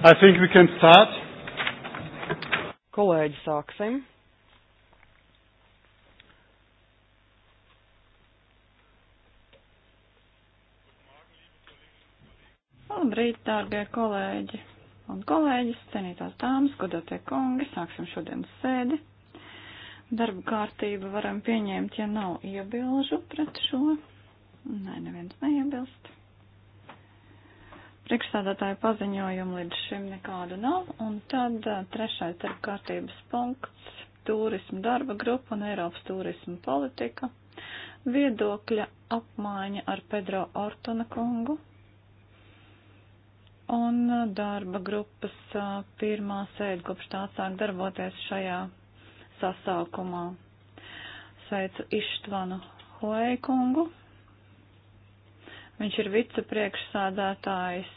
I think we can start. Kolēģi, sāksim. Labrīt, dārgie kolēģi un kolēģis, cenītās dāmas, godotie kungi, sāksim šodienas sēdi. Darba kārtību varam pieņemt, ja nav iebilžu pret šo. Nē, neviens neiebilst. Priekšstādātāju paziņojumu līdz šim nekādu nav, un tad eh, trešais darba kārtības punkts - turismu darba grupa un Eiropas turismu politika. Viedokļa apmaiņa ar Pedro Ortona kungu un eh, darba grupas eh, pirmā sēde kopš tā sāk darboties šajā sasaukumā. Sveicu Ištvanu Hoeikungu. Viņš ir vicepriekšsādātājs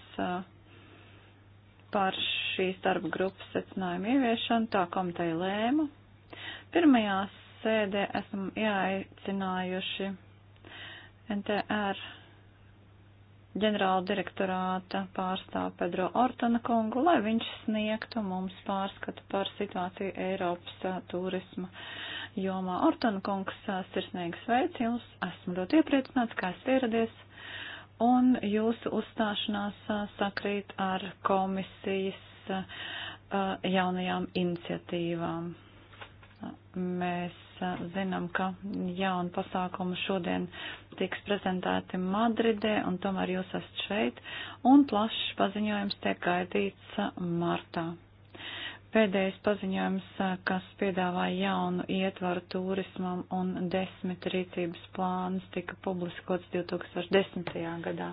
par šīs darba grupas secinājumu ieviešanu. Tā komiteja lēma. Pirmajā sēdē esam ieaicinājuši NTR ģenerāla direktorāta pārstāvu Pedro Ortona kungu, lai viņš sniegtu mums pārskatu par situāciju Eiropas turisma jomā. Ortona kungs sirsnīgi sveic jums, esmu ļoti iepriecināts, ka esat ieradies un jūsu uzstāšanās sakrīt ar komisijas jaunajām iniciatīvām. Mēs zinām, ka jauni pasākumi šodien tiks prezentēti Madridē, un tomēr jūs esat šeit, un plašs paziņojums tiek gaidīts martā. Pēdējais paziņojums, kas piedāvā jaunu ietvaru turismam un desmit rīcības plānus, tika publiskots 2010. gadā.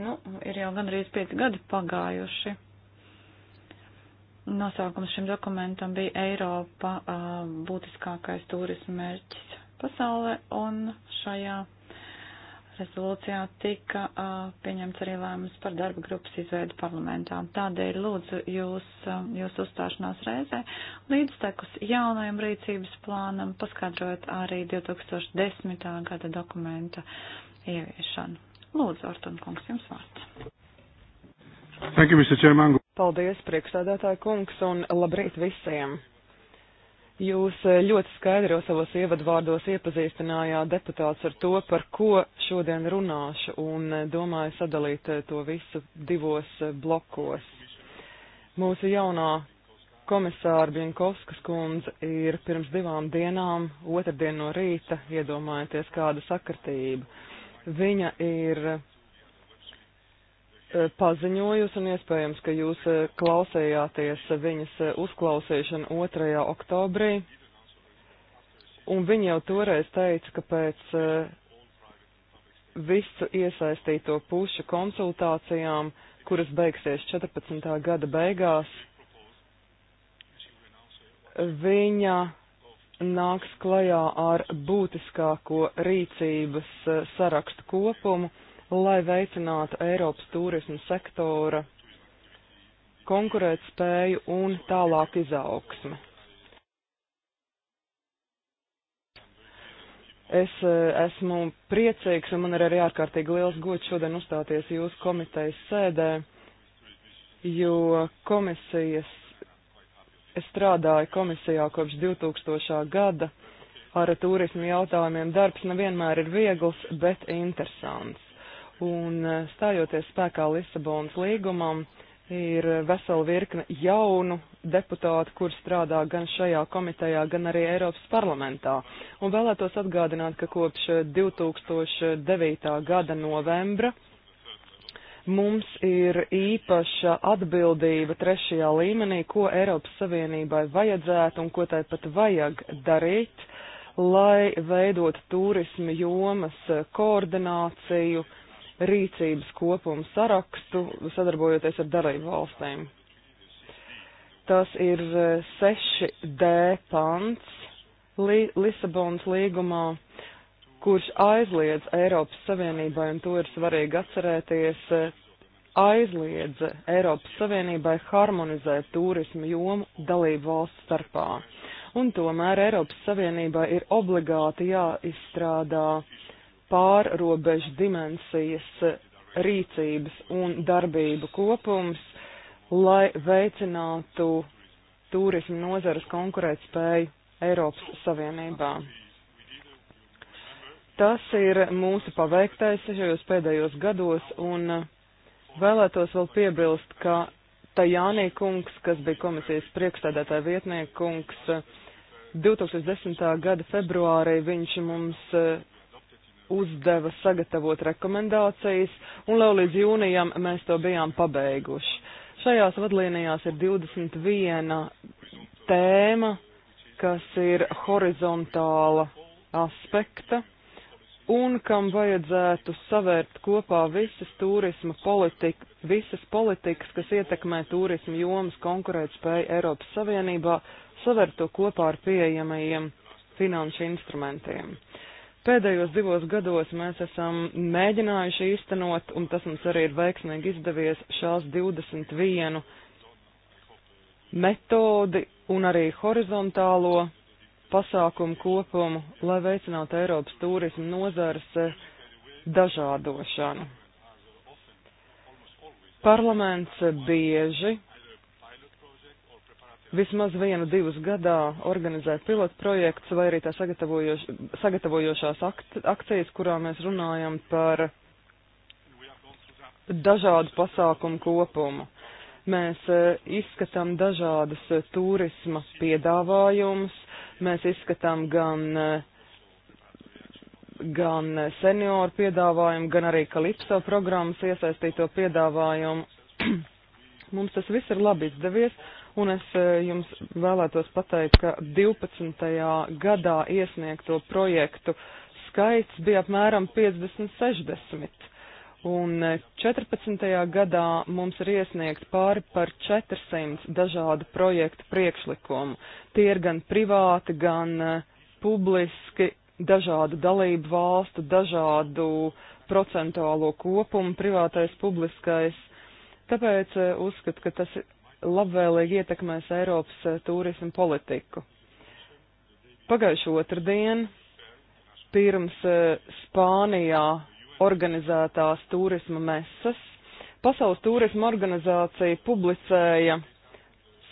Nu, ir jau gandrīz pieci gadi pagājuši. Nosaukums šim dokumentam bija Eiropa būtiskākais turisma mērķis pasaulē, un šajā Rezolūcijā tika uh, pieņemts arī lēmums par darba grupas izveidu parlamentā. Tādēļ lūdzu jūs, uh, jūs uzstāšanās reizē līdztekus jaunajam rīcības plānam, paskaidrojot arī 2010. gada dokumenta ieviešanu. Lūdzu, Orton kungs, jums vārds. Thank you, Mr. Chairman. Paldies, priekšstādātāja kungs, un labrīt visiem! Jūs eh, ļoti skaidri jau savos ievadvārdos iepazīstinājāt deputāts ar to, par ko šodien runāšu, un eh, domāju sadalīt eh, to visu divos blokos. Mūsu jaunā komisāra Bienkovskas kundze ir pirms divām dienām, otrdien no rīta, iedomājieties kādu sakritību. Viņa ir E, paziņojusi, un iespējams, ka jūs e, klausējāties viņas e, uzklausīšanu 2. oktobrī. Un viņa jau toreiz teica, ka pēc visu iesaistīto pušu konsultācijām, kuras beigsies 14. gada beigās, viņa nāks klajā ar būtiskāko rīcības sarakstu kopumu lai veicinātu Eiropas turismu sektora konkurētspēju un tālāk izaugsmi. Es e, esmu priecīgs un man ir arī ārkārtīgi liels gods šodien uzstāties jūsu komitejas sēdē, jo komisijas, es strādāju komisijā kopš 2000. gada, ar turismu jautājumiem darbs nevienmēr ir viegls, bet interesants un e, stājoties spēkā Lisabonas līgumam, ir vesela virkne jaunu deputātu, kur strādā gan šajā komitejā, gan arī Eiropas parlamentā. Un vēlētos atgādināt, ka kopš 2009. gada novembra mums ir īpaša atbildība trešajā līmenī, ko Eiropas Savienībai vajadzētu un ko tai pat vajag darīt, lai veidot turismu jomas koordināciju, rīcības kopumu sarakstu, sadarbojoties ar darību valstīm. Tas ir 6D e, pants Li Lisabonas līgumā, kurš aizliedz Eiropas Savienībai, un to ir svarīgi atcerēties, e, aizliedz Eiropas Savienībai harmonizēt turismu jomu dalību valsts starpā. Un tomēr Eiropas Savienībai ir obligāti jāizstrādā uh, pārrobežu dimensijas rīcības un darbību kopums, lai veicinātu turismu nozares konkurētspēju Eiropas Savienībā. Tas ir mūsu paveiktais šajos pēdējos gados, un vēlētos vēl piebilst, ka Tajānī kungs, kas bija komisijas priekšstādātāja vietnieku kungs, 2010. gada februārī viņš mums uzdeva sagatavot rekomendācijas, un jau līdz jūnijam mēs to bijām pabeiguši. Šajās vadlīnijās ir 21 tēma, kas ir horizontāla aspekta un kam vajadzētu savērt kopā visas turisma politika, visas politikas, kas ietekmē turismu jomas konkurētspēju Eiropas Savienībā, savērt to kopā ar pieejamajiem finanšu instrumentiem. Uh, Pēdējos divos gados mēs esam mēģinājuši īstenot, un tas mums arī ir veiksmīgi izdevies, šās 21 metodi un arī horizontālo pasākumu kopumu, lai veicinātu Eiropas turismu nozares eh, dažādošanu. Parlaments eh, bieži vismaz vienu, divus gadā organizē pilotprojekts vai arī tā sagatavojoš, sagatavojošās akt, akcijas, kurā mēs runājam par dažādu pasākumu kopumu. Mēs e, izskatām dažādas e, turisma piedāvājumus, mēs izskatām gan, e, gan senioru piedāvājumu, gan arī Kalipso programmas iesaistīto piedāvājumu. Mums tas viss ir labi izdevies, un es eh, jums vēlētos pateikt, ka 12. gadā iesniegto projektu skaits bija apmēram 50-60. Un 14. Eh, gadā mums ir iesniegt pāri par 400 dažādu projektu priekšlikumu. Tie ir gan privāti, gan eh, publiski, dažādu dalību valstu, dažādu procentuālo kopumu, privātais, publiskais. Tāpēc uzskatu, ka tas labvēlīgi ietekmēs Eiropas eh, turismu politiku. Pagājušo otrdien pirms eh, Spānijā organizētās turisma mesas Pasaules turisma organizācija publicēja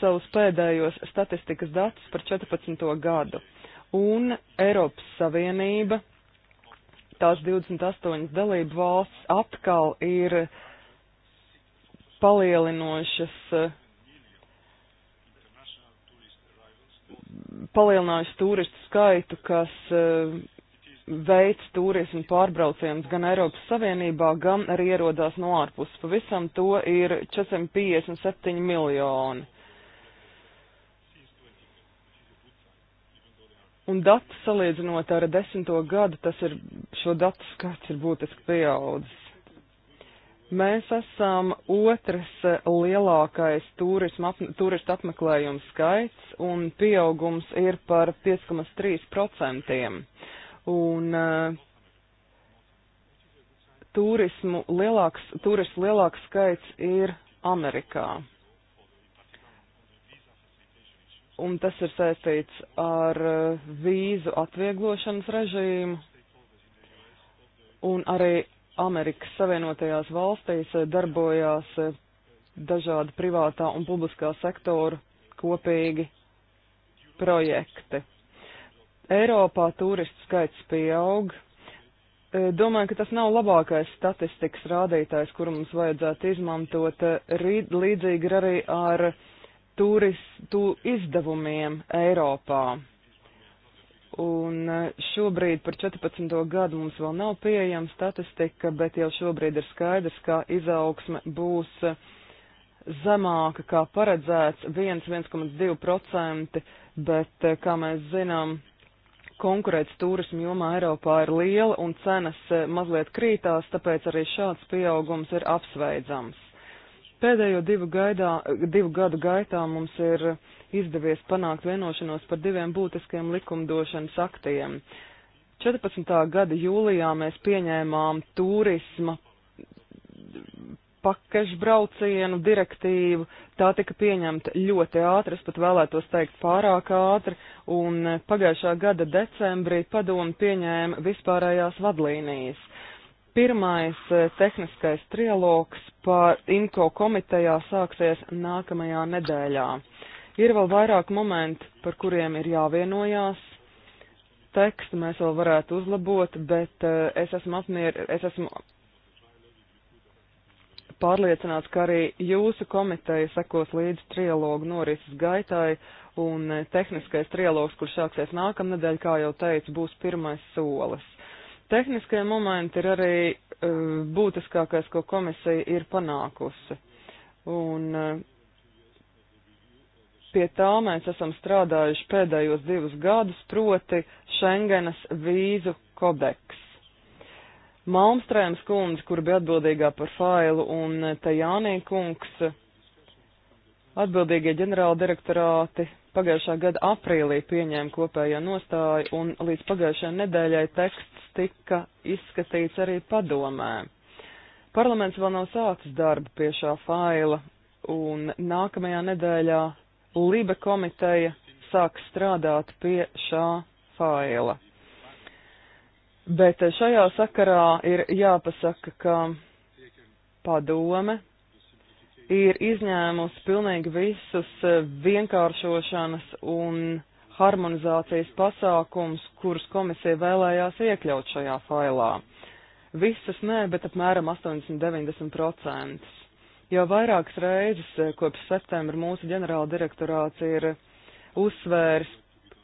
savus pēdējos statistikas datus par 14. gadu, un Eiropas Savienība, tās 28 dalību valsts atkal ir palielinošas eh, palielinājusi turistu skaitu, kas uh, eh, veids turismu pārbraucienus gan Eiropas Savienībā, gan arī ierodās no ārpus. Pavisam to ir 457 miljoni. Un datu salīdzinot ar desmito gadu, tas ir, šo datu skats ir būtiski pieaudzis. Mēs esam otrs lielākais turisma, turistu apmeklējumu skaits, un pieaugums ir par 5,3%. Un uh, turismu lielāks, turistu lielāks skaits ir Amerikā. Un tas ir saistīts ar eh, vīzu atvieglošanas režīmu, un arī Amerikas Savienotajās valstīs eh, darbojās eh, dažādi privātā un publiskā sektora kopīgi projekti. Eiropā turistu skaits pieaug. Eh, domāju, ka tas nav labākais statistikas rādītājs, kuru mums vajadzētu izmantot. Līdzīgi ir arī ar turis, tu izdevumiem Eiropā Un eh, šobrīd par 14. gadu mums vēl nav pieejama statistika, bet jau šobrīd ir skaidrs, ka izaugsme būs eh, zemāka kā paredzēts 1,2%, bet, eh, kā mēs zinām, konkurēts turismu jomā Eiropā ir liela un cenas mazliet krītās, tāpēc arī šāds pieaugums ir apsveicams. Pēdējo divu, gaidā, divu gadu gaitā mums ir izdevies panākt vienošanos par diviem būtiskiem likumdošanas aktiem. 14. gada jūlijā mēs pieņēmām turisma pakažbraucienu direktīvu. Tā tika pieņemta ļoti ātri, es pat vēlētos teikt pārāk ātri, un pagājušā gada decembrī padomu pieņēma vispārējās vadlīnijas. Pirmais e, tehniskais trialogs par IMCO komitejā sāksies nākamajā nedēļā. Ir vēl vairāk momenti, par kuriem ir jāvienojās. Tekstu mēs vēl varētu uzlabot, bet e, es esmu apmier, es esmu pārliecināts, ka arī jūsu komiteja sekos līdz trialogu norises gaitai, un e, tehniskais trialogs, kurš sāksies nākamnedēļ, kā jau teicu, būs pirmais solis. Tehniskie momenti ir arī uh, būtiskākais, ko komisija ir panākusi. Un uh, pie tā mēs esam strādājuši pēdējos divus gadus, proti Schengenas vīzu kodeks. Malmstrēms kundze, kur bija atbildīgā par failu, un Tajānī kungs, atbildīgie ģenerāla direktorāti pagājušā gada aprīlī pieņēma kopējo nostāju, un līdz pagājušajai nedēļai teksts tika izskatīts arī padomē. Parlaments vēl nav sācis darbu pie šā faila, un nākamajā nedēļā Liba komiteja sāks strādāt pie šā faila. Bet šajā sakarā ir jāpasaka, ka padome ir izņēmusi pilnīgi visus eh, vienkāršošanas un harmonizācijas pasākums, kurus komisija vēlējās iekļaut šajā failā. Visas nē, bet apmēram 80-90%. Jau vairākas reizes eh, kopš septembra mūsu ģenerāla direktorāts ir uzsvērs,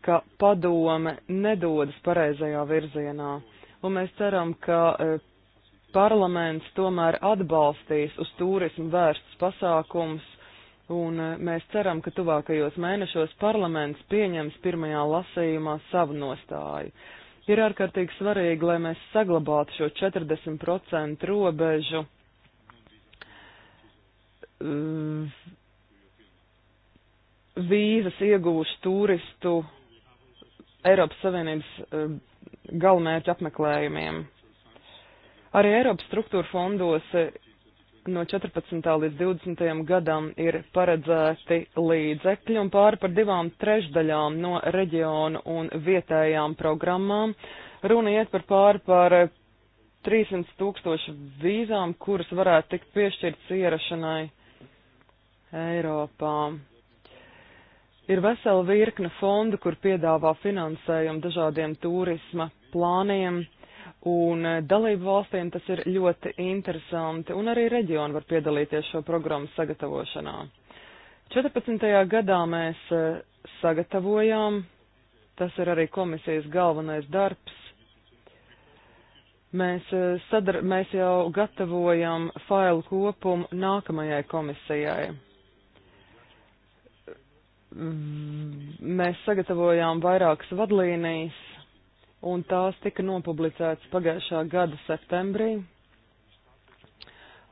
ka padome nedodas pareizajā virzienā, un mēs ceram, ka eh, parlaments tomēr atbalstīs uz turismu vērstus pasākums, un e, mēs ceram, ka tuvākajos mēnešos parlaments pieņems pirmajā lasījumā savu nostāju. Ir ārkārtīgi svarīgi, lai mēs saglabātu šo 40% robežu. Vīzas iegūšu turistu Eiropas Savienības e, galvenmērķu apmeklējumiem. Arī Eiropas struktūra fondos eh, no 14. līdz 20. gadam ir paredzēti līdzekļi un pāri par divām trešdaļām no reģionu un vietējām programmām. Runa iet par pāri par 300 eh, tūkstošu vīzām, kuras varētu tikt piešķirts ierašanai Eiropā. Ir vesela virkne fondu, kur piedāvā finansējumu dažādiem turisma plāniem Un eh, dalību valstīm tas ir ļoti interesanti, un arī reģioni var piedalīties šo programmu sagatavošanā. 14. gadā mēs eh, sagatavojām, tas ir arī komisijas galvenais darbs. Mēs, eh, sadar, mēs jau gatavojam failu kopumu nākamajai komisijai mēs sagatavojām vairākas vadlīnijas, un tās tika nopublicētas pagājušā gada septembrī.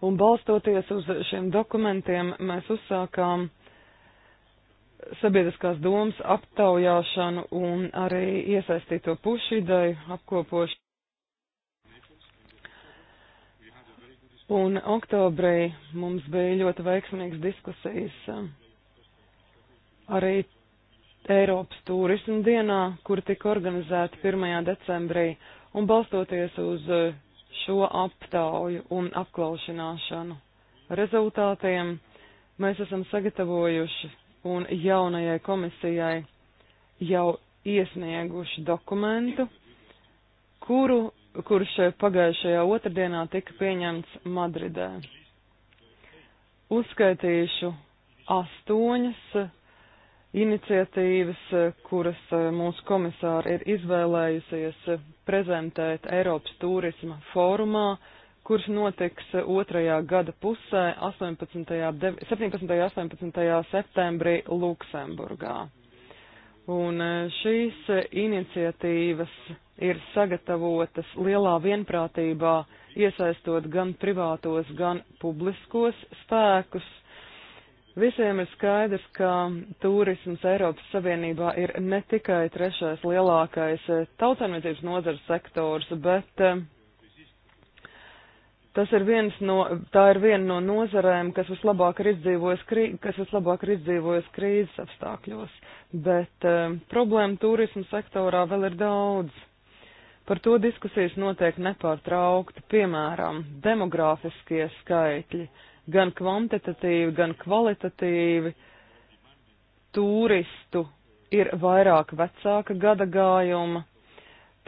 Un balstoties uz šiem dokumentiem, mēs uzsākām sabiedriskās domas aptaujāšanu un arī iesaistīto pušu ideju apkopošanu. Un oktobrī mums bija ļoti veiksmīgas diskusijas um, arī Eiropas turismu dienā, kur tika organizēta 1. decembrī, un balstoties uz eh, šo aptauju un apklaušanāšanu rezultātiem, mēs esam sagatavojuši un jaunajai komisijai jau iesnieguši dokumentu, kuru, kurš pagājušajā otrdienā tika pieņemts Madridē. Uzskaitīšu astoņas iniciatīvas, eh, kuras eh, mūsu komisāra ir izvēlējusies eh, prezentēt Eiropas turisma fórumā, kurš notiks otrajā gada pusē 18. 17. un 18. septembrī Luksemburgā. Un šīs iniciatīvas ir sagatavotas lielā vienprātībā, iesaistot gan privātos, gan publiskos spēkus Visiem ir skaidrs, ka turisms Eiropas Savienībā ir ne tikai trešais lielākais eh, tautsēmniecības nozars sektors, bet eh, tas ir viens no, tā ir viena no nozarēm, kas vislabāk ir izdzīvojas, krī, kas vislabāk ir izdzīvojas krīzes apstākļos, bet eh, problēma turismu sektorā vēl ir daudz. Par to diskusijas notiek nepārtraukti, piemēram, demogrāfiskie skaitļi gan kvantitatīvi, gan kvalitatīvi turistu ir vairāk vecāka gada gājuma,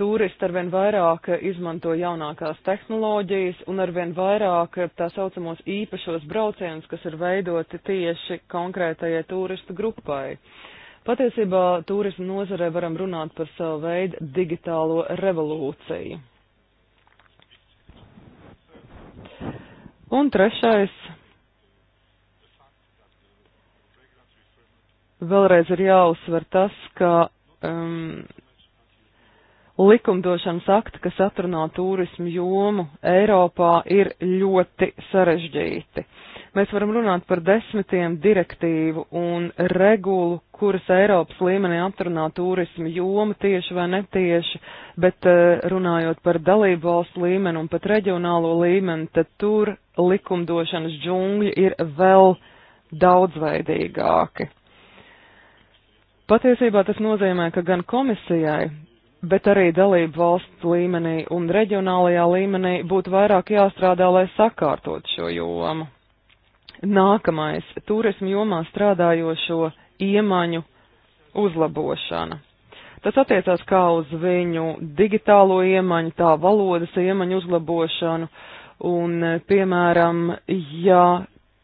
turisti arvien vairāk izmanto jaunākās tehnoloģijas un arvien vairāk tā saucamos īpašos braucienus, kas ir veidoti tieši konkrētajai turistu grupai. Patiesībā turismu nozarē varam runāt par savu veidu digitālo revolūciju. Un trešais. Vēlreiz ir jāuzsver tas, ka um, likumdošanas akti, kas atrunā turismu jomu Eiropā, ir ļoti sarežģīti. Uh, Mēs varam runāt par desmitiem direktīvu un regulu, kuras Eiropas līmenī aptrunā turismu joma tieši vai netieši, bet eh, runājot par dalību valstu līmeni un pat reģionālo līmeni, tad tur likumdošanas džungļi ir vēl daudzveidīgāki. Patiesībā tas nozīmē, ka gan komisijai, bet arī dalību valsts līmenī un reģionālajā līmenī būtu vairāk jāstrādā, lai sakārtot šo jomu. Nākamais - turismu jomā strādājošo iemaņu uzlabošana. Tas attiecās kā uz viņu digitālo iemaņu, tā valodas iemaņu uzlabošanu, un, piemēram, ja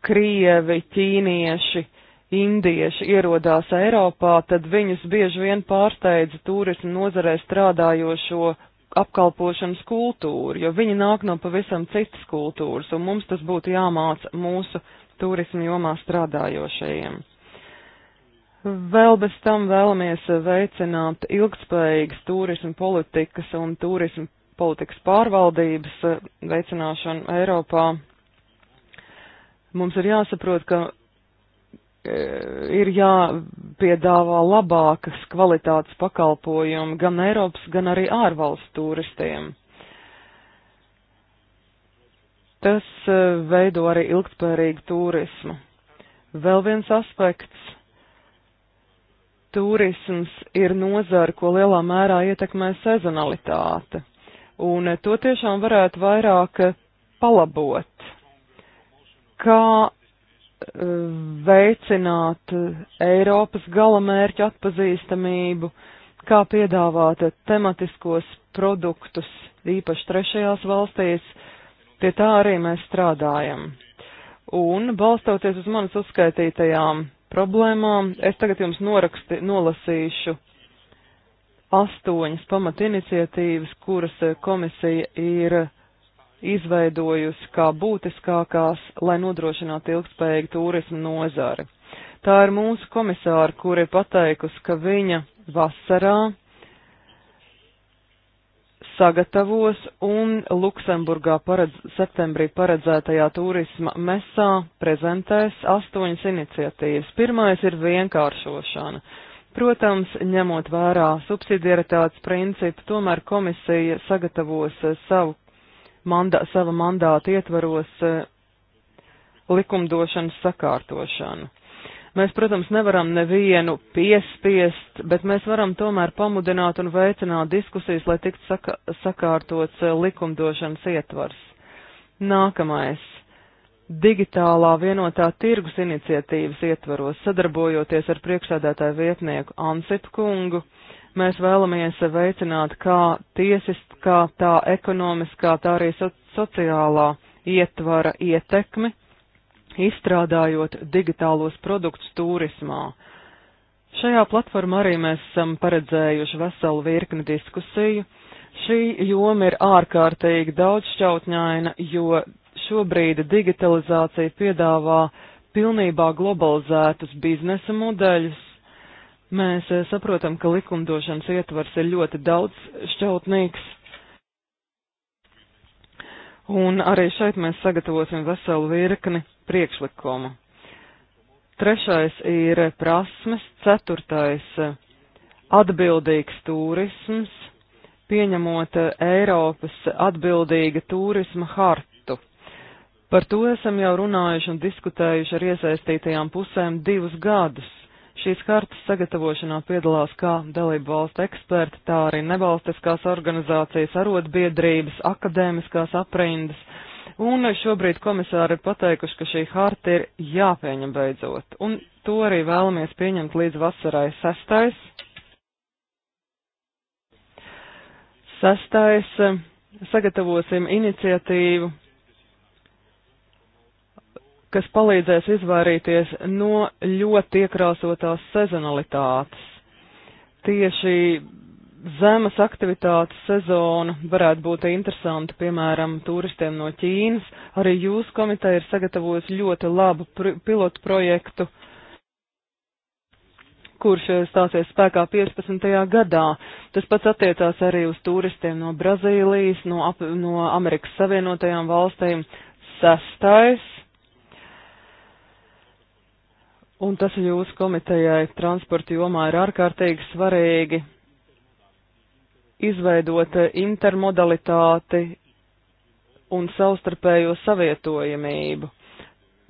krievi, ķīnieši, indieši ierodās Eiropā, tad viņus bieži vien pārsteidza turismu nozarē strādājošo apkalpošanas kultūru, jo viņi nāk no pavisam citas kultūras, un mums tas būtu jāmāca mūsu turismu jomā strādājošajiem. Vēl bez tam vēlamies veicināt ilgspējīgas turismu politikas un turismu politikas pārvaldības veicināšanu Eiropā. Mums ir jāsaprot, ka e, ir jāpiedāvā labākas kvalitātes pakalpojumi gan Eiropas, gan arī ārvalstu turistiem. Tas eh, veido arī ilgspējīgu turismu. Vēl viens aspekts. Turisms ir nozara, ko lielā mērā ietekmē sezonalitāte, un eh, to tiešām varētu vairāk eh, palabot. Kā veicināt Eiropas galamērķu atpazīstamību, kā piedāvāt tematiskos produktus īpaši trešajās valstīs, Pie tā arī mēs strādājam. Un balstoties uz manas uzskaitītajām problēmām, es tagad jums noraksti, nolasīšu astoņas pamat iniciatīvas, kuras komisija ir izveidojusi kā būtiskākās, lai nodrošinātu ilgspējīgu turismu nozari. Tā ir mūsu komisāra, kura ir pateikusi, ka viņa vasarā sagatavos un Luksemburgā paredz, septembrī paredzētajā turisma mesā prezentēs astoņas iniciatīvas. Pirmais ir vienkāršošana. Protams, ņemot vērā subsidiaritātes principu, tomēr komisija sagatavos savu mandā, sava mandāta ietvaros eh, likumdošanas sakārtošanu. Mēs, protams, nevaram nevienu piespiest, bet mēs varam tomēr pamudināt un veicināt diskusijas, lai tiktu saka sakārtots eh, likumdošanas ietvars. Nākamais. Digitālā vienotā tirgus iniciatīvas ietvaros, sadarbojoties ar priekšsēdētāju vietnieku Ansipu kungu, mēs vēlamies veicināt kā tiesiskā, tā ekonomiskā, tā arī so sociālā ietvara ietekmi izstrādājot digitālos produktus turismā. Šajā platformā arī mēs esam paredzējuši veselu virkni diskusiju. Šī joma ir ārkārtīgi daudzšķautņaina, jo šobrīd digitalizācija piedāvā pilnībā globalizētus biznesa modeļus. Mēs eh, saprotam, ka likumdošanas ietvars ir ļoti daudz šķautnīgs. Un arī šeit mēs sagatavosim veselu virkni priekšlikumu. Trešais ir prasmes, ceturtais atbildīgs turisms, pieņemot Eiropas atbildīga turisma hartu. Par to esam jau runājuši un diskutējuši ar iesaistītajām pusēm divus gadus. Šīs kartas sagatavošanā piedalās kā dalību valstu eksperti, tā arī nevalstiskās organizācijas, arotbiedrības, akadēmiskās aprindas Un šobrīd komisāri ir pateikuši, ka šī harta ir jāpieņem beidzot. Un to arī vēlamies pieņemt līdz vasarai sastais. Sastais sagatavosim iniciatīvu, kas palīdzēs izvairīties no ļoti iekrāsotās sezonalitātes. Tieši zemes aktivitātes sezona varētu būt interesanta, piemēram, turistiem no Ķīnas. Arī jūsu komiteja ir sagatavojusi ļoti labu pilotu projektu, kurš eh, stāsies spēkā 15. gadā. Tas pats attiecās arī uz turistiem no Brazīlijas, no, ap, no Amerikas Savienotajām valstīm. Sestais. Un tas jūsu komitejai transporta jomā ir ārkārtīgi svarīgi izveidot eh, intermodalitāti un savstarpējo savietojamību.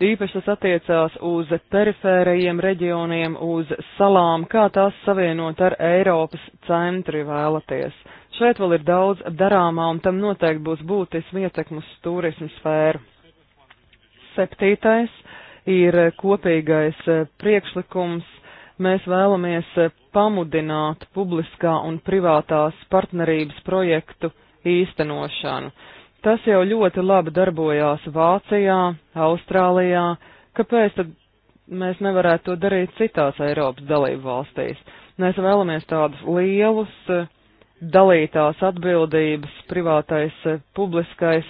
Īpaši tas attiecās uz perifērajiem reģioniem, uz salām, kā tās savienot ar Eiropas centri vēlaties. Šeit vēl ir daudz darāmā un tam noteikti būs būtisks ietekmes turismu sfēru. Septītais ir kopīgais eh, priekšlikums Mēs vēlamies eh, pamudināt publiskā un privātās partnerības projektu īstenošanu. Tas jau ļoti labi darbojās Vācijā, Austrālijā, kāpēc tad mēs nevarētu to darīt citās Eiropas dalību valstīs? Mēs vēlamies tādus lielus eh, dalītās atbildības privātais eh, publiskais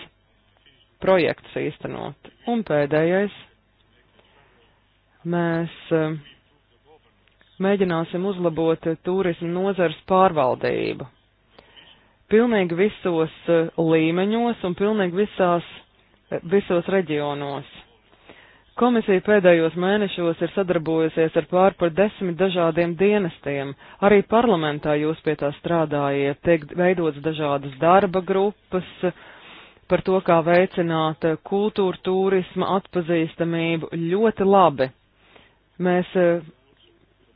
projekts īstenot. Un pēdējais. Mēs uh, mēģināsim uzlabot eh, turismu nozars pārvaldību. Pilnīgi visos eh, līmeņos un pilnīgi visās, eh, visos reģionos. Komisija pēdējos mēnešos ir sadarbojusies ar pār par desmit dažādiem dienestiem. Arī parlamentā jūs pie tā strādājiet, tiek veidots dažādas darba grupas, par to, kā veicināt kultūra turisma atpazīstamību ļoti labi. Mēs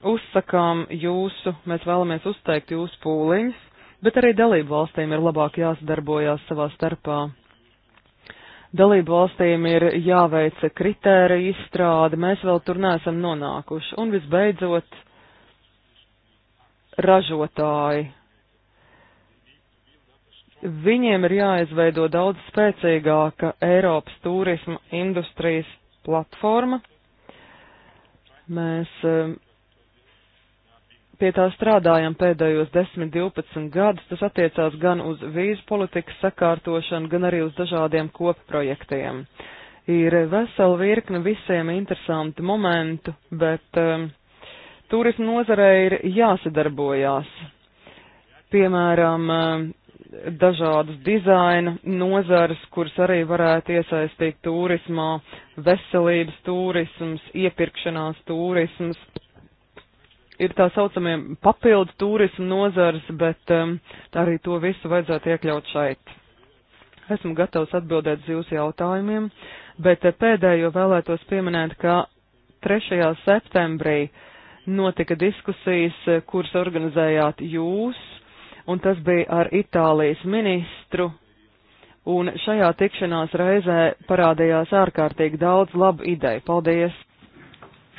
uzsakām jūsu, mēs vēlamies uzteikt jūsu pūliņus, bet arī dalību valstīm ir labāk jāsadarbojās savā starpā. Dalību valstīm ir jāveica kritērija izstrāde, mēs vēl tur neesam nonākuši. Un visbeidzot, ražotāji. Viņiem ir jāizveido daudz spēcīgāka Eiropas turisma industrijas platforma. Mēs um, pie tā strādājam pēdējos 10-12 gadus. Tas attiecās gan uz vīzu politikas sakārtošanu, gan arī uz dažādiem kopprojektiem. Ir vesela virkne visiem interesanti momentu, bet um, turismu nozarē ir jāsadarbojās. Piemēram, um, dažādas dizaina nozares, kuras arī varētu iesaistīt turismā, veselības turisms, iepirkšanās turisms, ir tā saucamie papildu turismu nozars, bet um, arī to visu vajadzētu iekļaut šeit. Esmu gatavs atbildēt uz jūsu jautājumiem, bet eh, pēdējo vēlētos pieminēt, ka 3. septembrī notika diskusijas, eh, kuras organizējāt jūs, un tas bija ar Itālijas ministru un šajā tikšanās reizē parādījās ārkārtīgi daudz labu ideju. Paldies!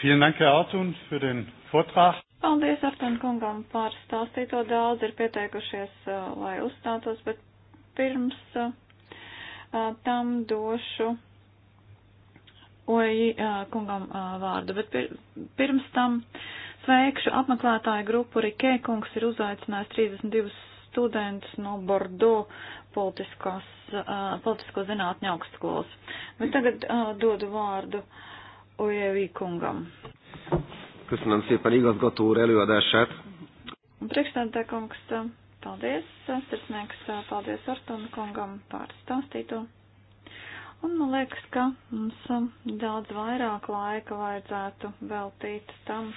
Vielen Dank, Herr Artun, für den Vortrag. Paldies Artan kungam par stāstīto. Daudz ir pieteikušies, lai uzstātos, bet pirms tam došu Oji kungam vārdu. Bet pirms tam sveikšu apmeklētāju grupu Rikē kungs ir uzaicinājis 32 studentus no Bordeaux politiskos, politisko zinātņu augstskolas. Bet tagad dodu vārdu Ojevī kungam. Köszönöm szépen igazgató úr előadását. Priekšstādā kungs, paldies, sirsnieks, paldies Artona kungam par stāstīto. Un man liekas, ka mums daudz vairāk laika vajadzētu veltīt tam,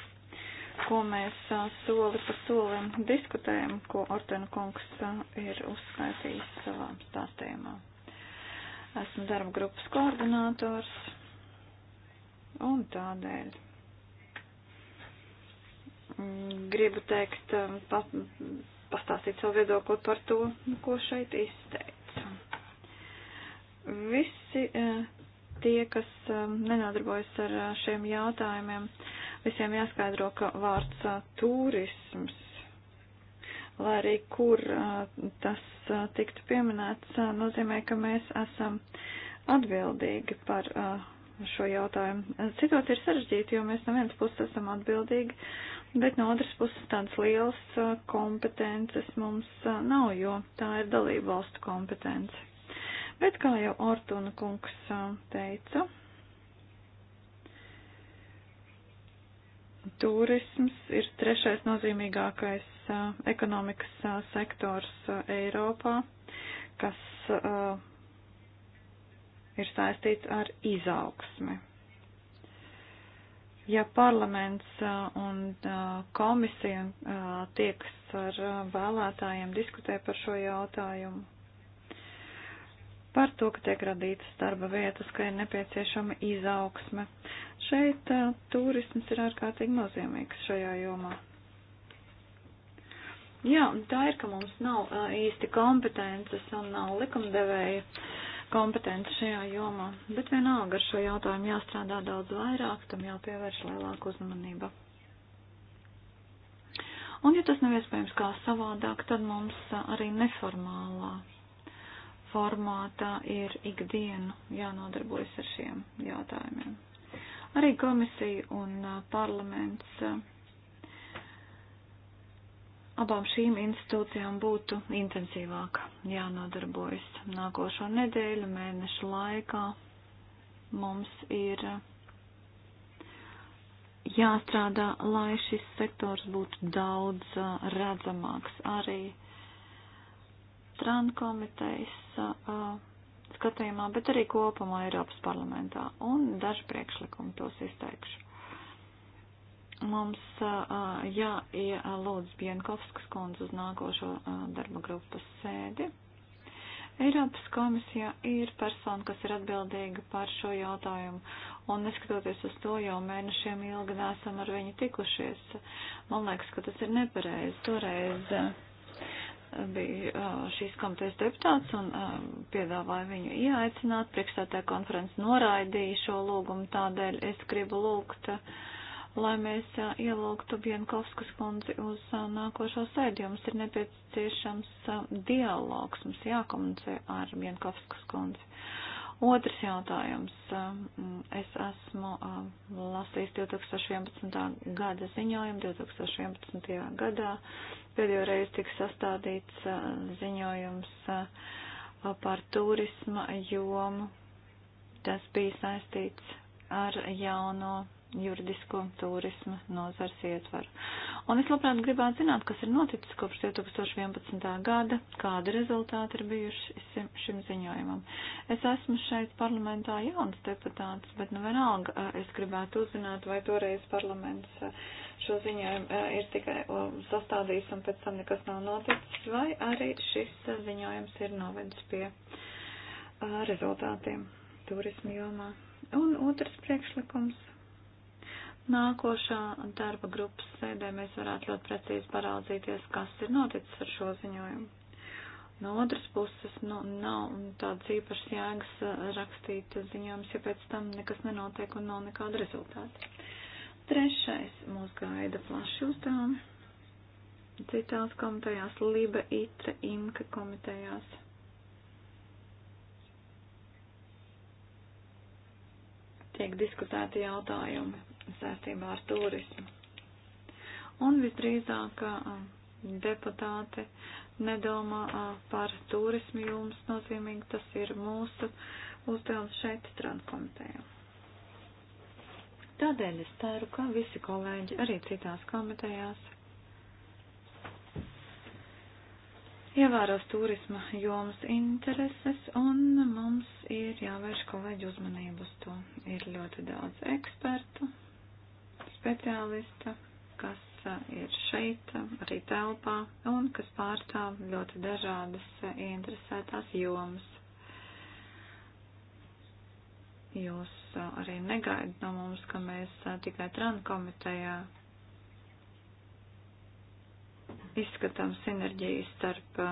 ko mēs soli pa solim diskutējam, ko Ortena kungs ir uzskaitījis savā stāstījumā. Esmu darba grupas koordinators un tādēļ Mm, gribu teikt, um, pat, pastāstīt savu viedokli par to, ko šeit izteicu. Visi eh, tie, kas um, nenodarbojas ar eh, šiem jautājumiem, visiem jāskaidro, ka vārds eh, turisms, lai arī kur tas tiktu pieminēts, nozīmē, ka mēs esam atbildīgi par šo jautājumu. Situācija ir sarežģīta, jo mēs no vienas puses esam atbildīgi Bet no otras puses tādas lielas uh, kompetences mums uh, nav, jo tā ir dalību valstu kompetence. Bet kā jau Ortuna kungs uh, teica, turisms ir trešais nozīmīgākais ekonomikas sektors Eiropā, kas ir saistīts ar izaugsmi. Ja parlaments un komisija tieks ar vēlētājiem diskutē par šo jautājumu, par to, ka tiek radītas darba vietas, ka ir nepieciešama izaugsme, šeit turisms ir ārkārtīgi nozīmīgs šajā jomā. Jā, un tā ir, ka mums nav īsti kompetences un nav likumdevēja kompetenci šajā jomā, bet vienalga ar šo jautājumu jāstrādā daudz vairāk, tam jāpievērš lielāka uzmanība. Un, ja tas nav iespējams kā savādāk, tad mums arī neformālā formātā ir ikdienu jānodarbojas ar šiem jautājumiem. Arī komisija un parlaments abām šīm institūcijām būtu intensīvāk jānodarbojas. Nākošo nedēļu, mēnešu laikā mums ir jāstrādā, lai šis sektors būtu daudz redzamāks. Arī trankomitejas uh, skatījumā, bet arī kopumā Eiropas parlamentā. Un daži priekšlikumi tos izteikšu. Mums jāielūdz Bienkovskas kundze uz nākošo darba grupas sēdi. Eiropas komisija ir persona, kas ir atbildīga par šo jautājumu, un neskatoties uz to, jau mēnešiem ilgi nesam ar viņu tikušies. Man liekas, ka tas ir nepareizi. Toreiz bija šīs komitejas deputāts un piedāvāja viņu ieaicināt. Priekšstātā konferences noraidīja šo lūgumu, tādēļ es gribu lūgt. Uh, lai mēs ielūgtu Bienkovskas kundzi uz nākošo sēdi, jo mums ir nepieciešams dialogs, mums jākomunicē ar Bienkovskas kundzi. Otrs jautājums. Es esmu lasījis 2011. gada ziņojumu. 2011. gadā pēdējo reizi tika sastādīts ziņojums par turisma jomu. Tas bija saistīts ar jauno juridisko turismu nozars ietvaru. Un es labprāt gribētu zināt, kas ir noticis kopš 2011. gada, kādi rezultāti ir bijuši šim ziņojumam. Es esmu šeit parlamentā jauns deputāts, bet nu vienalga eh, es gribētu uzzināt, vai toreiz parlaments eh, šo ziņojumu eh, ir tikai sastādījis un pēc tam nekas nav noticis, vai arī šis ziņojums ir novedis pie rezultātiem turismu jomā. Un otrs priekšlikums Nākošā darba grupas sēdē mēs varētu ļoti precīzi paraudzīties, kas ir noticis ar šo ziņojumu. No otras puses, nu, nav tādas īpašas jēgas uh, rakstīt ziņojums, ja pēc tam nekas nenotiek un nav nekāda rezultāta. Trešais mūs gaida plaši uzdevumi. Citās komitejās Liba, Itra, Imka komitejās. Tiek diskutēti jautājumi saistībā ar turismu. Un visdrīzāk deputāti nedomā par turismu jums nozīmīgi, tas ir mūsu uzdevums šeit strandkomitejā. Tādēļ es ceru, ka visi kolēģi arī citās komitejās ievēros turisma jomas intereses un mums ir jāvērš kolēģi uzmanību uz to. Ir ļoti daudz ekspertu, speciālista, kas eh, ir šeit, arī telpā, un kas pārstāv ļoti dažādas eh, interesētās jomas. Jūs eh, arī negaidat no mums, ka mēs tikai Trana komitejā izskatām sinerģiju starp uh,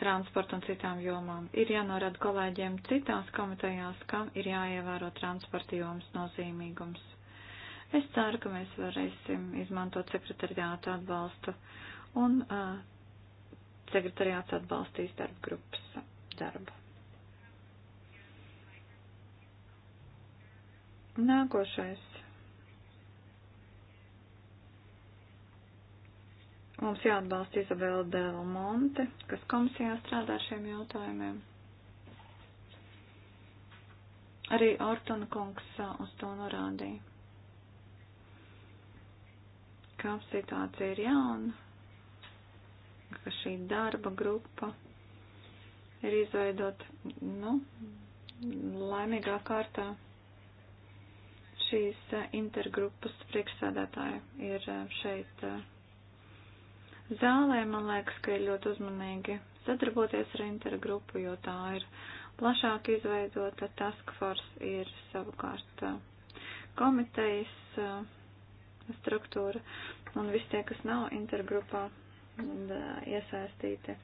transportu un citām jomām. Ir jānorada kolēģiem citās komitejās, kam ir jāievēro transporta jomas nozīmīgums. Es ceru, ka mēs varēsim izmantot sekretariātu atbalstu un uh, sekretariāts atbalstīs darba grupas darbu. Nākošais Mums jāatbalsta Izabela Dēla Monte, kas komisijā strādā šiem jautājumiem. Arī Ortona kungs uz to norādīja, ka situācija ir jauna, ka šī darba grupa ir izveidot, nu, laimīgā kārtā šīs intergrupas priekšsēdētāja ir šeit zālē, man liekas, ka ir ļoti uzmanīgi sadarboties ar intergrupu, jo tā ir plašāk izveidota. Task force ir savukārt uh, komitejas uh, struktūra un visi tie, kas nav intergrupā uh, iesaistīti,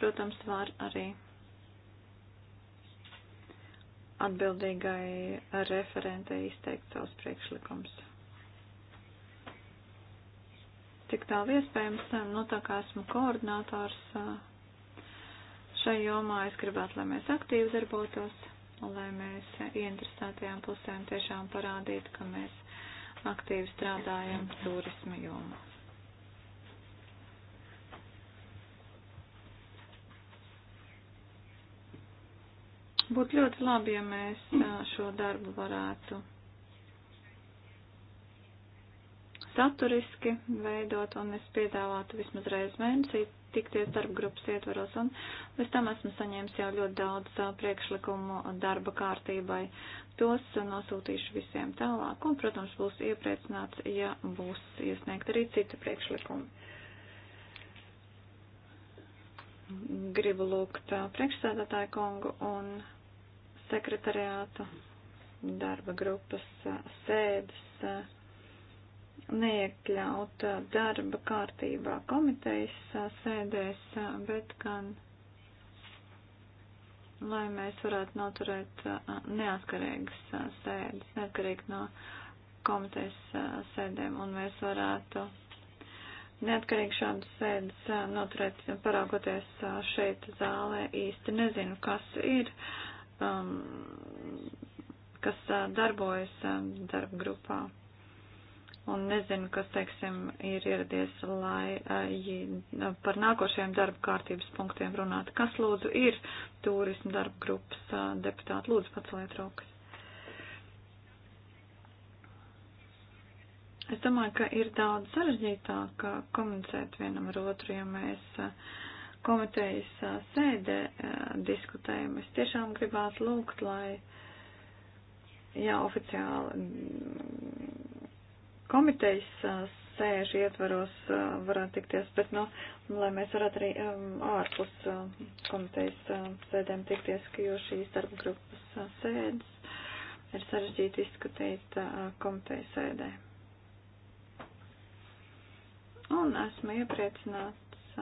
protams, var arī atbildīgai referentei izteikt savus priekšlikumus cik tālu iespējams, nu tā kā esmu koordinators šai jomā, es gribētu, lai mēs aktīvi darbotos, lai mēs ieinteresētajām pusēm tiešām parādītu, ka mēs aktīvi strādājam turisma jomā. Būtu ļoti labi, ja mēs šo darbu varētu saturiski veidot, un es piedāvātu vismaz reizi mēnesī tikties darba grupas ietvaros, un bez tam esmu saņēmis jau ļoti daudz priekšlikumu darba kārtībai. Tos nosūtīšu visiem tālāk, un, protams, būs iepriecināts, ja būs iesniegt arī citi priekšlikumi. Gribu lūgt priekšsēdētāju kungu un sekretariātu darba grupas sēdes neiekļaut uh, darba kārtībā komitejas uh, sēdēs, uh, bet gan, lai mēs varētu noturēt neatkarīgas sēdes, neatkarīgi no komitejas sēdēm, un mēs varētu neatkarīgi šādas sēdes noturēt, paraugoties šeit zālē, īsti nezinu, kas ir. Um, kas darbojas darba grupā un nezinu, kas, teiksim, ir ieradies, lai ja par nākošajiem darba kārtības punktiem runātu. Kas lūdzu ir turismu darba grupas deputāti? Lūdzu, paceliet rokas. Es domāju, ka ir daudz sarežģītāk komunicēt vienam ar otru, ja mēs komitejas sēdē diskutējam. Es tiešām gribētu lūgt, lai jā, oficiāli komitejas sēžu ietvaros varētu tikties, bet, nu, lai mēs varētu arī ārpus komitejas sēdēm tikties, ka jo šīs darba grupas sēdes ir sarežģīti izskatīt komitejas sēdē. Un esmu iepriecināts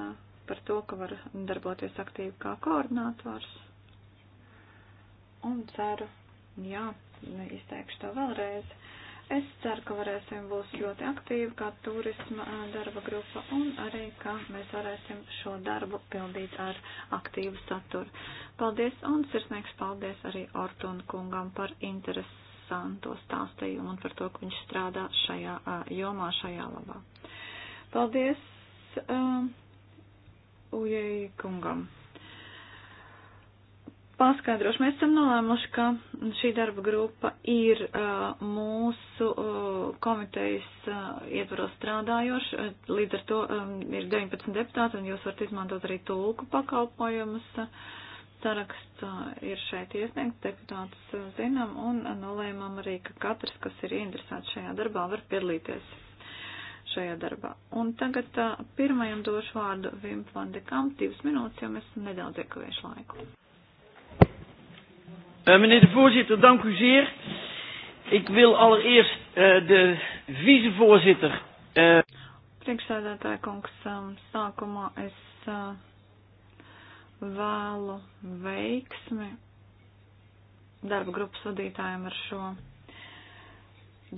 par to, ka var darboties aktīvi kā koordinātors. Un ceru, jā, izteikšu to vēlreiz Es ceru, ka varēsim būt ļoti aktīvi kā turisma darba grupa un arī, ka mēs varēsim šo darbu pildīt ar aktīvu saturu. Paldies un sirsnīgs paldies arī Ortun kungam par interesanto stāstījumu un par to, ka viņš strādā šajā jomā, šajā labā. Paldies uh, Ujei kungam! paskaidrošu. Mēs esam nolēmuši, ka šī darba grupa ir uh, mūsu uh, komitejas uh, ietvaros strādājoša. Līdz ar to um, ir 19 deputāti un jūs varat izmantot arī tulku pakalpojumus. Saraksts uh, ir šeit iesniegts, deputātus uh, zinām un uh, nolēmām arī, ka katrs, kas ir interesēts šajā darbā, var piedalīties šajā darbā. Un tagad uh, pirmajam došu vārdu Vim van de Kamp, divas minūtes, jo mēs nedaudz iekavējuši laiku. Uh, meneer de voorzitter, dank u zeer. Ik wil allereerst uh, de vicevoorzitter. Uh... Priekšsēdētāja kungs, um, sākumā es uh, vēlu veiksmi darba grupas vadītājiem ar šo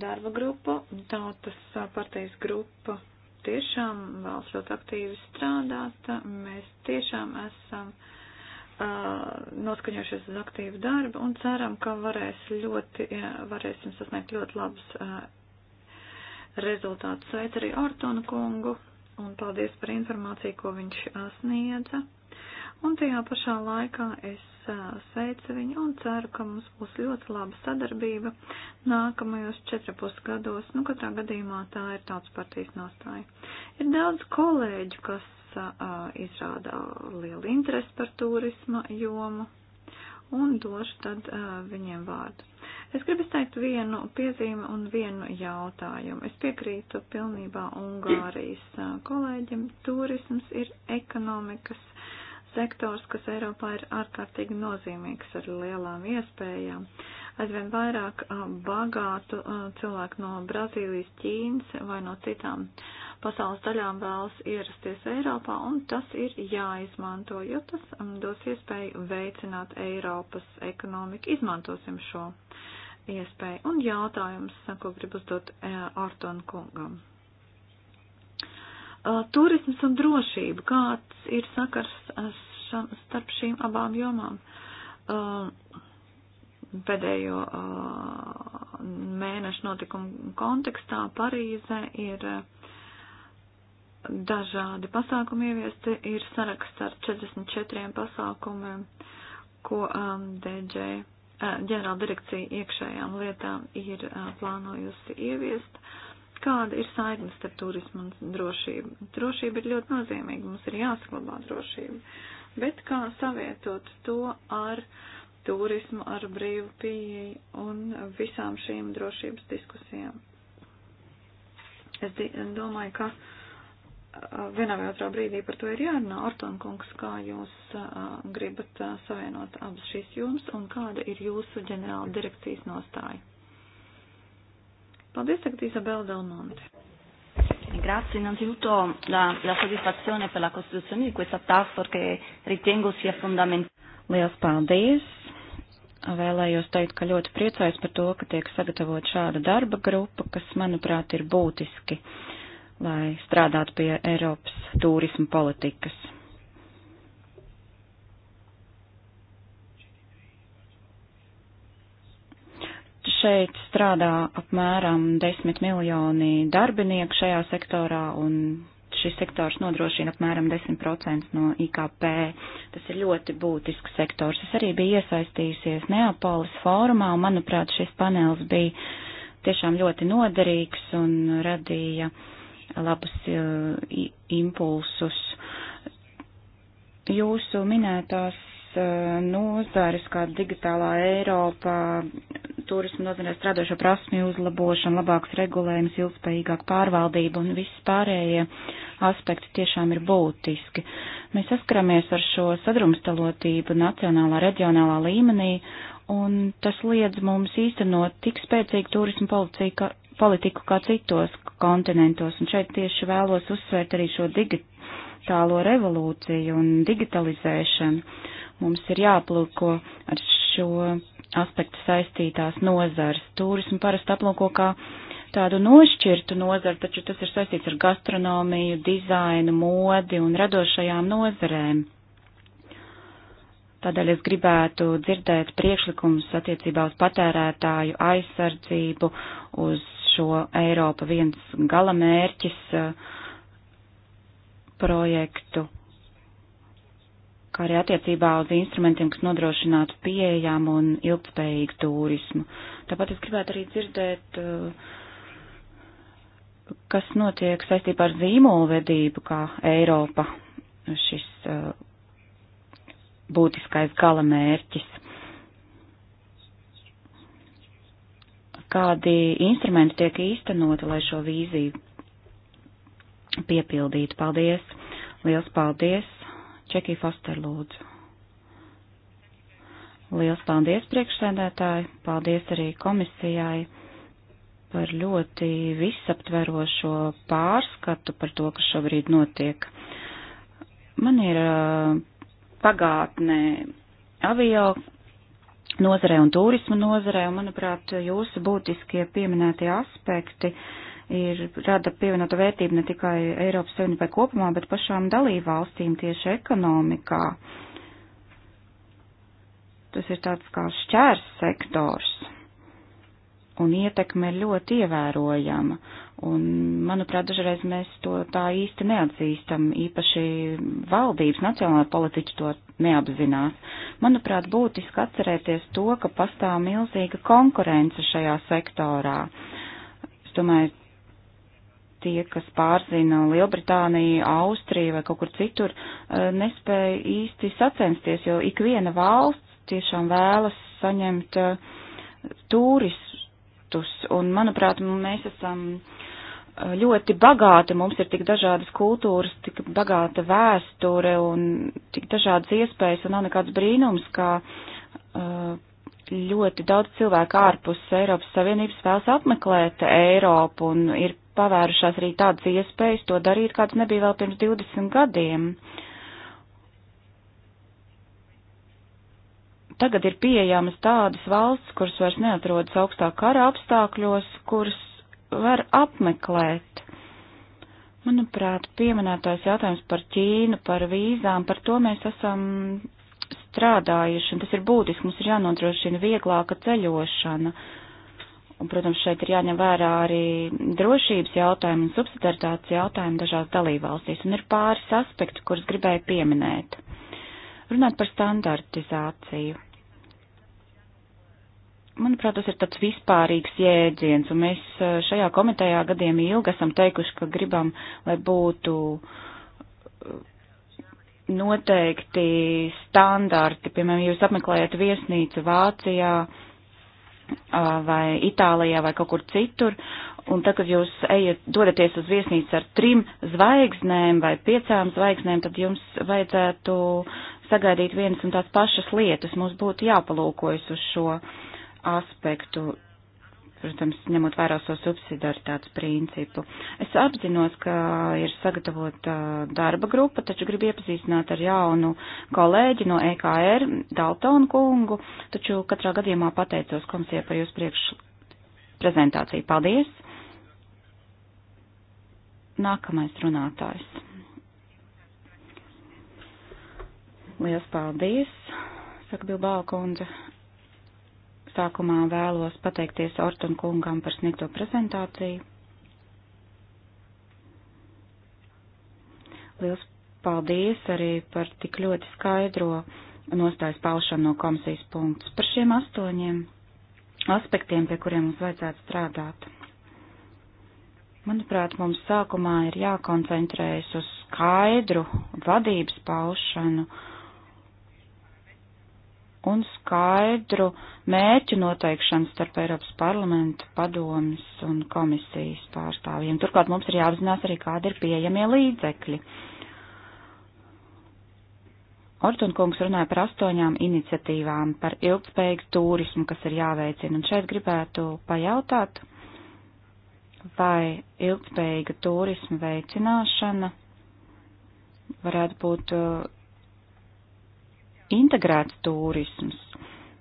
darba grupu. Tautas uh, partijas grupa tiešām vēlas ļoti aktīvi strādāt. Mēs tiešām esam. Uh, noskaņojušies uz aktīvu darbu un ceram, ka varēs ļoti, varēsim sasniegt ļoti labus rezultātus. Sveic arī Ortonu kungu un paldies par informāciju, ko viņš sniedza. Un tajā pašā laikā es sveicu viņu un ceru, ka mums būs ļoti laba sadarbība nākamajos četrapus gados. Nu, katrā gadījumā tā ir tautas partijas nostāja. Ir daudz kolēģu, kas izrāda lielu interesi par turisma jomu un došu tad viņiem vārdu. Es gribu izteikt vienu piezīmi un vienu jautājumu. Es piekrītu pilnībā Ungārijas kolēģim. Turisms ir ekonomikas sektors, kas Eiropā ir ārkārtīgi nozīmīgs ar lielām iespējām. Aizvien vairāk bagātu cilvēku no Brazīlijas, Ķīnas vai no citām uh, pasaules daļām vēlas ierasties Eiropā, un tas ir jāizmanto, jo tas um, dos iespēju veicināt Eiropas ekonomiku. Izmantosim šo iespēju. Un jautājums, ko gribu uzdot eh, Arton kungam. Eh, turisms un drošība, kāds ir sakars eh, starp šīm abām jomām? Pēdējo mēnešu notikumu kontekstā Parīze ir dažādi pasākumi ieviesti. Ir saraksts ar 44 pasākumiem, ko um, DG, uh, ģenerāla direkcija iekšējām lietām ir uh, plānojusi ieviest. Kāda ir saikne starp turismu un drošību? Drošība ir ļoti nozīmīga, mums ir jāsaglabā drošība. Bet kā savietot to ar turismu, ar brīvu pieeju un visām šīm drošības diskusijām? Es domāju, ka uh, vienā vai otrā brīdī par to ir jārunā. Orton kungs, kā jūs uh, gribat uh, savienot abas šīs jomas un kāda ir jūsu ģenerāla direkcijas nostāja? Paldies, tagad Izabela Delmonte. Grazie innanzitutto la, la soddisfazione per la costituzione di questa task force che ritengo sia fondamentale. Lielas paldies! Vēlējos teikt, ka ļoti priecājos par to, ka tiek sagatavot šāda darba grupa, kas, manuprāt, ir būtiski. Uh, lai strādātu pie Eiropas turismu politikas. Šeit strādā apmēram 10 miljoni darbinieku šajā sektorā, un šis sektors nodrošina apmēram 10% no IKP. Tas ir ļoti būtisks sektors. Es arī biju iesaistījusies Neapolis fórumā, un manuprāt, šis panels bija tiešām ļoti noderīgs un radīja uh, labus uh, impulsus. Jūsu minētās uh, nozares, kā digitālā Eiropa, turismu nozarē strādošo prasmju uzlabošana, labāks regulējums, ilgspējīgāk pārvaldība un viss pārējie aspekti tiešām ir būtiski. Mēs saskaramies ar šo sadrumstalotību nacionālā, reģionālā līmenī un tas liedz mums īstenot tik spēcīgu turismu politiku, politiku kā citos kontinentos. Un šeit tieši vēlos uzsvērt arī šo digitālo revolūciju un digitalizēšanu. Mums ir jāplūko ar šo aspektu saistītās nozars. Turismu parasti aplūko kā tādu nošķirtu nozaru, taču tas ir saistīts ar gastronomiju, dizainu, modi un radošajām nozarēm. Tādēļ es gribētu dzirdēt priekšlikumus attiecībā uz patērētāju aizsardzību, uz šo Eiropa viens gala mērķis eh, projektu, kā arī attiecībā uz instrumentiem, kas nodrošinātu pieejamu un ilgspējīgu turismu. Tāpat es gribētu arī dzirdēt, eh, kas notiek saistībā ar zīmolvedību, kā Eiropa šis eh, būtiskais gala mērķis. Kādi instrumenti tiek īstenoti, lai šo vīziju piepildītu? Paldies! Liels paldies! Čekija Foster lūdzu. Liels paldies priekšsēdētāji, paldies arī komisijai par ļoti visaptverošo pārskatu par to, kas šobrīd notiek. Man ir uh, pagātnē avio nozarē un turismu nozarē, un, manuprāt, jūsu būtiskie pieminētie aspekti ir rada pievienotu vērtību ne tikai Eiropas Savienībai kopumā, bet pašām dalībvalstīm tieši ekonomikā. Tas ir tāds kā šķērs sektors, un ietekme ir ļoti ievērojama. Un, manuprāt, dažreiz mēs to tā īsti neatzīstam, īpaši valdības nacionālā politiķi to neapzinās. Manuprāt, būtiski atcerēties to, ka pastāv milzīga konkurence šajā sektorā. Es domāju, tie, kas pārzina Lielbritāniju, Austriju vai kaut kur citur, eh, nespēja īsti sacensties, jo ikviena valsts tiešām vēlas saņemt eh, turistus. Un, manuprāt, mēs esam ļoti bagāti, mums ir tik dažādas kultūras, tik bagāta vēsture un tik dažādas iespējas, un nav nekāds brīnums, ka uh, ļoti daudz cilvēku ārpus Eiropas Savienības vēlas apmeklēt Eiropu un ir pavērušās arī tādas iespējas to darīt, kāds nebija vēl pirms 20 gadiem. Tagad ir pieejamas tādas valsts, kuras vairs neatrodas augstā kara apstākļos, kuras var apmeklēt. Manuprāt, pieminētais jautājums par Ķīnu, par vīzām, par to mēs esam strādājuši, un tas ir būtiski, mums ir jānodrošina vieglāka ceļošana. Un, protams, šeit ir jāņem vērā arī drošības jautājumi un subsidaritātes jautājumi dažās dalībvalstīs, un ir pāris aspekti, kurus gribēju pieminēt. Runāt par standartizāciju. Manuprāt, tas ir tāds vispārīgs jēdziens, un mēs eh, šajā komitejā gadiem ilgi esam teikuši, ka gribam, lai būtu eh, noteikti standarti. Piemēram, jūs apmeklējat viesnīcu Vācijā vai Itālijā vai kaut kur citur, un tad, kad jūs ejat, dodaties uz viesnīcu ar trim zvaigznēm vai piecām zvaigznēm, tad jums vajadzētu sagaidīt vienas un tās pašas lietas. Mums būtu jāpalūkojas uz šo. Uh, aspektu, protams, ņemot vērā savu subsidaritātes principu. Es apzinos, ka ir sagatavota darba grupa, taču gribu iepazīstināt ar jaunu kolēģi no EKR, Daltonu kungu, taču katrā gadījumā pateicos komisijai par jūsu priekš prezentāciju. Paldies! Nākamais runātājs. Liels paldies, saka Bilbao kundze. Sākumā vēlos pateikties Orton kungam par sniegto prezentāciju. Liels paldies arī par tik ļoti skaidro nostājas paušanu no komisijas punktus par šiem astoņiem aspektiem, pie kuriem mums vajadzētu strādāt. Manuprāt, mums sākumā ir jākoncentrējas uz skaidru vadības paušanu. Uh, un skaidru mērķu noteikšanu starp Eiropas parlamentu, padomis un komisijas pārstāvjiem. Turklāt mums ir jāapzinās arī, kādi ir pieejamie līdzekļi. Ortunkungs runāja par astoņām iniciatīvām, par ilgspējīgu turismu, kas ir jāveicina, un šeit gribētu pajautāt, vai ilgspējīga turisma veicināšana varētu būt integrēts turisms.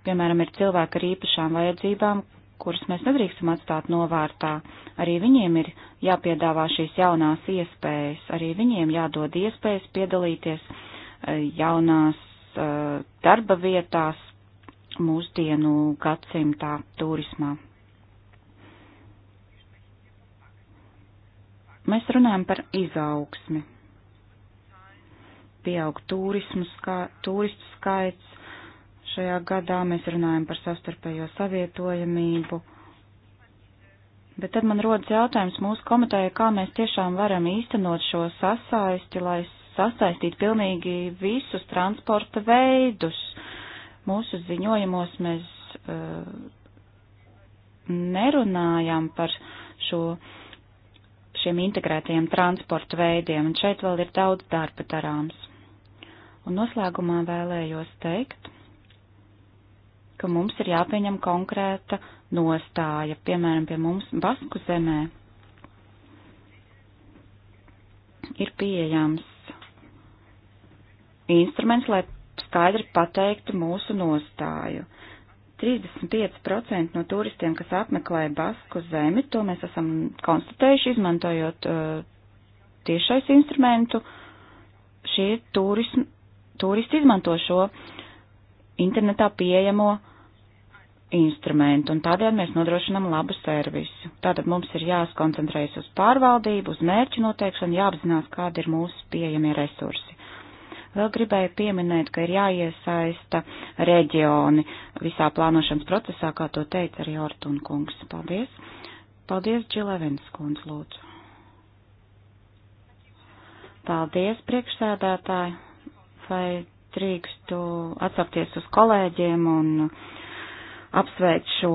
Piemēram, ir cilvēki ar īpašām vajadzībām, kurus mēs nedrīkstam atstāt novārtā. Arī viņiem ir jāpiedāvā šīs jaunās iespējas, arī viņiem jādod iespējas piedalīties e, jaunās e, darba vietās mūsdienu gadsimtā turismā. Mēs runājam par izaugsmi pieaug kā, turistu skaits. Šajā gadā mēs runājam par sastarpējo savietojamību. Bet tad man rodas jautājums mūsu komitēja, kā mēs tiešām varam īstenot šo sasaisti, lai sasaistītu pilnīgi visus transporta veidus. Mūsu ziņojumos mēs uh, nerunājam par šo uh, šiem integrētajiem transporta veidiem, un šeit vēl ir daudz darba darāms. Un noslēgumā vēlējos teikt, ka mums ir jāpieņem konkrēta nostāja, piemēram, pie mums Basku zemē ir pieejams instruments, lai skaidri pateiktu mūsu nostāju. 35% no turistiem, kas apmeklē Basku zemi, to mēs esam konstatējuši, izmantojot uh, tiešais instrumentu, šie turismu turisti izmanto šo internetā pieejamo instrumentu, un tādēļ mēs nodrošinām labu servisu. Tātad mums ir jāskoncentrējas uz pārvaldību, uz mērķu noteikšanu, jāapzinās, kādi ir mūsu pieejamie resursi. Vēl gribēju pieminēt, ka ir jāiesaista reģioni visā plānošanas procesā, kā to teica arī Ortun kungs. Paldies! Paldies, Džilevens kundz, lūdzu! Paldies, priekšsēdētāji! vai drīkstu atsaukties uz kolēģiem un apsveikt šo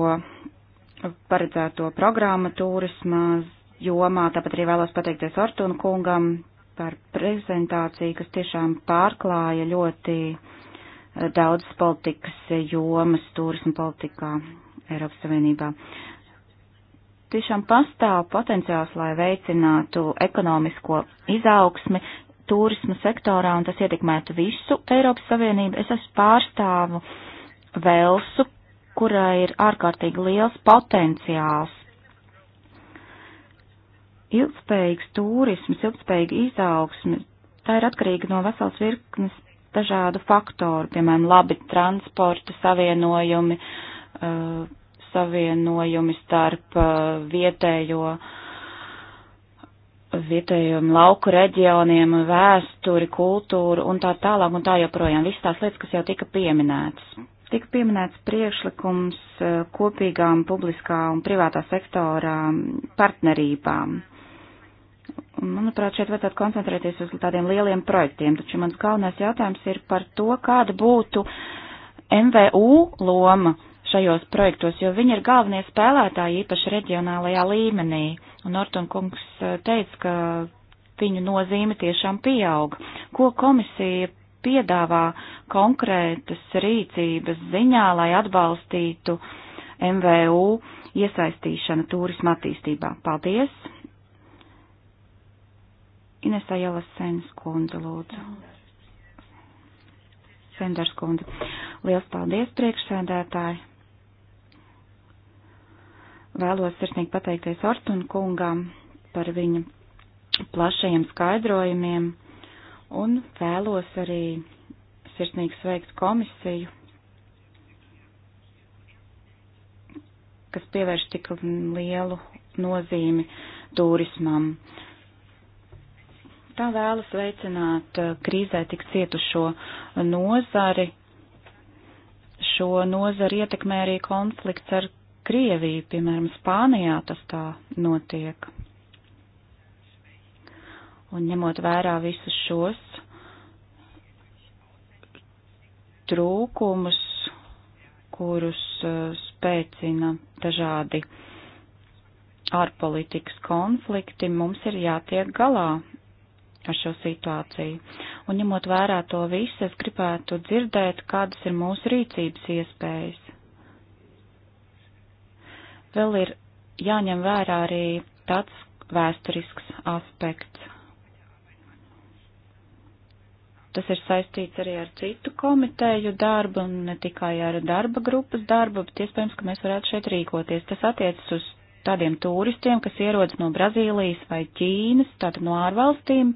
paredzēto programmu turismā jomā. Tāpat arī vēlos pateikties Ortun kungam par prezentāciju, kas tiešām pārklāja ļoti eh, daudzas politikas jomas turismu politikā Eiropas Savienībā. Tiešām pastāv potenciāls, lai veicinātu ekonomisko izaugsmi, turisma sektorā, un tas ietekmētu visu Eiropas Savienību. Es esmu pārstāvu Velsu, kurai ir ārkārtīgi liels potenciāls. Ilgspējīgs turisms, ilgspējīga izaugsme, tā ir atkarīga no vesels virknes dažādu faktoru, piemēram, labi transporta savienojumi, uh, savienojumi starp uh, vietējo uh, vietējiem lauku reģioniem, vēsturi, kultūru un tā tālāk un tā joprojām. Visas tās lietas, kas jau tika pieminētas. Tika pieminēts priekšlikums eh, kopīgām publiskā un privātā sektorā partnerībām. Un, manuprāt, šeit vajadzētu koncentrēties uz tādiem lieliem projektiem, taču mans galvenais jautājums ir par to, kāda būtu MVU loma šajos projektos, jo viņi ir galvenie spēlētāji īpaši reģionālajā līmenī. Un Norton kungs eh, teica, ka viņu nozīme tiešām pieaug. Ko komisija piedāvā konkrētas rīcības ziņā, lai atbalstītu MVU iesaistīšanu turisma attīstībā? Paldies! Inesā Jālas Sēnas kundze, lūdzu. Senders kundze. Liels paldies, priekšsēdētāji! Vēlos sirsnīgi pateikties Ortun kungam par viņa plašajiem skaidrojumiem un vēlos arī sirsnīgi sveikt komisiju, kas pievērš tik lielu nozīmi turismam. Tā vēlas veicināt uh, krīzē tik cietušo nozari. Šo nozari ietekmē arī konflikts ar Krieviju, piemēram, Spānijā tas tā notiek. Un ņemot vērā visus šos trūkumus, kurus uh, spēcina dažādi ārpolitikas konflikti, mums ir jātiek galā ar šo situāciju. Un ņemot vērā to visu, es gribētu dzirdēt, kādas ir mūsu rīcības iespējas. Vēl ir jāņem vērā arī tāds vēsturisks aspekts. Tas ir saistīts arī ar citu komiteju darbu, un ne tikai ar darba grupas darbu, bet iespējams, ka mēs varētu šeit rīkoties. Tas attiecas uz tādiem turistiem, kas ierodas no Brazīlijas vai Ķīnas, tātad no ārvalstīm.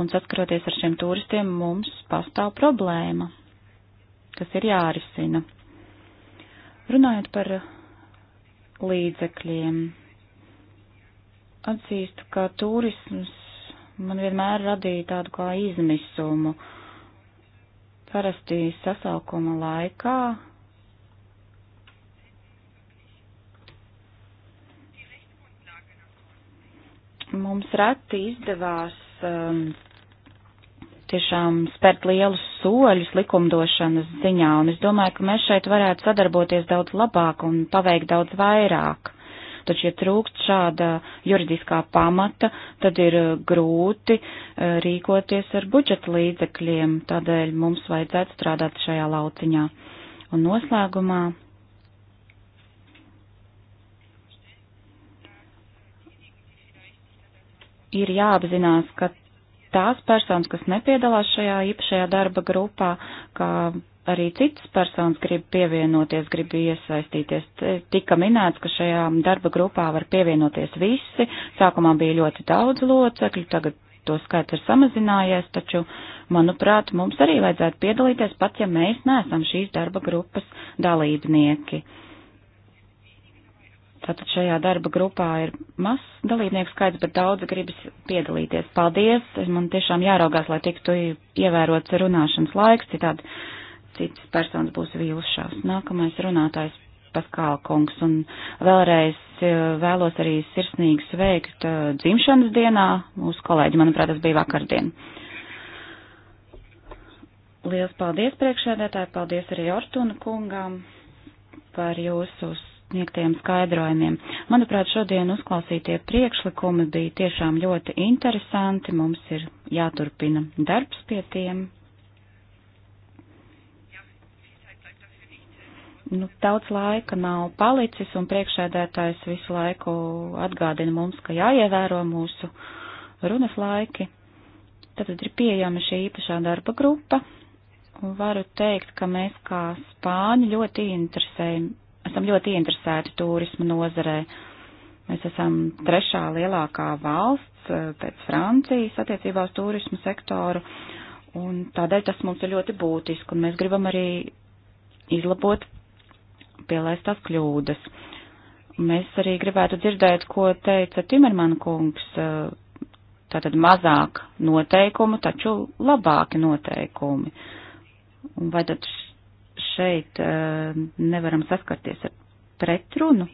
Un saskaroties ar šiem turistiem, mums pastāv problēma kas ir jārisina. Runājot par līdzekļiem, atzīstu, ka turisms man vienmēr radīja tādu kā izmisumu. Parasti sasaukuma laikā mums reti izdevās um, tiešām spērt lielus soļus likumdošanas ziņā, un es domāju, ka mēs šeit varētu sadarboties daudz labāk un paveikt daudz vairāk. Taču, ja trūkst šāda juridiskā pamata, tad ir uh, grūti uh, rīkoties ar budžeta līdzekļiem, tādēļ mums vajadzētu strādāt šajā lauciņā. Un noslēgumā. Ir jāapzinās, ka tās personas, kas nepiedalās šajā īpašajā darba grupā, kā arī citas personas grib pievienoties, grib iesaistīties. Tika minēts, ka šajā darba grupā var pievienoties visi. Sākumā bija ļoti daudz locekļu, tagad to skaits ir samazinājies, taču, manuprāt, mums arī vajadzētu piedalīties, pat ja mēs neesam šīs darba grupas dalībnieki. Uh, Tātad šajā darba grupā ir maz dalībnieku skaits, bet daudz gribas piedalīties. Paldies! Man tiešām jāraugās, lai tiktu ievērots runāšanas laiks, citādi citas personas būs vīlušās. Nākamais runātājs Paskāla kungs. Un vēlreiz eh, vēlos arī sirsnīgi sveikt eh, dzimšanas dienā mūsu kolēģi. Manuprāt, tas bija vakardien. Liels paldies priekšēdētāji, paldies arī Ortuna kungām par jūsu sniegtajiem skaidrojumiem. Manuprāt, šodien uzklausītie priekšlikumi bija tiešām ļoti interesanti. Mums ir jāturpina darbs pie tiem. Nu, daudz laika nav palicis, un priekšēdētājs visu laiku atgādina mums, ka jāievēro mūsu runas laiki. Tātad ir pieejama šī īpašā darba grupa, un varu teikt, ka mēs kā spāņi ļoti interesējam, esam ļoti interesēti turismu nozarē. Mēs esam trešā lielākā valsts eh, pēc Francijas attiecībā uz turismu sektoru, un tādēļ tas mums ir ļoti būtiski, un mēs gribam arī izlabot pielaistās kļūdas. Mēs arī gribētu dzirdēt, ko teica Timerman kungs, eh, tātad mazāk noteikumu, taču labāki noteikumi. Vai tad šeit eh, nevaram saskarties ar pretrunu.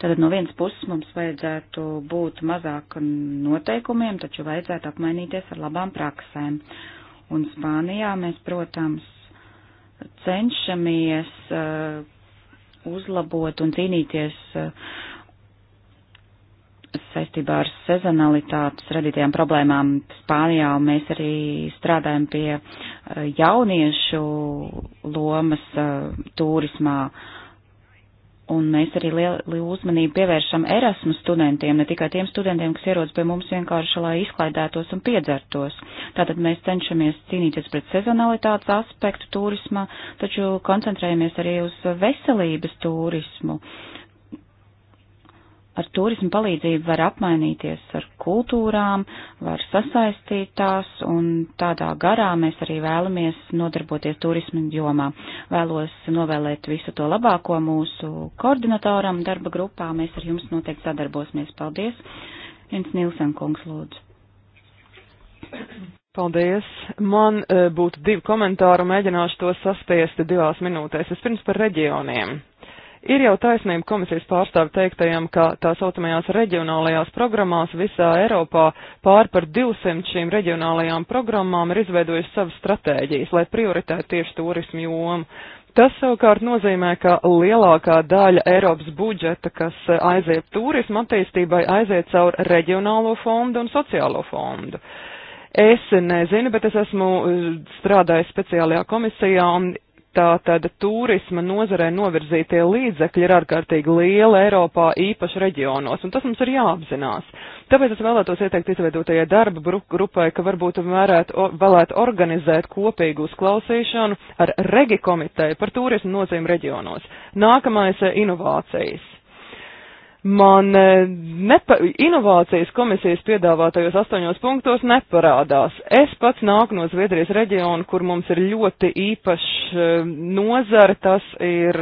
Tātad no vienas puses mums vajadzētu būt mazāk noteikumiem, taču vajadzētu apmainīties ar labām praksēm. Un Spānijā mēs, protams, cenšamies eh, uzlabot un cīnīties uh, saistībā ar sezonalitātes radītajām problēmām Spānijā, un mēs arī strādājam pie eh, jauniešu lomas eh, turismā. Un mēs arī lielu uzmanību pievēršam Erasmus studentiem, ne tikai tiem studentiem, kas ierodas pie mums vienkārši, lai izklaidētos un piedzertos. Tātad mēs cenšamies cīnīties pret sezonalitātes aspektu turismā, taču koncentrējamies arī uz veselības turismu. Uh, ar turismu palīdzību var apmainīties ar kultūrām, var sasaistīt tās, un tādā garā mēs arī vēlamies nodarboties turismu jomā. Vēlos novēlēt visu to labāko mūsu koordinatoram darba grupā. Mēs ar jums noteikti sadarbosimies. Paldies! Jens Nilsen kungs lūdzu. Paldies! Man e, būtu divi komentāri, mēģināšu to saspiesti divās minūtēs. Vispirms par reģioniem. Ir jau taisnība komisijas pārstāvi teiktajam, ka tā saucamajās reģionālajās programmās visā Eiropā pār par 200 šīm reģionālajām programmām ir izveidojusi savas stratēģijas, lai prioritētu tieši turismu jomu. Tas savukārt nozīmē, ka lielākā daļa Eiropas budžeta, kas aiziet turismu attīstībai, aiziet caur reģionālo fondu un sociālo fondu. Es nezinu, bet es esmu eh, strādājis speciālajā komisijā un Tātad turisma nozarē novirzītie līdzekļi ir ārkārtīgi liela Eiropā, īpaši reģionos, un tas mums ir jāapzinās. Tāpēc es vēlētos ieteikt izveidotajai darba grupai, ka varbūt varētu, vēlētu organizēt kopīgu uzklausīšanu ar regi komiteju par turismu nozīmi reģionos. Nākamais eh, - inovācijas man e, nepa, inovācijas komisijas piedāvātajos astoņos punktos neparādās. Es pats nāku no Zviedrijas reģiona, kur mums ir ļoti īpašs e, nozara, tas ir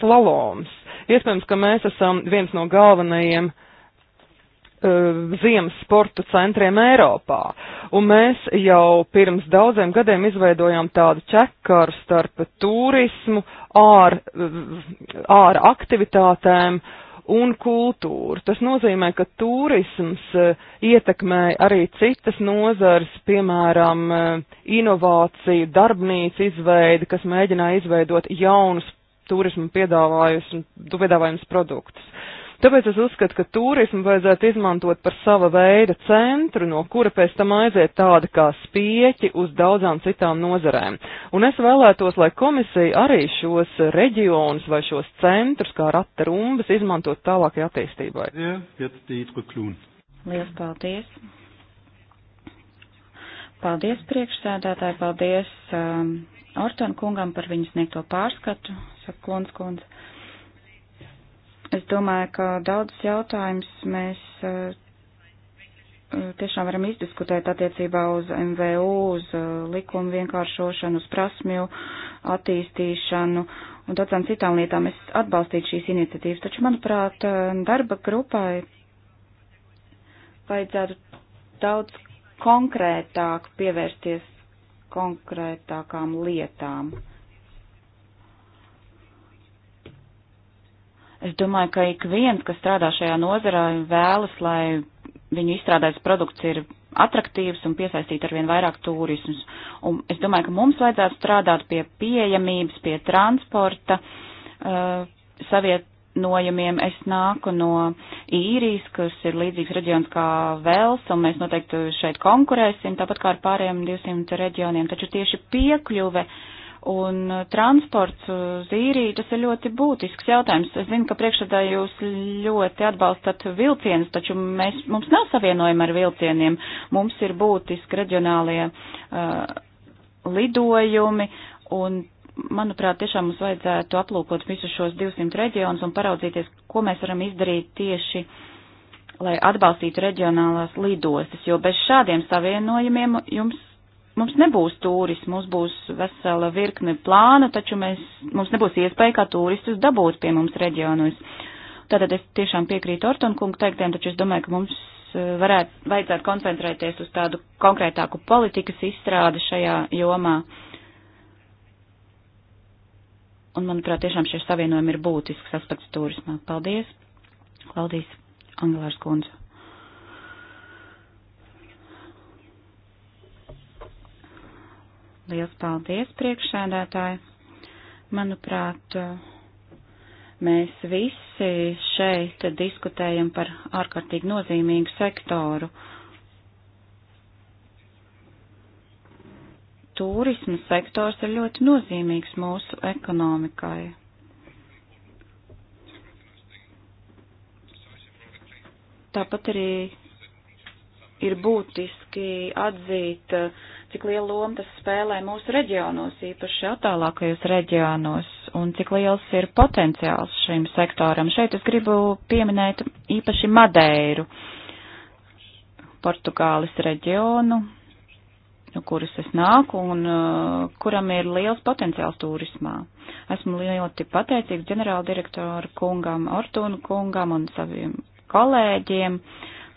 slaloms. Iespējams, ka mēs esam viens no galvenajiem e, ziemas sporta centriem Eiropā. Un mēs jau pirms daudziem gadiem izveidojām tādu čekaru starp turismu, ār, ār aktivitātēm un kultūru. Tas nozīmē, ka turisms eh, ietekmē arī citas nozars, piemēram, eh, inovāciju, darbnīcu izveidi, kas mēģināja izveidot jaunus turismu piedāvājumus produktus. Tāpēc es uzskatu, ka turismu vajadzētu izmantot par sava veida centru, no kura pēc tam aiziet tāda kā spieķi uz daudzām citām nozarēm. Un es vēlētos, lai komisija arī šos reģionus vai šos centrus kā rata rumbas izmantot tālākai attīstībai. Lielas paldies! Paldies priekšsēdētāji, paldies um, Orton kungam par viņu sniegto pārskatu, saka Klons kundze. Es domāju, ka daudzus jautājumus mēs eh, tiešām varam izdiskutēt attiecībā uz MVU, uz eh, likumu vienkāršošanu, uz prasmju attīstīšanu un daudzām citām lietām. Es atbalstītu šīs iniciatīvas, taču, manuprāt, eh, darba grupai vajadzētu daudz konkrētāk pievērsties konkrētākām lietām. Es domāju, ka ik viens, kas strādā šajā nozarā, vēlas, lai viņu izstrādāts produkts ir atraktīvs un piesaistīt arvien vairāk turismus. Un es domāju, ka mums vajadzētu strādāt pie pieejamības, pie transporta uh, savienojumiem. Es nāku no īrijas, kas ir līdzīgs reģions kā Vels, un mēs noteikti šeit konkurēsim, tāpat kā ar pārējiem 200 reģioniem, taču tieši piekļuve uh, Un uh, transports uz īriju, tas ir ļoti būtisks jautājums. Es zinu, ka priekšādā jūs ļoti atbalstat vilcienus, taču mēs, mums nav savienojuma ar vilcieniem. Mums ir būtiski reģionālie uh, lidojumi un manuprāt, tiešām mums vajadzētu aplūkot visus šos 200 reģionus un paraudzīties, ko mēs varam izdarīt tieši, lai atbalstītu reģionālās lidostas, jo bez šādiem savienojumiem jums Mums nebūs turismu, mums būs vesela virkne plāna, taču mēs, mums nebūs iespēja kā turistus dabūt pie mums reģionos. Tātad es tiešām piekrītu Orton kungu teiktiem, taču es domāju, ka mums eh, varētu, vajadzētu koncentrēties uz tādu konkrētāku politikas izstrādi šajā jomā. Un, manuprāt, tiešām šie savienojumi ir būtisks aspekts turismā. Paldies! Klaudīs Angelārs Kundze. Liels paldies, priekšsēdētāji! Manuprāt, mēs visi šeit diskutējam par ārkārtīgi nozīmīgu sektoru. Turisma sektors ir ļoti nozīmīgs mūsu ekonomikai. Tāpat arī ir būtiski atzīt uh, cik lielu lomu tas spēlē mūsu reģionos, īpaši attālākajos reģionos, un cik liels ir potenciāls šim sektoram. Šeit es gribu pieminēt īpaši Madeiru, Portugāles reģionu, no kuras es nāku un uh, kuram ir liels potenciāls turismā. Esmu ļoti pateicīgs ģenerāldirektoru kungam, Ortūnu kungam un saviem kolēģiem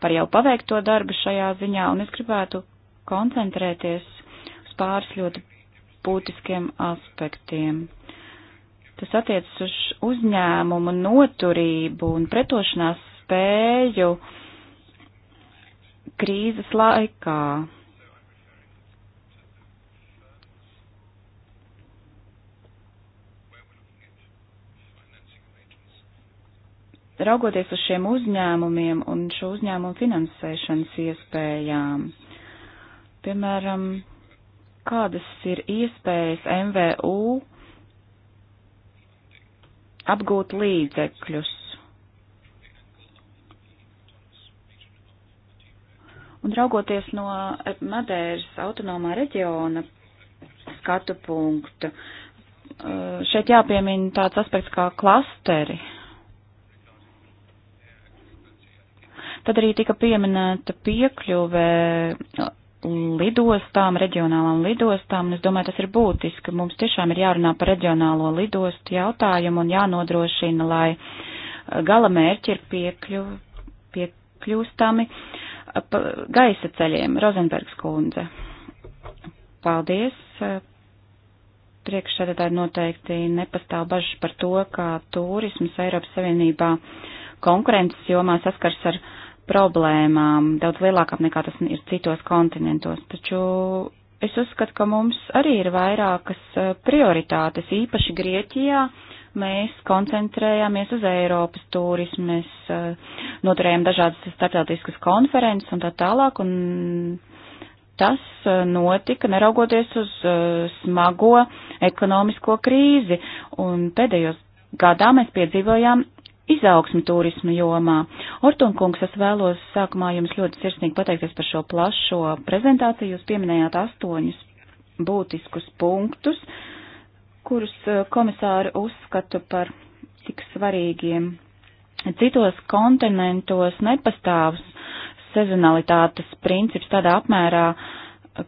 par jau paveikto darbu šajā ziņā, un es gribētu koncentrēties uz pāris ļoti būtiskiem aspektiem. Tas attiecas uz uzņēmumu noturību un pretošanās spēju krīzes laikā. raugoties uz šiem uzņēmumiem un šo uzņēmumu finansēšanas iespējām. Piemēram, kādas ir iespējas MVU apgūt līdzekļus? Un raugoties no Madēras autonomā reģiona skatu punktu, eh, šeit jāpiemina tāds aspekts kā klasteri. Tad arī tika pieminēta piekļuve lidostām, reģionālām lidostām, un es domāju, tas ir būtiski. Mums tiešām ir jārunā par reģionālo lidostu jautājumu un jānodrošina, lai eh, gala mērķi ir piekļu, piekļūstami eh, gaisa ceļiem. Rozenbergs kundze. Paldies. Eh, priekšsēdētāji noteikti nepastāv bažas par to, kā turisms Eiropas Savienībā konkurences jomā saskars ar problēmām, daudz lielākām nekā tas ir citos kontinentos. Taču es uzskatu, ka mums arī ir vairākas eh, prioritātes, īpaši Grieķijā. Mēs koncentrējāmies uz Eiropas turismu, mēs eh, noturējām dažādas starptautiskas konferences un tā tālāk, un tas eh, notika neraugoties uz smago ekonomisko krīzi, un pēdējos gadā mēs piedzīvojām izaugsmi turismu jomā. Ortunkungs, es vēlos sākumā jums ļoti sirsnīgi pateikties par šo plašo prezentāciju. Jūs pieminējāt astoņus būtiskus punktus, kurus eh, komisāri uzskatu par tik svarīgiem. Citos kontinentos nepastāv sezonalitātes princips tādā apmērā, uh,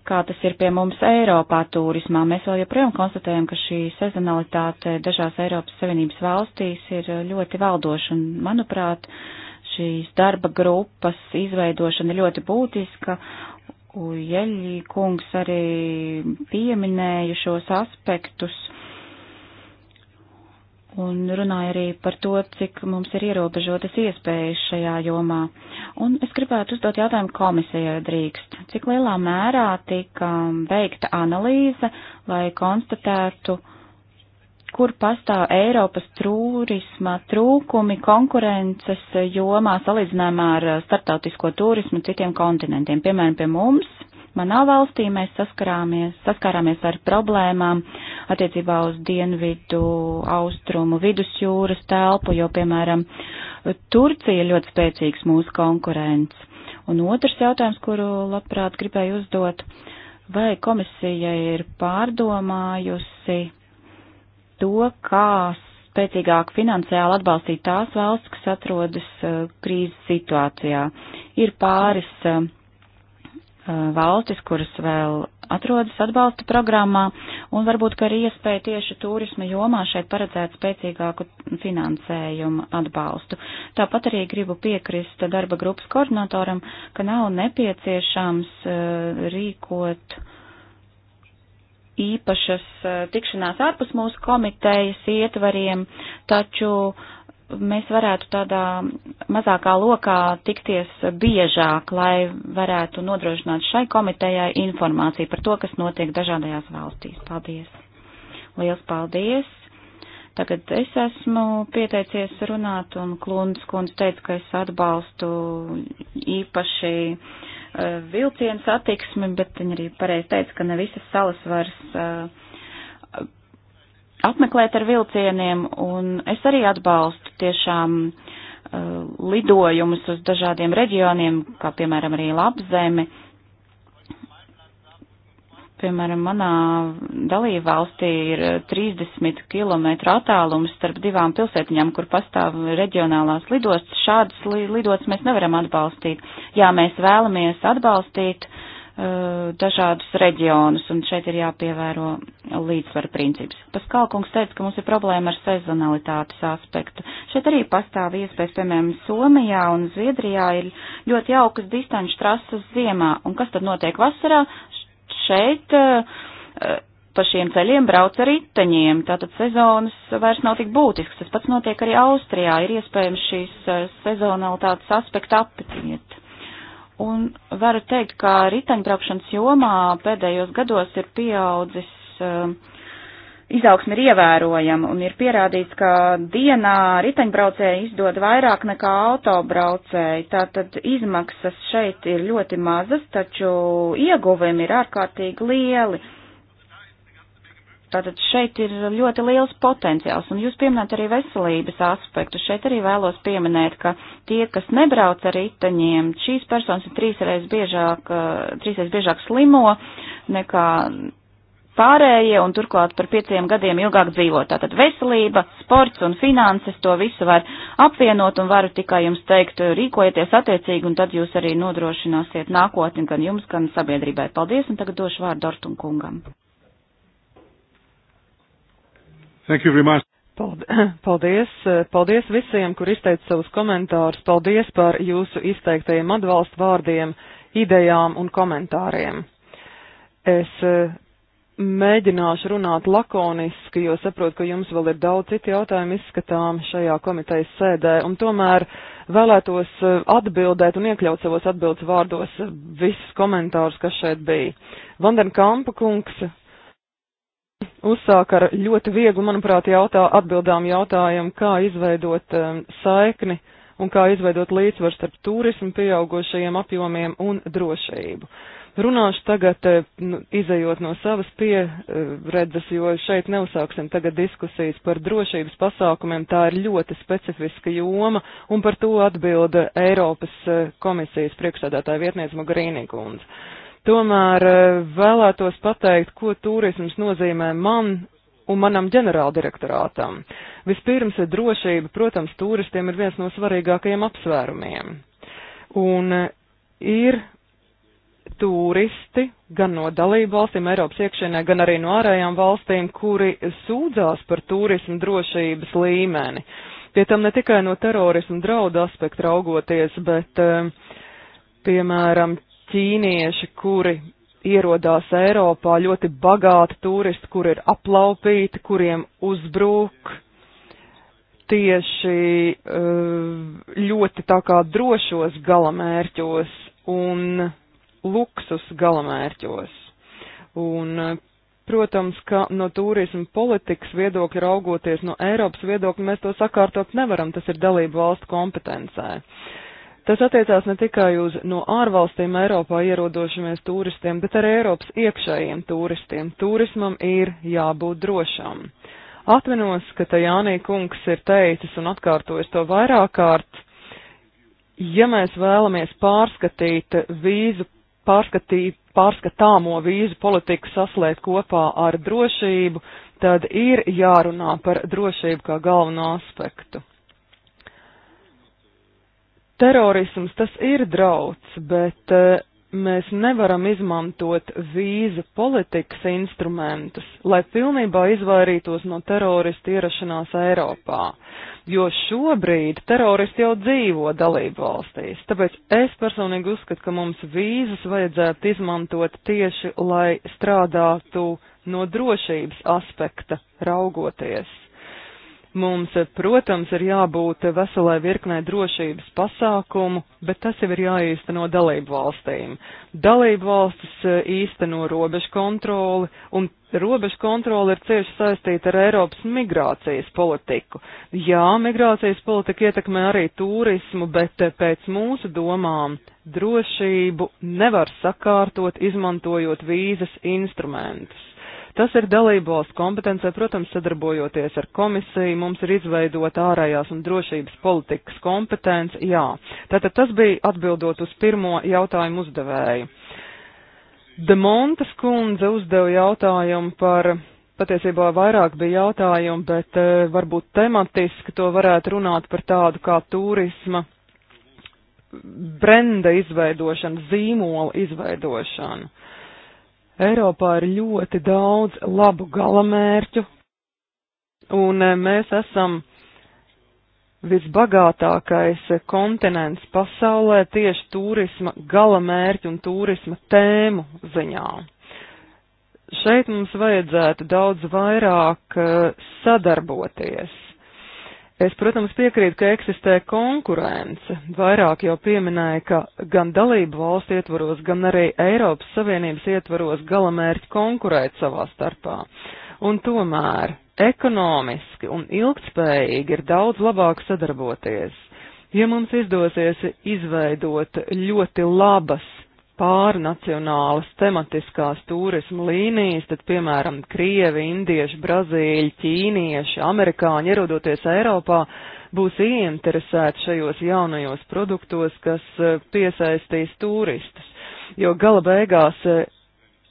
kā tas ir pie mums Eiropā turismā. Mēs vēl joprojām konstatējam, ka šī sezonalitāte dažās Eiropas Savienības valstīs ir ļoti valdoša, un, manuprāt, šīs darba grupas izveidošana ir ļoti būtiska. Ujeļī kungs arī pieminēja šos aspektus. Uh, un runāja arī par to, cik mums ir ierobežotas iespējas šajā jomā. Un es gribētu uzdot jautājumu komisijai drīkst. Cik lielā mērā tika um, veikta analīze, lai konstatētu, kur pastāv Eiropas turisma trūkumi konkurences jomā salīdzinājumā ar uh, starptautisko turismu citiem kontinentiem, piemēram, pie mums? manā valstī mēs saskarāmies, saskarāmies ar problēmām attiecībā uz dienvidu, austrumu, vidusjūras telpu, jo, piemēram, Turcija ir ļoti spēcīgs mūsu konkurents. Un otrs jautājums, kuru labprāt gribēju uzdot, vai komisija ir pārdomājusi to, kā spēcīgāk finansiāli atbalstīt tās valsts, kas atrodas eh, krīzes situācijā. Ir pāris uh, Eh, valstis, kuras vēl atrodas atbalsta programmā, un varbūt, ka arī iespēja tieši turisma jomā šeit paredzēt spēcīgāku finansējumu atbalstu. Tāpat arī gribu piekrist darba grupas koordinatoram, ka nav nepieciešams eh, rīkot īpašas eh, tikšanās ārpus mūsu komitejas ietvariem, taču uh, mēs varētu tādā mazākā lokā tikties biežāk, lai varētu nodrošināt šai komitejai informāciju par to, kas notiek dažādajās valstīs. Paldies! Liels paldies! Tagad es esmu pieteicies runāt, un Klundz kundze teica, ka es atbalstu īpaši uh, vilcienu satiksmi, bet viņa arī pareizi teica, ka ne visas salas vairs uh, eh, apmeklēt ar vilcieniem, un es arī atbalstu tiešām uh, lidojumus uz dažādiem reģioniem, kā piemēram arī Labzemi. Piemēram, manā dalībvalstī ir 30 km attālums starp divām pilsētiņām, kur pastāv reģionālās lidostas. Šādas li lidotas mēs nevaram atbalstīt. Jā, mēs vēlamies atbalstīt Eh, dažādus reģionus, un šeit ir jāpievēro līdzsvaru princips. Paskalkungs teica, ka mums ir problēma ar sezonalitātes aspektu. Šeit arī pastāv iespējas, piemēram, Somijā un Zviedrijā ir ļoti jaukas distanču trases ziemā, un kas tad notiek vasarā? Šeit eh, pa šiem ceļiem brauc ar riteņiem, tātad sezonas vairs nav tik būtisks. Tas pats notiek arī Austrijā, ir iespējams šīs eh, sezonalitātes aspekta apetiet Un varu teikt, ka riteņbraukšanas jomā pēdējos gados ir pieaudzis, eh, izaugsme ir ievērojama un ir pierādīts, ka dienā riteņbraucēji izdod vairāk nekā autobraucēji. Tātad izmaksas šeit ir ļoti mazas, taču ieguvumi ir ārkārtīgi lieli. Tātad šeit ir ļoti liels potenciāls, un jūs pieminat arī veselības aspektu. Šeit arī vēlos pieminēt, ka tie, kas nebrauc ar riteņiem, šīs personas ir trīsreiz biežāk, eh, trīsreiz biežāk slimo nekā pārējie, un turklāt par pieciem gadiem ilgāk dzīvo. Tātad veselība, sports un finanses to visu var apvienot, un varu tikai jums teikt, eh, rīkojieties attiecīgi, un tad jūs arī nodrošināsiet nākotni gan jums, gan sabiedrībai. Paldies, un tagad došu vārdu Dortun kungam. Thank you very much. Paldies, paldies visiem, kur izteica savus komentārus, paldies par jūsu izteiktajiem atbalstu vārdiem, idejām un komentāriem. Es e, mēģināšu runāt lakoniski, jo saprotu, ka jums vēl ir daudz citu jautājumu izskatām šajā komitejas sēdē, un tomēr vēlētos e, atbildēt un iekļaut savos atbildes vārdos visus komentārus, kas šeit bija. Vanden Kampa kungs, uzsāk ar ļoti vieglu, manuprāt, jautā, atbildām jautājumu, kā izveidot um, saikni un kā izveidot līdzsvaru starp turismu pieaugošajiem apjomiem un drošību. Runāšu tagad, nu, izējot no savas pieredzes, jo šeit neuzsāksim tagad diskusijas par drošības pasākumiem. Tā ir ļoti specifiska joma, un par to atbilda Eiropas eh, komisijas priekšsādātāja vietniece Mogarīnī kundze. Tomēr e, vēlētos pateikt, ko turisms nozīmē man un manam ģenerāldirektorātam. Vispirms drošība, protams, turistiem ir viens no svarīgākajiem apsvērumiem. Un e, ir turisti gan no dalību valstīm Eiropas iekšienē, gan arī no ārējām valstīm, kuri sūdzās par turismu drošības līmeni. Pie tam ne tikai no terorismu draudu aspekta raugoties, bet, e, piemēram, ķīnieši, kuri ierodās Eiropā, ļoti bagāti turisti, kuri ir aplaupīti, kuriem uzbrūk tieši eh, ļoti tā kā drošos galamērķos un luksus galamērķos. Un, protams, ka no turismu politikas viedokļa raugoties no Eiropas viedokļa mēs to sakārtot nevaram, tas ir dalību valstu kompetencē. Uh, Tas attiecās ne tikai uz no ārvalstīm Eiropā ierodošamies turistiem, bet arī Eiropas iekšējiem turistiem. Turismam ir jābūt drošam. Atminos, ka te Jānī kungs ir teicis un atkārtojas to vairāk kārt, ja mēs vēlamies pārskatīt vīzu, pārskatīt, pārskatāmo vīzu politiku saslēt kopā ar drošību, tad ir jārunā par drošību kā galveno aspektu. Terorisms tas ir drauds, bet eh, mēs nevaram izmantot vīzu politikas instrumentus, lai pilnībā izvairītos no teroristu ierašanās Eiropā, jo šobrīd teroristi jau dzīvo dalību valstīs. Tāpēc es personīgi uzskatu, ka mums vīzas vajadzētu izmantot tieši, lai strādātu no drošības aspekta raugoties. Mums, protams, ir jābūt veselai virknē drošības pasākumu, bet tas jau ir jāīsteno dalību valstīm. Dalību valstis eh, īsteno robežu kontroli, un robežu kontroli ir cieši saistīta ar Eiropas migrācijas politiku. Jā, migrācijas politika ietekmē arī turismu, bet eh, pēc mūsu domām drošību nevar sakārtot, izmantojot vīzas instrumentus Tas ir dalībvalsts kompetencē, protams, sadarbojoties ar komisiju, mums ir izveidota ārējās un drošības politikas kompetence, jā. Tātad tas bija atbildot uz pirmo jautājumu uzdevēju. Demontas kundze uzdeva jautājumu par, patiesībā vairāk bija jautājumu, bet e, varbūt tematiski to varētu runāt par tādu kā turisma brenda izveidošanu, zīmola izveidošanu. Eiropā ir ļoti daudz labu galamērķu, un eh, mēs esam visbagātākais eh, kontinents pasaulē tieši turisma galamērķu un turisma tēmu ziņā. Šeit mums vajadzētu daudz vairāk eh, sadarboties. Es, protams, piekrītu, ka eksistē konkurence. Vairāk jau pieminēja, ka gan dalību valstu ietvaros, gan arī Eiropas Savienības ietvaros galamērķi konkurēt savā starpā. Un tomēr ekonomiski un ilgtspējīgi ir daudz labāk sadarboties. Ja mums izdosies izveidot ļoti labas pārnacionālas tematiskās turismu līnijas, tad, piemēram, krievi, indieši, brazīļi, ķīnieši, amerikāņi ierodoties Eiropā, būs ieinteresēti šajos jaunajos produktos, kas eh, piesaistīs turistus, jo gala beigās eh,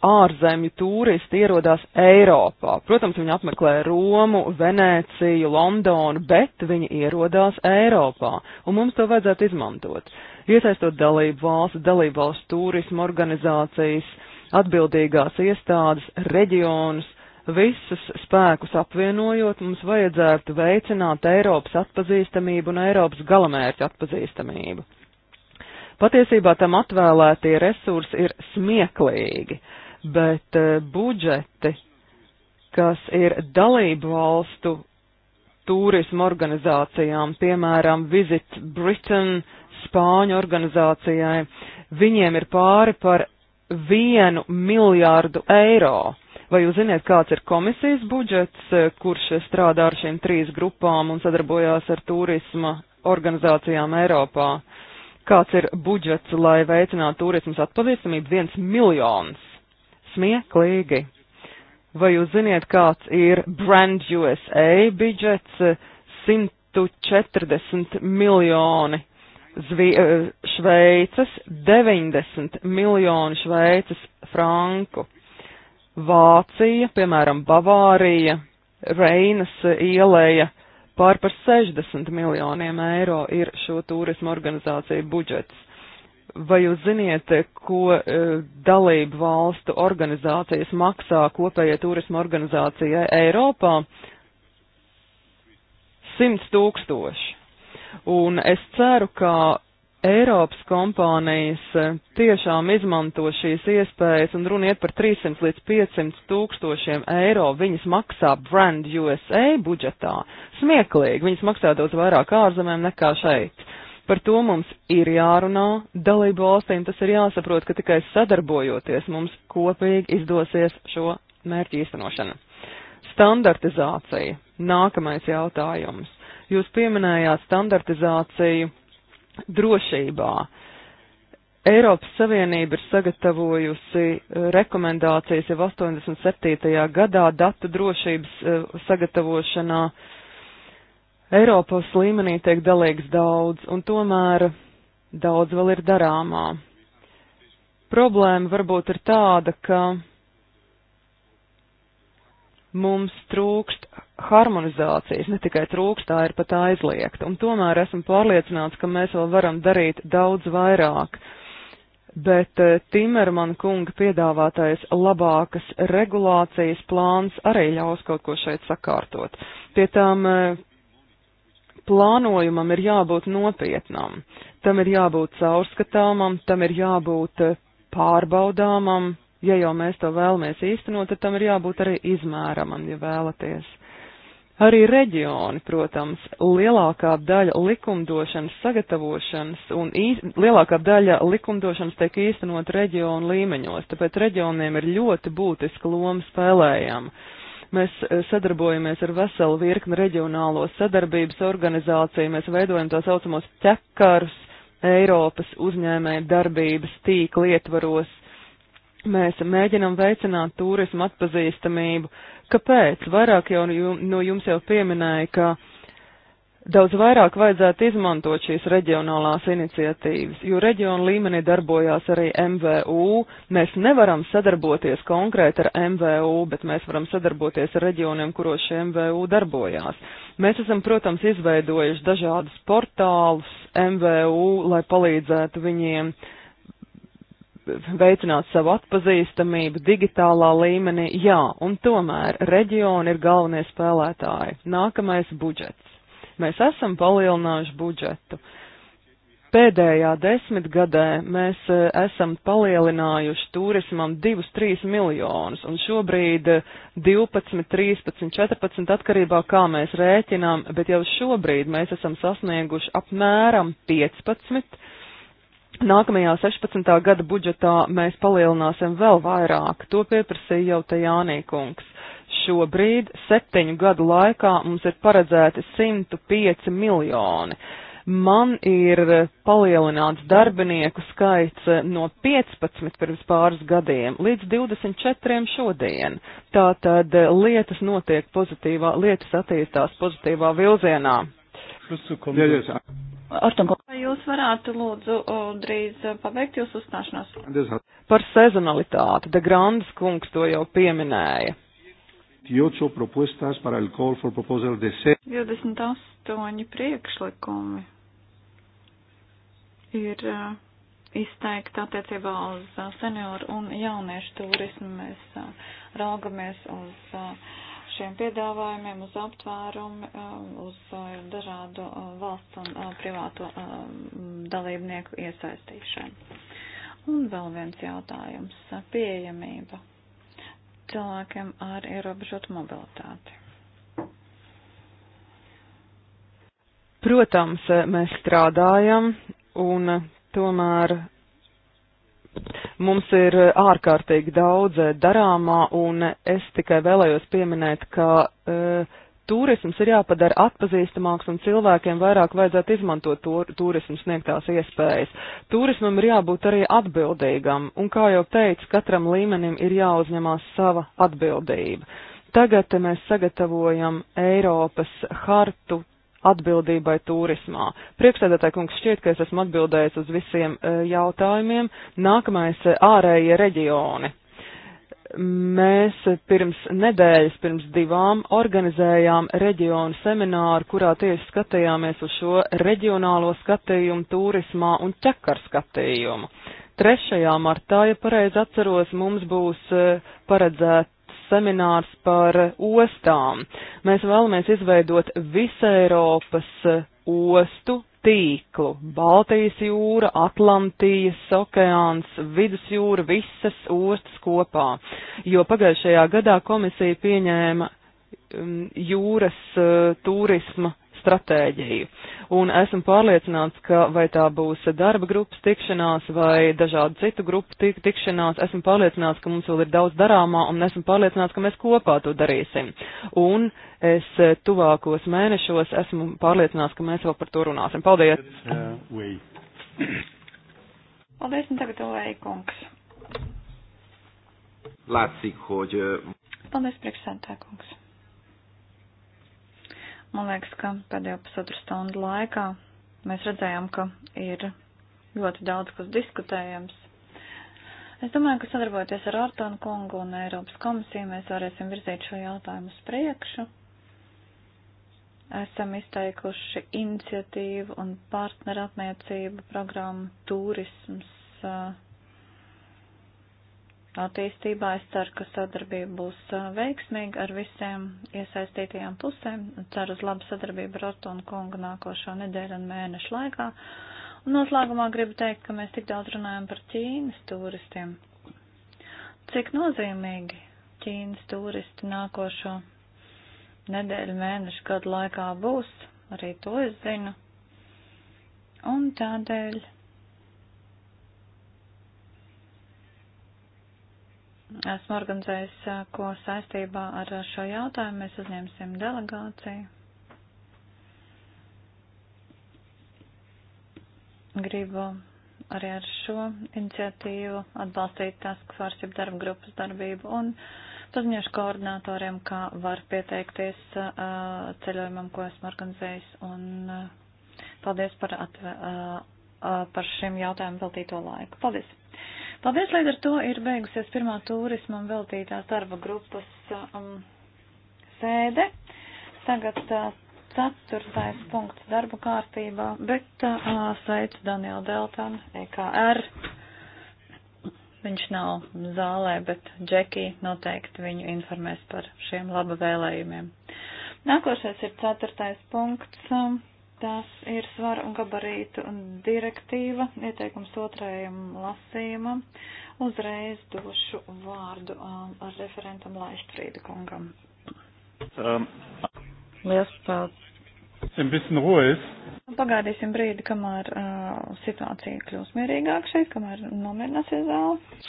ārzemju turisti ierodās Eiropā. Protams, viņi apmeklē Romu, Venēciju, Londonu, bet viņi ierodās Eiropā, un mums to vajadzētu izmantot iesaistot dalību valsts, dalību valsts turismu organizācijas, atbildīgās iestādes, reģionus, visus spēkus apvienojot, mums vajadzētu veicināt Eiropas atpazīstamību un Eiropas galamērķu atpazīstamību. Patiesībā tam atvēlētie resursi ir smieklīgi, bet e, budžeti, kas ir dalību valstu turismu organizācijām, piemēram, Visit Britain spāņu organizācijai. Viņiem ir pāri par vienu miljārdu eiro. Vai jūs ziniet, kāds ir komisijas budžets, eh, kurš strādā ar šīm trīs grupām un sadarbojās ar turisma organizācijām Eiropā? Kāds ir budžets, lai veicinātu turismas atpazīstamību? Viens miljons. Smieklīgi. Vai jūs ziniet, kāds ir Brand USA budžets? 140 miljoni Zvi eh, Šveices 90 miljonu Šveices franku. Vācija, piemēram, Bavārija, Reinas ielēja pār par 60 miljoniem eiro ir šo turismu organizāciju budžets. Vai jūs ziniet, ko eh, dalību valstu organizācijas maksā kopējai turismu organizācijai Eiropā? 100 tūkstoši. Un es ceru, ka Eiropas kompānijas eh, tiešām izmanto šīs iespējas un runiet par 300 līdz 500 tūkstošiem eiro. Viņas maksā Brand USA budžetā. Smieklīgi, viņas maksā daudz vairāk ārzemēm nekā šeit. Par to mums ir jārunā, dalību valstīm tas ir jāsaprot, ka tikai sadarbojoties mums kopīgi izdosies šo mērķu īstenošana. Standartizācija. Nākamais jautājums. Jūs pieminējāt standartizāciju drošībā. Eiropas Savienība ir sagatavojusi eh, rekomendācijas jau 87. gadā datu drošības eh, sagatavošanā. Eiropas līmenī tiek dalīgs daudz, un tomēr daudz vēl ir darāmā. Problēma varbūt ir tāda, ka mums trūkst harmonizācijas, ne tikai trūkst, tā ir pat aizliegta. Un tomēr esmu pārliecināts, ka mēs vēl varam darīt daudz vairāk. Bet eh, Timerman kunga piedāvātais labākas regulācijas plāns arī ļaus kaut ko šeit sakārtot. Pie tām eh, plānojumam ir jābūt nopietnam, tam ir jābūt caurskatāmam, tam ir jābūt eh, pārbaudāmam, ja jau mēs to vēlamies īstenot, tad tam ir jābūt arī izmēramam, ja vēlaties. Arī reģioni, protams, lielākā daļa likumdošanas sagatavošanas un īz, lielākā daļa likumdošanas tiek īstenot reģionu līmeņos, tāpēc reģioniem ir ļoti būtiska loma spēlējama. Mēs eh, sadarbojamies ar veselu virkni reģionālo sadarbības organizāciju, mēs veidojam tā saucamos ķekarus Eiropas uzņēmēju darbības tīkla ietvaros, mēs mēģinam veicināt turismu atpazīstamību. Kāpēc? Vairāk jau nu no jums jau pieminēja, ka daudz vairāk vajadzētu izmantot šīs reģionālās iniciatīvas, jo reģionu līmenī darbojās arī MVU. Mēs nevaram sadarboties konkrēti ar MVU, bet mēs varam sadarboties ar reģioniem, kuros šie MVU darbojās. Mēs esam, protams, izveidojuši dažādus portālus MVU, lai palīdzētu viņiem uh, veicināt savu atpazīstamību digitālā līmenī, jā, un tomēr reģioni ir galvenie spēlētāji. Nākamais budžets. Mēs esam palielinājuši budžetu. Pēdējā desmitgadē mēs e, esam palielinājuši turismam 2-3 miljonus, un šobrīd 12, 13, 14 atkarībā kā mēs rēķinām, bet jau šobrīd mēs esam sasnieguši apmēram 15 miljonus Nākamajā 16. gada budžetā mēs palielināsim vēl vairāk, to pieprasīja jau te Jānīkungs. Šobrīd septiņu gadu laikā mums ir paredzēti 105 miljoni. Man ir palielināts darbinieku skaits no 15 pirms pāris gadiem līdz 24 šodien. Tātad lietas notiek pozitīvā, lietas attīstās pozitīvā vilzienā. Ortonko. Vai jūs varētu lūdzu drīz pabeigt jūsu uzstāšanos? Par sezonalitāti. De Grandes kungs to jau pieminēja. 28 priekšlikumi ir izteikti attiecībā uz senioru un jauniešu turismu. Mēs raugamies uz uh, šiem piedāvājumiem, uz aptvērumu, um, uz uh, dažādu uh, valsts un uh, privātu um, dalībnieku iesaistīšanu. Un vēl viens jautājums - pieejamība cilvēkiem ar ierobežotu mobilitāti. Protams, mēs strādājam un tomēr Mums ir eh, ārkārtīgi daudz eh, darāmā, un es tikai vēlējos pieminēt, ka uh, turisms ir jāpadara atpazīstamāks un cilvēkiem vairāk vajadzētu izmantot tur, turismu sniegtās iespējas. Turismam ir jābūt arī atbildīgam, un kā jau teicu, katram līmenim ir jāuzņemās sava atbildība. Tagad mēs sagatavojam Eiropas hartu atbildībai turismā. Priekšsēdētāji kungs šķiet, ka es esmu atbildējis uz visiem e, jautājumiem. Nākamais e, ārējie reģioni. Mēs pirms nedēļas, pirms divām, organizējām reģionu semināru, kurā tieši skatījāmies uz šo reģionālo skatījumu turismā un ķekar skatījumu. 3. martā, ja pareizi atceros, mums būs e, paredzēta seminārs par ostām. Mēs vēlamies izveidot visu Eiropas eh, ostu tīklu - Baltijas jūra, Atlantijas okeāns, Vidusjūra, visas ostas kopā, jo pagājušajā gadā komisija pieņēma mm, jūras uh, turisma stratēģiju un esmu pārliecināts, ka vai tā būs darba grupas tikšanās vai dažādu citu grupu tik, tikšanās, esmu pārliecināts, ka mums vēl ir daudz darāmā un esmu pārliecināts, ka mēs kopā to darīsim. Un es tuvākos mēnešos esmu pārliecināts, ka mēs vēl par to runāsim. Paldies! Paldies, un tagad Olēja kungs. Látszik, hogy... Paldies, priekšsēdētāj kungs. Man liekas, ka pēdējo pusotru stundu laikā mēs redzējām, ka ir ļoti daudz, kas diskutējams. Es domāju, ka sadarbojoties ar Ortonu kungu un Eiropas komisiju, mēs varēsim virzīt šo jautājumu uz priekšu. Esam izteikuši iniciatīvu un partnerattiecību programmu turisms. Uh, attīstībā. Es ceru, ka sadarbība būs veiksmīga ar visiem iesaistītajām pusēm. Ceru uz labu sadarbību ar Ortonu kungu nākošo nedēļu un mēnešu laikā. Un noslēgumā gribu teikt, ka mēs tik daudz runājam par Ķīnas turistiem. Cik nozīmīgi Ķīnas turisti nākošo nedēļu mēnešu gadu laikā būs, arī to es zinu. Un tādēļ esmu organizējis, ko saistībā ar šo jautājumu mēs uzņemsim delegāciju. Gribu arī ar šo iniciatīvu atbalstīt Task Force jeb darba grupas darbību un paziņošu koordinatoriem, kā var pieteikties ceļojumam, ko esmu organizējis. Un paldies par, atve, par šim jautājumu veltīto laiku. Paldies! Paldies, līdz ar to ir beigusies pirmā turismam veltītās darba grupas um, sēde. Tagad uh, ceturtais punkts darba kārtībā, bet uh, sveicu Danielu Deltanu, EKR. Viņš nav zālē, bet Džekī noteikti viņu informēs par šiem laba vēlējumiem. Nākošais ir ceturtais punkts. Um, Tas ir svara un gabarītu direktīva, ieteikums otrajam lasījumam. Uzreiz došu vārdu um, ar referentam Laištrīda kungam. Um, Liels paldies. Nu, pagaidīsim brīdi, kamēr uh, situācija kļūs mierīgāk šeit, kamēr nomierināsies zāle.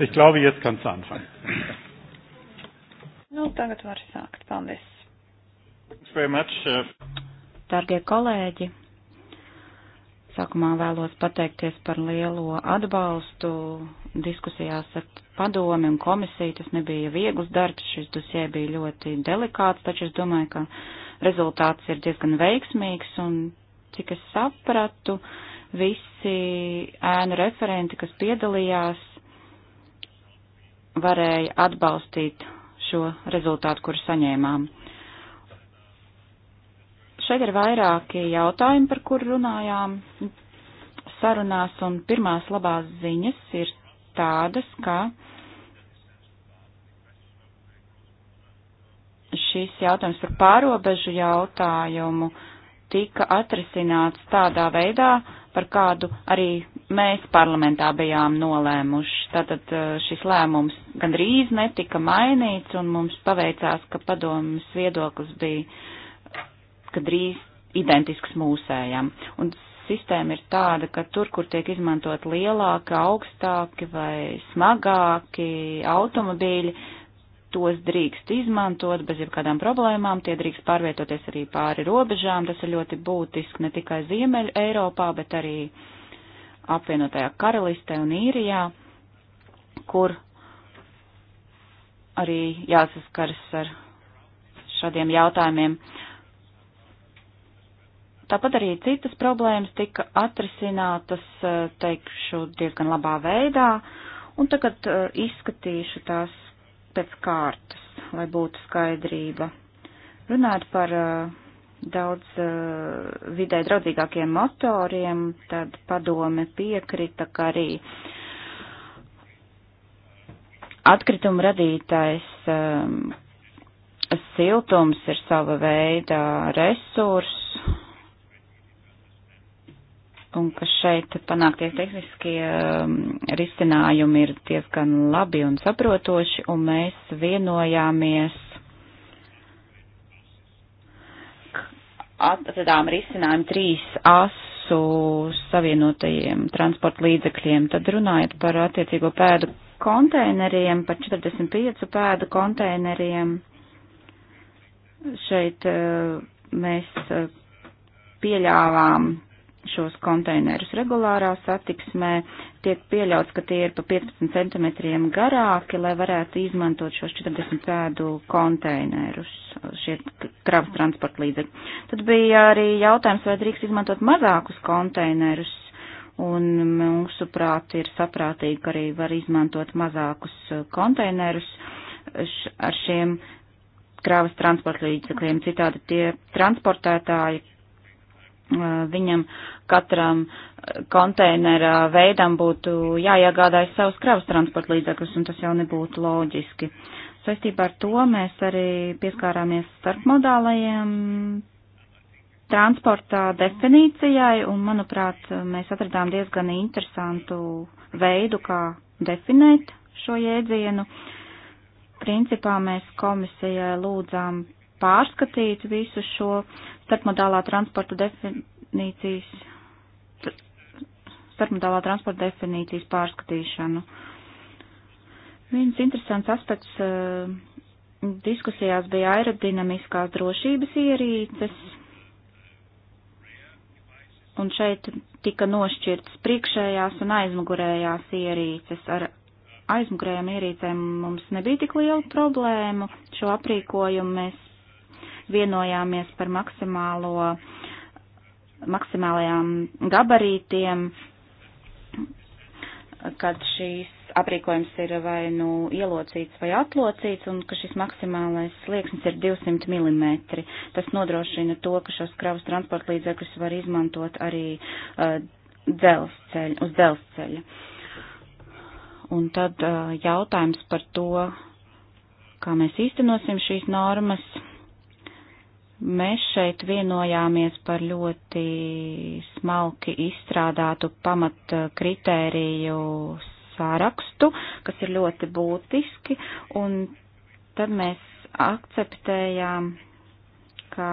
Ich glaube, jetzt kannst du anfangen. Nu, tagad var sākt. Paldies. Thanks very much. Uh, Dargie kolēģi, sākumā vēlos pateikties par lielo atbalstu diskusijās ar padomi un komisiju. Tas nebija viegls darbs, šis dosie bija ļoti delikāts, taču es domāju, ka rezultāts ir diezgan veiksmīgs un, cik es sapratu, visi ēnu referenti, kas piedalījās, varēja atbalstīt šo rezultātu, kuru saņēmām. Šeit ir vairāki jautājumi, par kur runājām sarunās, un pirmās labās ziņas ir tādas, ka šis jautājums par pārobežu jautājumu tika atrisināts tādā veidā, par kādu arī mēs parlamentā bijām nolēmuši. Tātad šis lēmums gandrīz netika mainīts, un mums paveicās, ka padomas viedoklis bija gandrīz identisks mūsējam. Un sistēma ir tāda, ka tur, kur tiek izmantot lielāki, augstāki vai smagāki automobīļi, tos drīkst izmantot bez jebkādām problēmām, tie drīkst pārvietoties arī pāri robežām, tas ir ļoti būtiski ne tikai Ziemeļa Eiropā, bet arī uh, apvienotajā karalistē un īrijā, kur arī jāsaskaras ar šādiem jautājumiem. Tāpat arī citas problēmas tika atrisinātas, eh, teikšu, diezgan labā veidā, un tagad eh, izskatīšu tās pēc kārtas, lai būtu skaidrība. Runāt par uh, daudz uh, vidē draudzīgākiem motoriem, tad padome piekrita, ka arī atkritumu radītais um, siltums ir sava veida resurs, un ka šeit panāktie tehniskie um, risinājumi ir diezgan labi un saprotoši, un mēs vienojāmies atradām risinājumu trīs asu savienotajiem transporta līdzekļiem. Tad runājot par attiecīgo pēdu konteineriem, par 45 pēdu konteineriem, šeit eh, mēs eh, pieļāvām šos konteinerus regulārā satiksmē. Tiek pieļauts, ka tie ir pa 15 centimetriem garāki, lai varētu izmantot šos 40 pēdu konteinerus, šie kravas transporta līdzekļi. Tad bija arī jautājums, vai drīkst izmantot mazākus konteinerus. Un mūsuprāt ir saprātīgi, ka arī var izmantot mazākus uh, konteinerus ar šiem kravas transporta līdzekļiem. Citādi tie transportētāji, viņam katram konteinera veidam būtu jāiegādājas savus kravas transporta līdzekļus, un tas jau nebūtu loģiski. Saistībā ar to mēs arī pieskārāmies starpmodālajiem transporta definīcijai, un, manuprāt, mēs atradām diezgan interesantu veidu, kā definēt šo jēdzienu. Principā mēs komisijai lūdzām pārskatīt visu šo starpmodālā transporta definīcijas, starpmodālā transporta definīcijas pārskatīšanu. Viens interesants aspekts uh, diskusijās bija aerodinamiskās drošības ierīces, un šeit tika nošķirtas priekšējās un aizmugurējās ierīces. Ar aizmugurējām ierīcēm mums nebija tik liela problēma, šo aprīkojumu mēs vienojāmies par maksimālo, maksimālajām gabarītiem, kad šīs aprīkojums ir vai nu ielocīts vai atlocīts, un ka šis maksimālais slieksnis ir 200 mm. Tas nodrošina to, ka šos kravas transporta līdzekļus var izmantot arī uh, dzelzceļ, uz dzelzceļa. Un tad uh, jautājums par to, kā mēs īstenosim šīs normas, Mēs šeit vienojāmies par ļoti smalki izstrādātu pamatkritēriju eh, sārakstu, kas ir ļoti būtiski, un tad mēs akceptējām, ka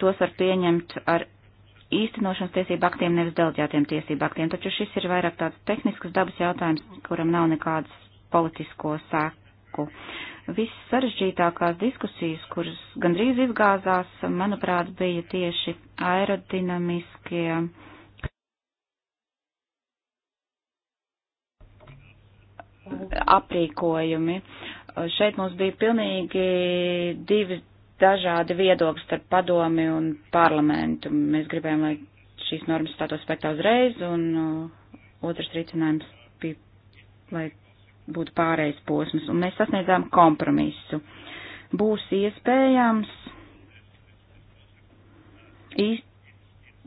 tos var pieņemt ar īstenošanas tiesību aktiem, nevis delģētiem tiesību aktiem, taču šis ir vairāk tāds tehnisks dabas jautājums, kuram nav nekādas politisko sēku spēku. Viss sarežģītākās diskusijas, kuras gandrīz izgāzās, manuprāt, bija tieši aerodinamiskie. aprīkojumi. Šeit mums bija pilnīgi divi dažādi viedokļi starp padomi un parlamentu. Mēs gribējām, lai šīs normas stātos spēkā uzreiz, un uh, otrs ricinājums bija, lai būtu pārējais posms, un mēs sasniedzām kompromisu. Būs iespējams,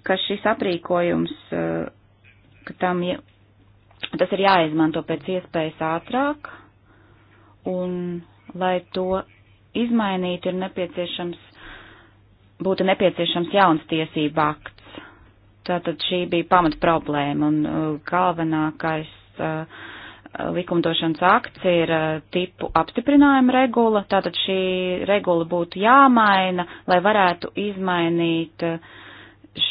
ka šis aprīkojums, e, ka tam, tas ir jāizmanto pēc iespējas ātrāk, un lai to izmainītu, ir nepieciešams, būtu nepieciešams jauns tiesība akts. Tātad šī bija pamat problēma, un e, galvenākais uh, likumdošanas akts ir eh, tipu apstiprinājuma regula, tātad šī regula būtu jāmaina, lai varētu izmainīt eh,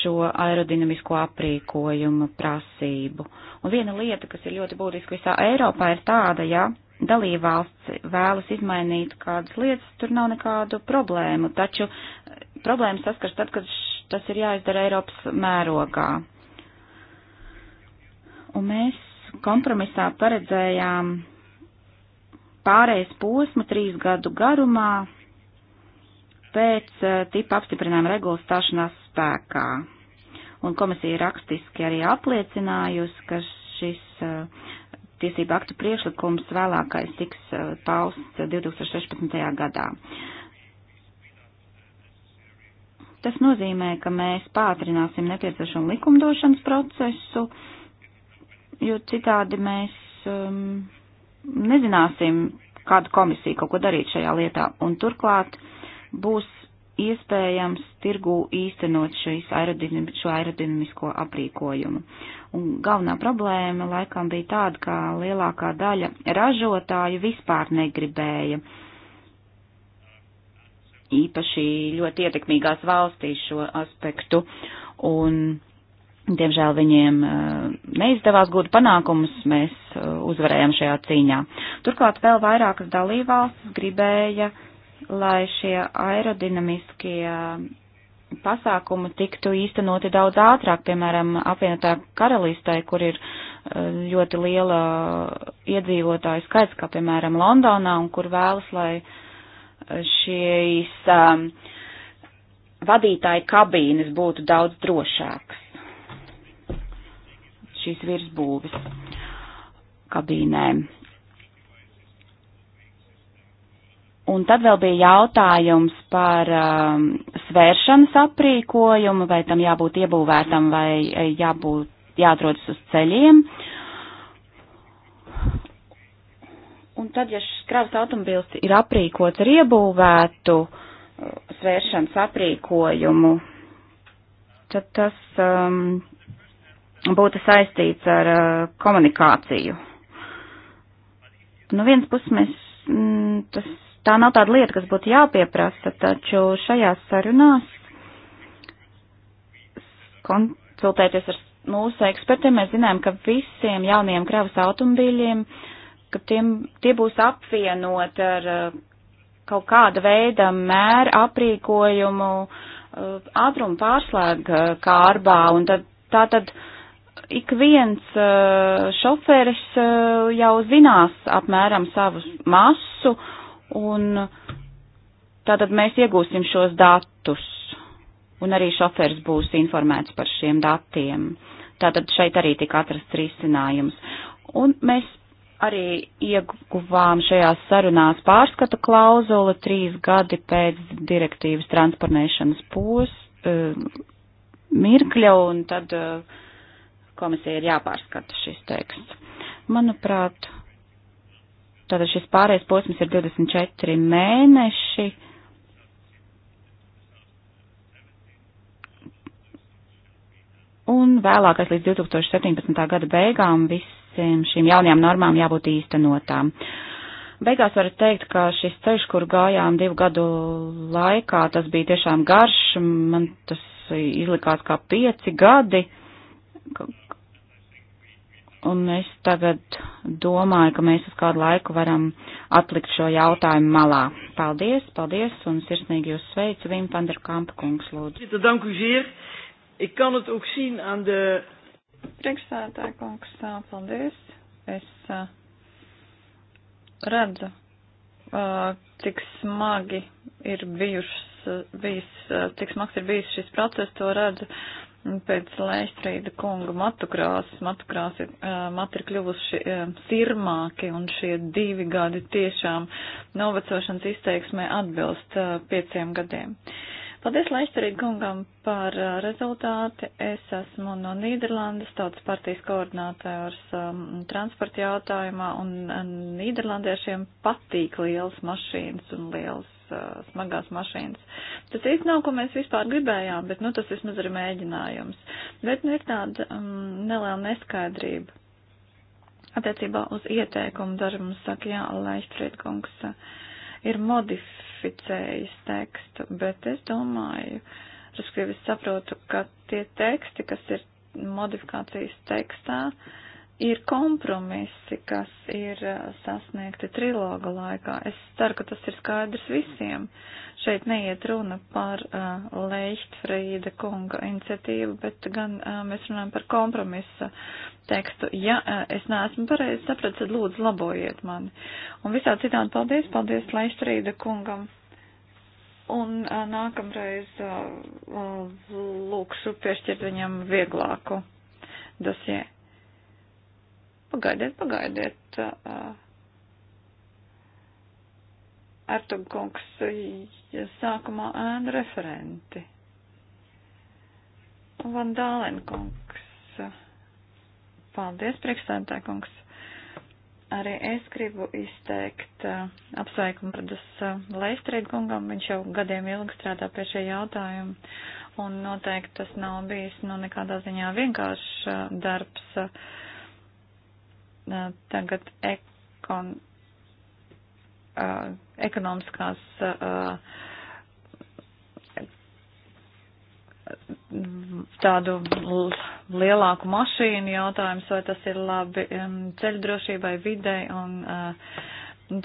šo aerodinamisko aprīkojumu prasību. Un viena lieta, kas ir ļoti būtiska visā Eiropā, ir tāda, ja dalībvalsts vēlas izmainīt kādas lietas, tur nav nekādu problēmu, taču eh, problēmas saskars tad, kad tas ir jāizdara Eiropas mērogā. Un mēs kompromisā paredzējām pārējais posmu trīs gadu garumā pēc eh, tipa apstiprinājuma regulas stāšanās spēkā. Un komisija rakstiski arī apliecinājusi, ka šis eh, tiesību aktu priekšlikums vēlākais tiks eh, pausts 2016. gadā. Tas nozīmē, ka mēs pātrināsim nepieciešamu likumdošanas procesu, uh, jo citādi mēs um, nezināsim, kāda komisija kaut ko darīt šajā lietā. Un turklāt būs iespējams tirgū īstenot aerodinam, šo aerodinamisko aprīkojumu. Un galvenā problēma laikam bija tāda, ka lielākā daļa ražotāju vispār negribēja īpaši ļoti ietekmīgās valstīs šo aspektu. Un Diemžēl viņiem eh, neizdevās gūt panākumus, mēs eh, uzvarējām šajā cīņā. Turklāt vēl vairākas dalībvalstis gribēja, lai šie aerodinamiskie pasākumi tiktu īstenoti daudz ātrāk, piemēram, apvienotā karalistē, kur ir eh, ļoti liela iedzīvotāju skaits, kā piemēram Londonā, un kur vēlas, lai šīs um, vadītāju kabīnes būtu daudz drošākas šīs virsbūves kabīnēm. Un tad vēl bija jautājums par um, svēršanas aprīkojumu, vai tam jābūt iebūvētam vai eh, jābūt, jāatrodas uz ceļiem. Un tad, ja šis kravas automobils ir aprīkots ar iebūvētu uh, svēršanas aprīkojumu, tad tas um, būtu saistīts ar uh, komunikāciju. Nu, viens puses mēs, mm, tas, tā nav tāda lieta, kas būtu jāpieprasa, taču šajās sarunās konsultēties ar mūsu ekspertiem, mēs zinām, ka visiem jauniem kravas automobīļiem, ka tiem, tie būs apvienot ar uh, kaut kāda veida mēra aprīkojumu uh, ātrumu pārslēg uh, kārbā, un tad tā tad. Uh, ik viens eh, šoferis eh, jau zinās apmēram savu masu, un tātad mēs iegūsim šos datus, un arī šoferis būs informēts par šiem datiem. Tātad šeit arī tika atrasts risinājums. Un mēs arī ieguvām šajās sarunās pārskata klauzula trīs gadi pēc direktīvas transponēšanas pos, uh, mirkļa, un tad uh, komisija ir jāpārskata šis teksts. Manuprāt, tātad šis pārējais posms ir 24 mēneši. Un vēlākais līdz 2017. gada beigām visiem šīm jaunajām normām jābūt īstenotām. Beigās var teikt, ka šis ceļš, kur gājām divu gadu laikā, tas bija tiešām garš, man tas izlikās kā pieci gadi. Uh, Un es tagad domāju, ka mēs uz kādu laiku varam atlikt šo jautājumu malā. Paldies, paldies un sirsnīgi jūs sveicu, Vim Panderkampa kungs, lūdzu. Priekšsēdētāji kungs, uh, paldies. Es uh, redzu, uh, cik smagi ir bijušas, bijis, uh, cik smags ir bijis šis process, to redzu. Uh, Pēc Leistrīda kunga matukrāsas, matukrās ir, matu ir kļuvuši sirmāki un šie divi gadi tiešām novecošanas izteiksmē atbilst pieciem gadiem. Paldies Leistrīda kungam par rezultāti. Es esmu no Nīderlandes, tautas partijas koordinātājs transporta jautājumā un Nīderlandiešiem patīk lielas mašīnas un lielas Uh, smagās mašīnas. Tas īsti nav, ko mēs vispār gribējām, bet, nu, tas vismaz ir mēģinājums. Bet, nu, ir tāda um, neliela neskaidrība. Attiecībā uz ieteikumu daži mums saka, jā, Leišpriedkungs uh, ir modificējis tekstu, bet es domāju, respektīvi es saprotu, ka tie teksti, kas ir modifikācijas tekstā, uh, ir kompromisi, kas ir uh, sasniegti triloga laikā. Es ceru, ka tas ir skaidrs visiem. Šeit neiet runa par uh, Leichtfrīda kunga iniciatīvu, bet gan uh, mēs runājam par kompromisa tekstu. Ja uh, es neesmu pareizi sapratis, tad lūdzu labojiet mani. Un visā citādi paldies, paldies Leichtfrīda kungam. Un uh, nākamreiz uh, lūkšu piešķirt viņam vieglāku dosie. Pagaidiet, pagaidiet. Eh, Artugkungs sākumā ēna referenti. Van Dālenkungs. Paldies, priekšstādākungs. Arī es gribu izteikt eh, apsveikumu Pradas eh, Leistrīdkungam. Viņš jau gadiem ilgi strādā pie šī jautājuma. Un noteikti tas nav bijis, nu, nekādā ziņā vienkāršs darbs. Uh, tagad ekon, uh, ekonomiskās uh, tādu lielāku mašīnu jautājums, vai tas ir labi um, ceļdrošībai, videi un uh,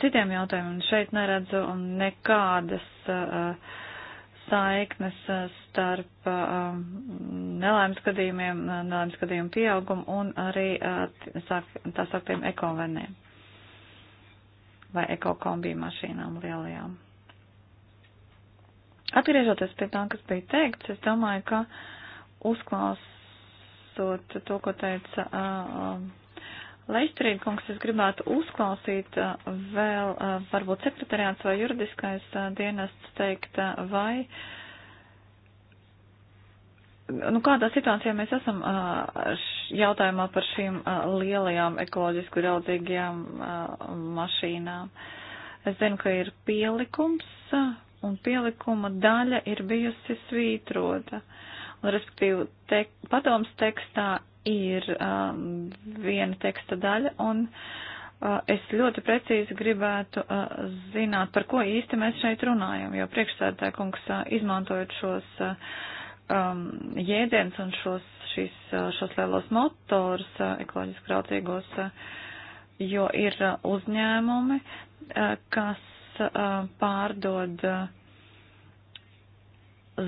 citiem jautājumiem. Šeit neredzu um, nekādas. Uh, saiknes eh, starp eh, nelaimes gadījumiem, eh, nelaimes gadījumu pieaugumu un arī tā sauktiem ekoveniem vai ekokombiju mašīnām lielajām. Atgriežoties pie tā, kas bija teikts, es domāju, ka uzklausot to, ko teica uh, Leistrīd, kungs, es gribētu uzklausīt uh, vēl, uh, varbūt sekretariāts vai juridiskais uh, dienests teikt, vai, nu, kādā situācijā mēs esam jautājumā par šīm lielajām ekoloģisku draudzīgajām mašīnām. Es zinu, ka ir pielikums, un pielikuma daļa ir bijusi svītrota. Un, respektīvi, te, padoms tekstā ir um, viena teksta daļa, un uh, es ļoti precīzi gribētu uh, zināt, par ko īsti mēs šeit runājam, jo priekšsēdētāja kungs uh, izmantojot šos uh, um, jēdzienus un šos, šis, uh, šos lielos motors, uh, ekoloģiski raucīgos, uh, jo ir uh, uzņēmumi, uh, kas uh, pārdod. Uh,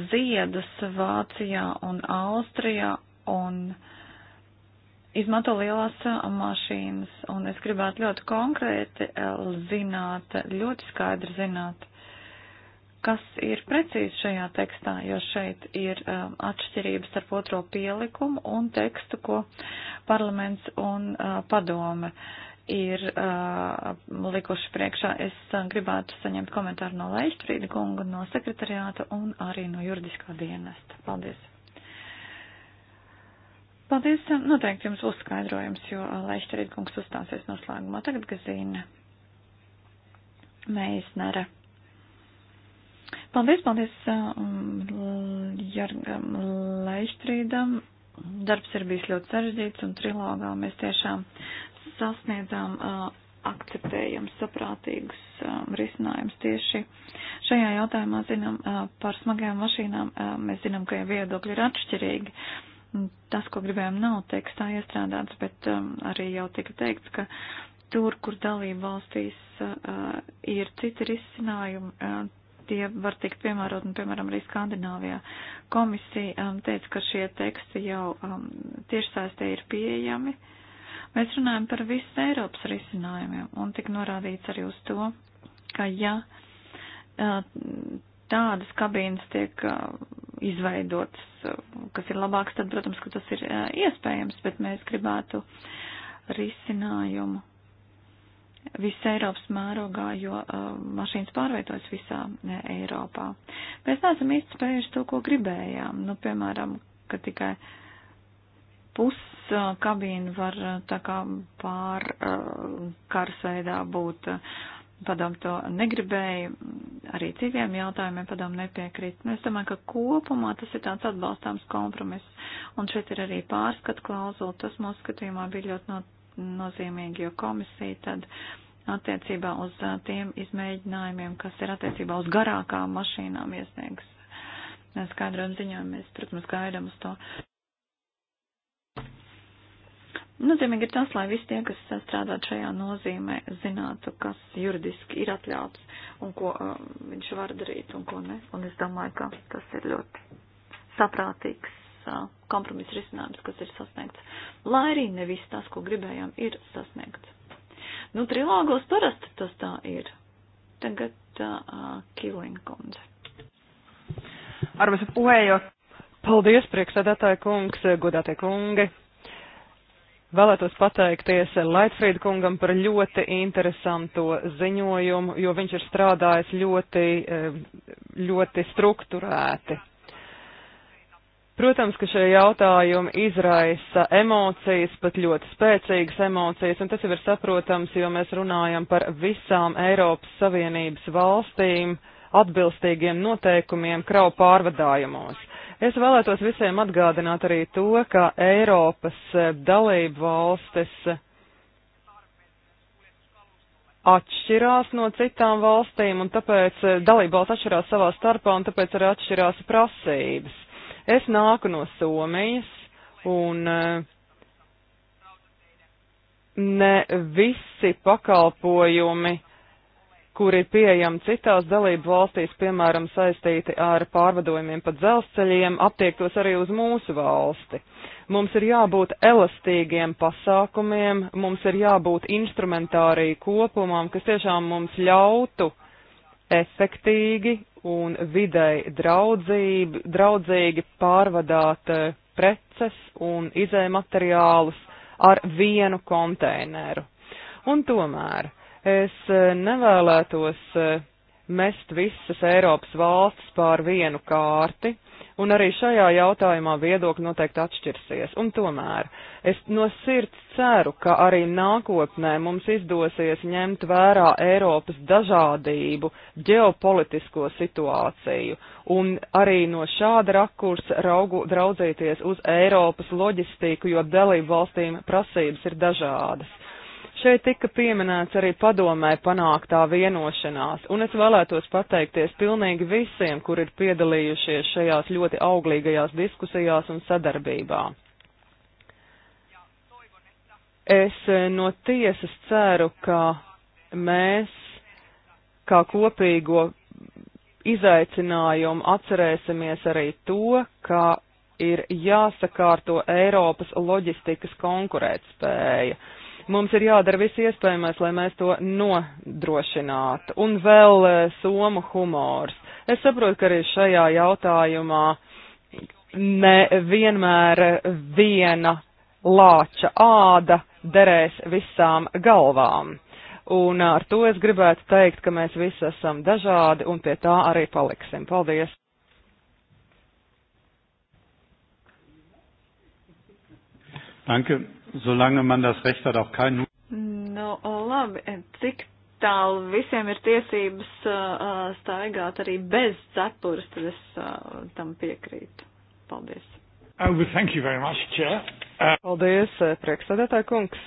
ziedus Vācijā un Austrijā un uh, izmanto lielās uh, mašīnas, un es gribētu ļoti konkrēti uh, zināt, ļoti skaidri zināt, kas ir precīzi šajā tekstā, jo šeit ir um, atšķirības starp otro pielikumu un tekstu, ko parlaments un uh, padome ir uh, likuši priekšā. Es uh, gribētu saņemt komentāru no Leišprīda kunga, no sekretariāta un arī no juridiskā dienesta. Paldies! Paldies, noteikti jums būs skaidrojums, jo uh, Leišterīt kungs uzstāsies noslēgumā. Tagad gazīna. Meisnere. Paldies, paldies um, Jargam Leištrīdam. Darbs ir bijis ļoti sarežģīts un trilogā mēs tiešām sasniedzām uh, akceptējams, saprātīgus um, risinājums tieši šajā jautājumā zinām uh, par smagajām mašīnām. Uh, mēs zinām, ka viedokļi ir atšķirīgi. Uh, Tas, ko gribējām, nav tekstā iestrādāts, bet um, arī jau tika teikts, ka tur, kur dalība valstīs uh, uh, ir citi risinājumi, uh, tie var tikt piemērot, un, piemēram, arī Skandināvijā. Komisija um, teica, ka šie teksti jau um, tiešsaistē ir pieejami. Mēs runājam par visu Eiropas risinājumiem, un tik norādīts arī uz to, ka ja uh, tādas kabīnes tiek uh, izveidots, uh, kas ir labāks, tad, protams, ka tas ir uh, iespējams, bet mēs gribētu risinājumu visā Eiropas mērogā, jo uh, mašīnas pārvietojas visā ne, uh, Eiropā. Mēs neesam īsti spējuši to, ko gribējām. Nu, piemēram, ka tikai pus uh, kabīna var uh, tā kā pār uh, karsveidā būt. Uh, Padom to negribēja, arī citiem jautājumiem padomu nepiekrīt. Nu, es domāju, ka kopumā tas ir tāds atbalstāms kompromiss. Un šeit ir arī pārskatu klauzula. Tas mūsu skatījumā bija ļoti no, nozīmīgi, jo komisija tad attiecībā uz uh, tiem izmēģinājumiem, kas ir attiecībā uz garākām mašīnām iesniegs. Uh, Skaidram ziņām mēs, protams, gaidām uz to. Nozīmīgi nu, ir tas, lai visi tie, kas strādā šajā nozīmē, zinātu, kas juridiski ir atļauts un ko uh, viņš var darīt un ko ne. Un es domāju, ka tas ir ļoti saprātīgs uh, kompromiss risinājums, kas ir sasniegts. Lai arī ne viss tas, ko gribējām, ir sasniegts. Nu, trilogos parasti tas tā ir. Tagad uh, uh Kilinga kundze. Arvasa puheenjohtaja. Paldies, priekšsēdētāja kungs, godātie kungi. Vēlētos pateikties Laitfrīd kungam par ļoti interesanto ziņojumu, jo viņš ir strādājis ļoti, eh, ļoti strukturēti. Protams, ka šie jautājumi izraisa emocijas, pat ļoti spēcīgas emocijas, un tas jau ir saprotams, jo mēs runājam par visām Eiropas Savienības valstīm atbilstīgiem noteikumiem kravu pārvadājumos. Es vēlētos visiem atgādināt arī to, ka Eiropas eh, dalību valstis eh, atšķirās no citām valstīm, un tāpēc eh, dalību valsts atšķirās savā starpā, un tāpēc arī atšķirās prasības. Es nāku no Somijas, un ne visi pakalpojumi kur ir pieejami citās dalību valstīs, piemēram, saistīti ar pārvadojumiem pa dzelzceļiem, attiektos arī uz mūsu valsti. Mums ir jābūt elastīgiem pasākumiem, mums ir jābūt instrumentāriju kopumam, kas tiešām mums ļautu efektīgi un videi draudzīgi, draudzīgi pārvadāt eh, preces un izējumateriālus ar vienu konteineru. Un tomēr Es e, nevēlētos e, mest visas Eiropas valstis pār vienu kārti, un arī šajā jautājumā viedokļi noteikti atšķirsies. Un tomēr es no sirds ceru, ka arī nākotnē mums izdosies ņemt vērā Eiropas dažādību, ģeopolitisko situāciju, un arī no šāda rakursa raugu, draudzīties uz Eiropas loģistiku, jo dalību valstīm prasības ir dažādas. Šeit tika pieminēts arī padomē panāktā vienošanās, un es vēlētos pateikties pilnīgi visiem, kur ir piedalījušies šajās ļoti auglīgajās diskusijās un sadarbībā. Es eh, no tiesas ceru, ka mēs kā kopīgo izaicinājumu atcerēsimies arī to, ka ir jāsakārto Eiropas loģistikas konkurētspēja. spēja Mums ir jādara viss iespējamais, lai mēs to nodrošinātu. Un vēl e, somu humors. Es saprotu, ka arī šajā jautājumā ne vienmēr viena lāča āda derēs visām galvām. Un ar to es gribētu teikt, ka mēs visi esam dažādi un pie tā arī paliksim. Paldies! Danke solange man das Recht hat, auch keinen. Nu, labi, cik tālu visiem ir tiesības uh, uh staigāt arī bez cepures, tad es uh, tam piekrītu. Paldies. Oh, well, thank you very much, Chair. Uh... Paldies, uh, priekšsēdētāja kungs.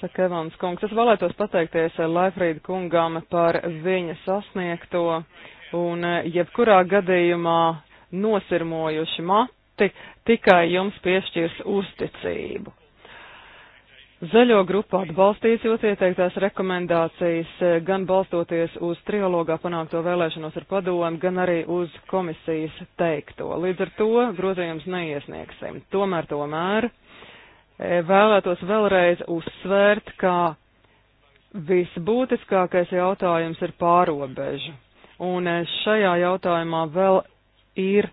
Saka Evans kungs, es vēlētos pateikties uh, Laifrīda kungam par viņa sasniegto un jebkurā gadījumā nosirmojuši matu pati tikai jums piešķirs uzticību. Zaļo grupu atbalstīs jūs ieteiktās rekomendācijas, gan balstoties uz trialogā panākto vēlēšanos ar padomu, gan arī uz komisijas teikto. Līdz ar to grozījums neiesniegsim. Tomēr, tomēr e, vēlētos vēlreiz uzsvērt, ka visbūtiskākais jautājums ir pārobežu. Un e, šajā jautājumā vēl ir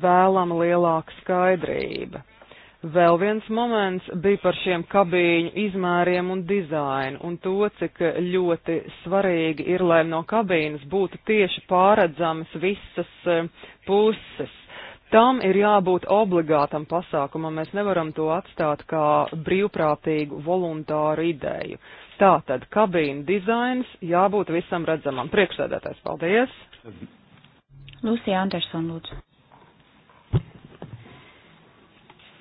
vēlama lielāka skaidrība. Vēl viens moments bija par šiem kabīņu izmēriem un dizainu un to, cik ļoti svarīgi ir, lai no kabīnes būtu tieši pāredzamas visas e, puses. Tam ir jābūt obligātam pasākumam, mēs nevaram to atstāt kā brīvprātīgu voluntāru ideju. Tātad kabīnu dizains jābūt visam redzamam. Priekšsēdētājs, paldies! Lūsija Andersona, lūdzu.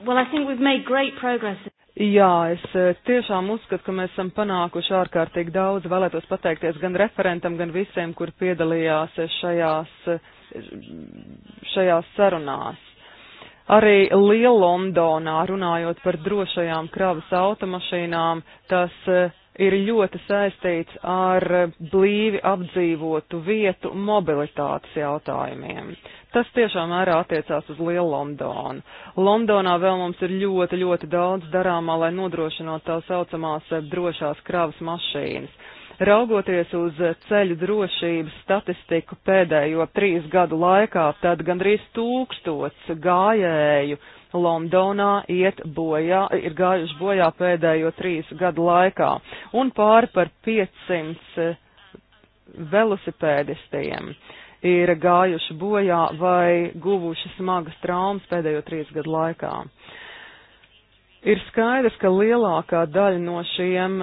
Well, I think we've made great progress. Jā, es eh, tiešām uzskatu, ka mēs esam panākuši ārkārtīgi daudz. Vēlētos pateikties gan referentam, gan visiem, kur piedalījās eh, šajās, eh, šajās sarunās. Arī Lielondonā runājot par drošajām kravas automašīnām, tas ir ļoti saistīts ar blīvi apdzīvotu vietu mobilitātes jautājumiem. Uh, Tas tiešām ārā attiecās uz lielu Londonu. Londonā vēl mums ir ļoti, ļoti daudz darāmā, lai nodrošinātu tā saucamās eh, drošās kravas mašīnas. Raugoties uz eh, ceļu drošības statistiku pēdējo trīs gadu laikā, tad gandrīz tūkstots gājēju Londonā iet bojā, ir gājuši bojā pēdējo trīs gadu laikā, un pāri par 500 eh, velosipēdistiem. Uh, ir gājuši bojā vai guvuši smagas traumas pēdējo trīs gadu laikā. Ir skaidrs, ka lielākā daļa no šiem,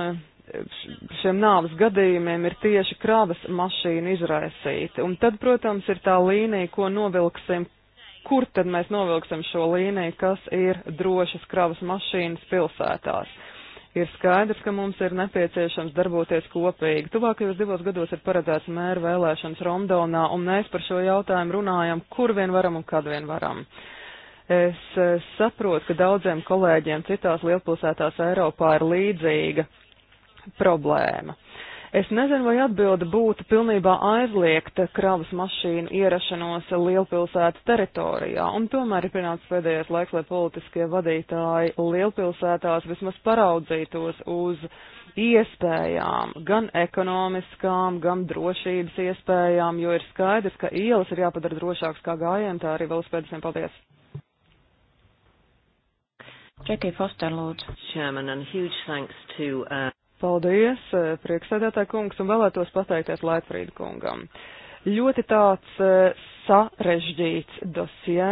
šiem nāvas gadījumiem ir tieši kravas mašīna izraisīta. Un tad, protams, ir tā līnija, ko novilksim, kur tad mēs novilksim šo līniju, kas ir drošas kravas mašīnas pilsētās ir skaidrs, ka mums ir nepieciešams darboties kopīgi. Tuvākajos divos gados ir paredzēts mēra vēlēšanas Romdonā, un mēs par šo jautājumu runājam, kur vien varam un kad vien varam. Es eh, saprotu, ka daudziem kolēģiem citās lielpilsētās Eiropā ir līdzīga problēma. Es nezinu, vai atbilde būtu pilnībā aizliegt kravas mašīnu ierašanos lielpilsētas teritorijā, un tomēr ir pienācis pēdējais laiks, lai politiskie vadītāji lielpilsētās vismaz paraudzītos uz iespējām, gan ekonomiskām, gan drošības iespējām, jo ir skaidrs, ka ielas ir jāpadara drošākas kā gājiem, tā arī vēl uz pēdējiem paldies. Čekija Foster, lūdzu. Chairman, and huge thanks to, uh... Paldies, eh, prieksēdētāji kungs, un vēlētos pateikties Laitfrīd kungam. Ļoti tāds eh, sarežģīts dosjē,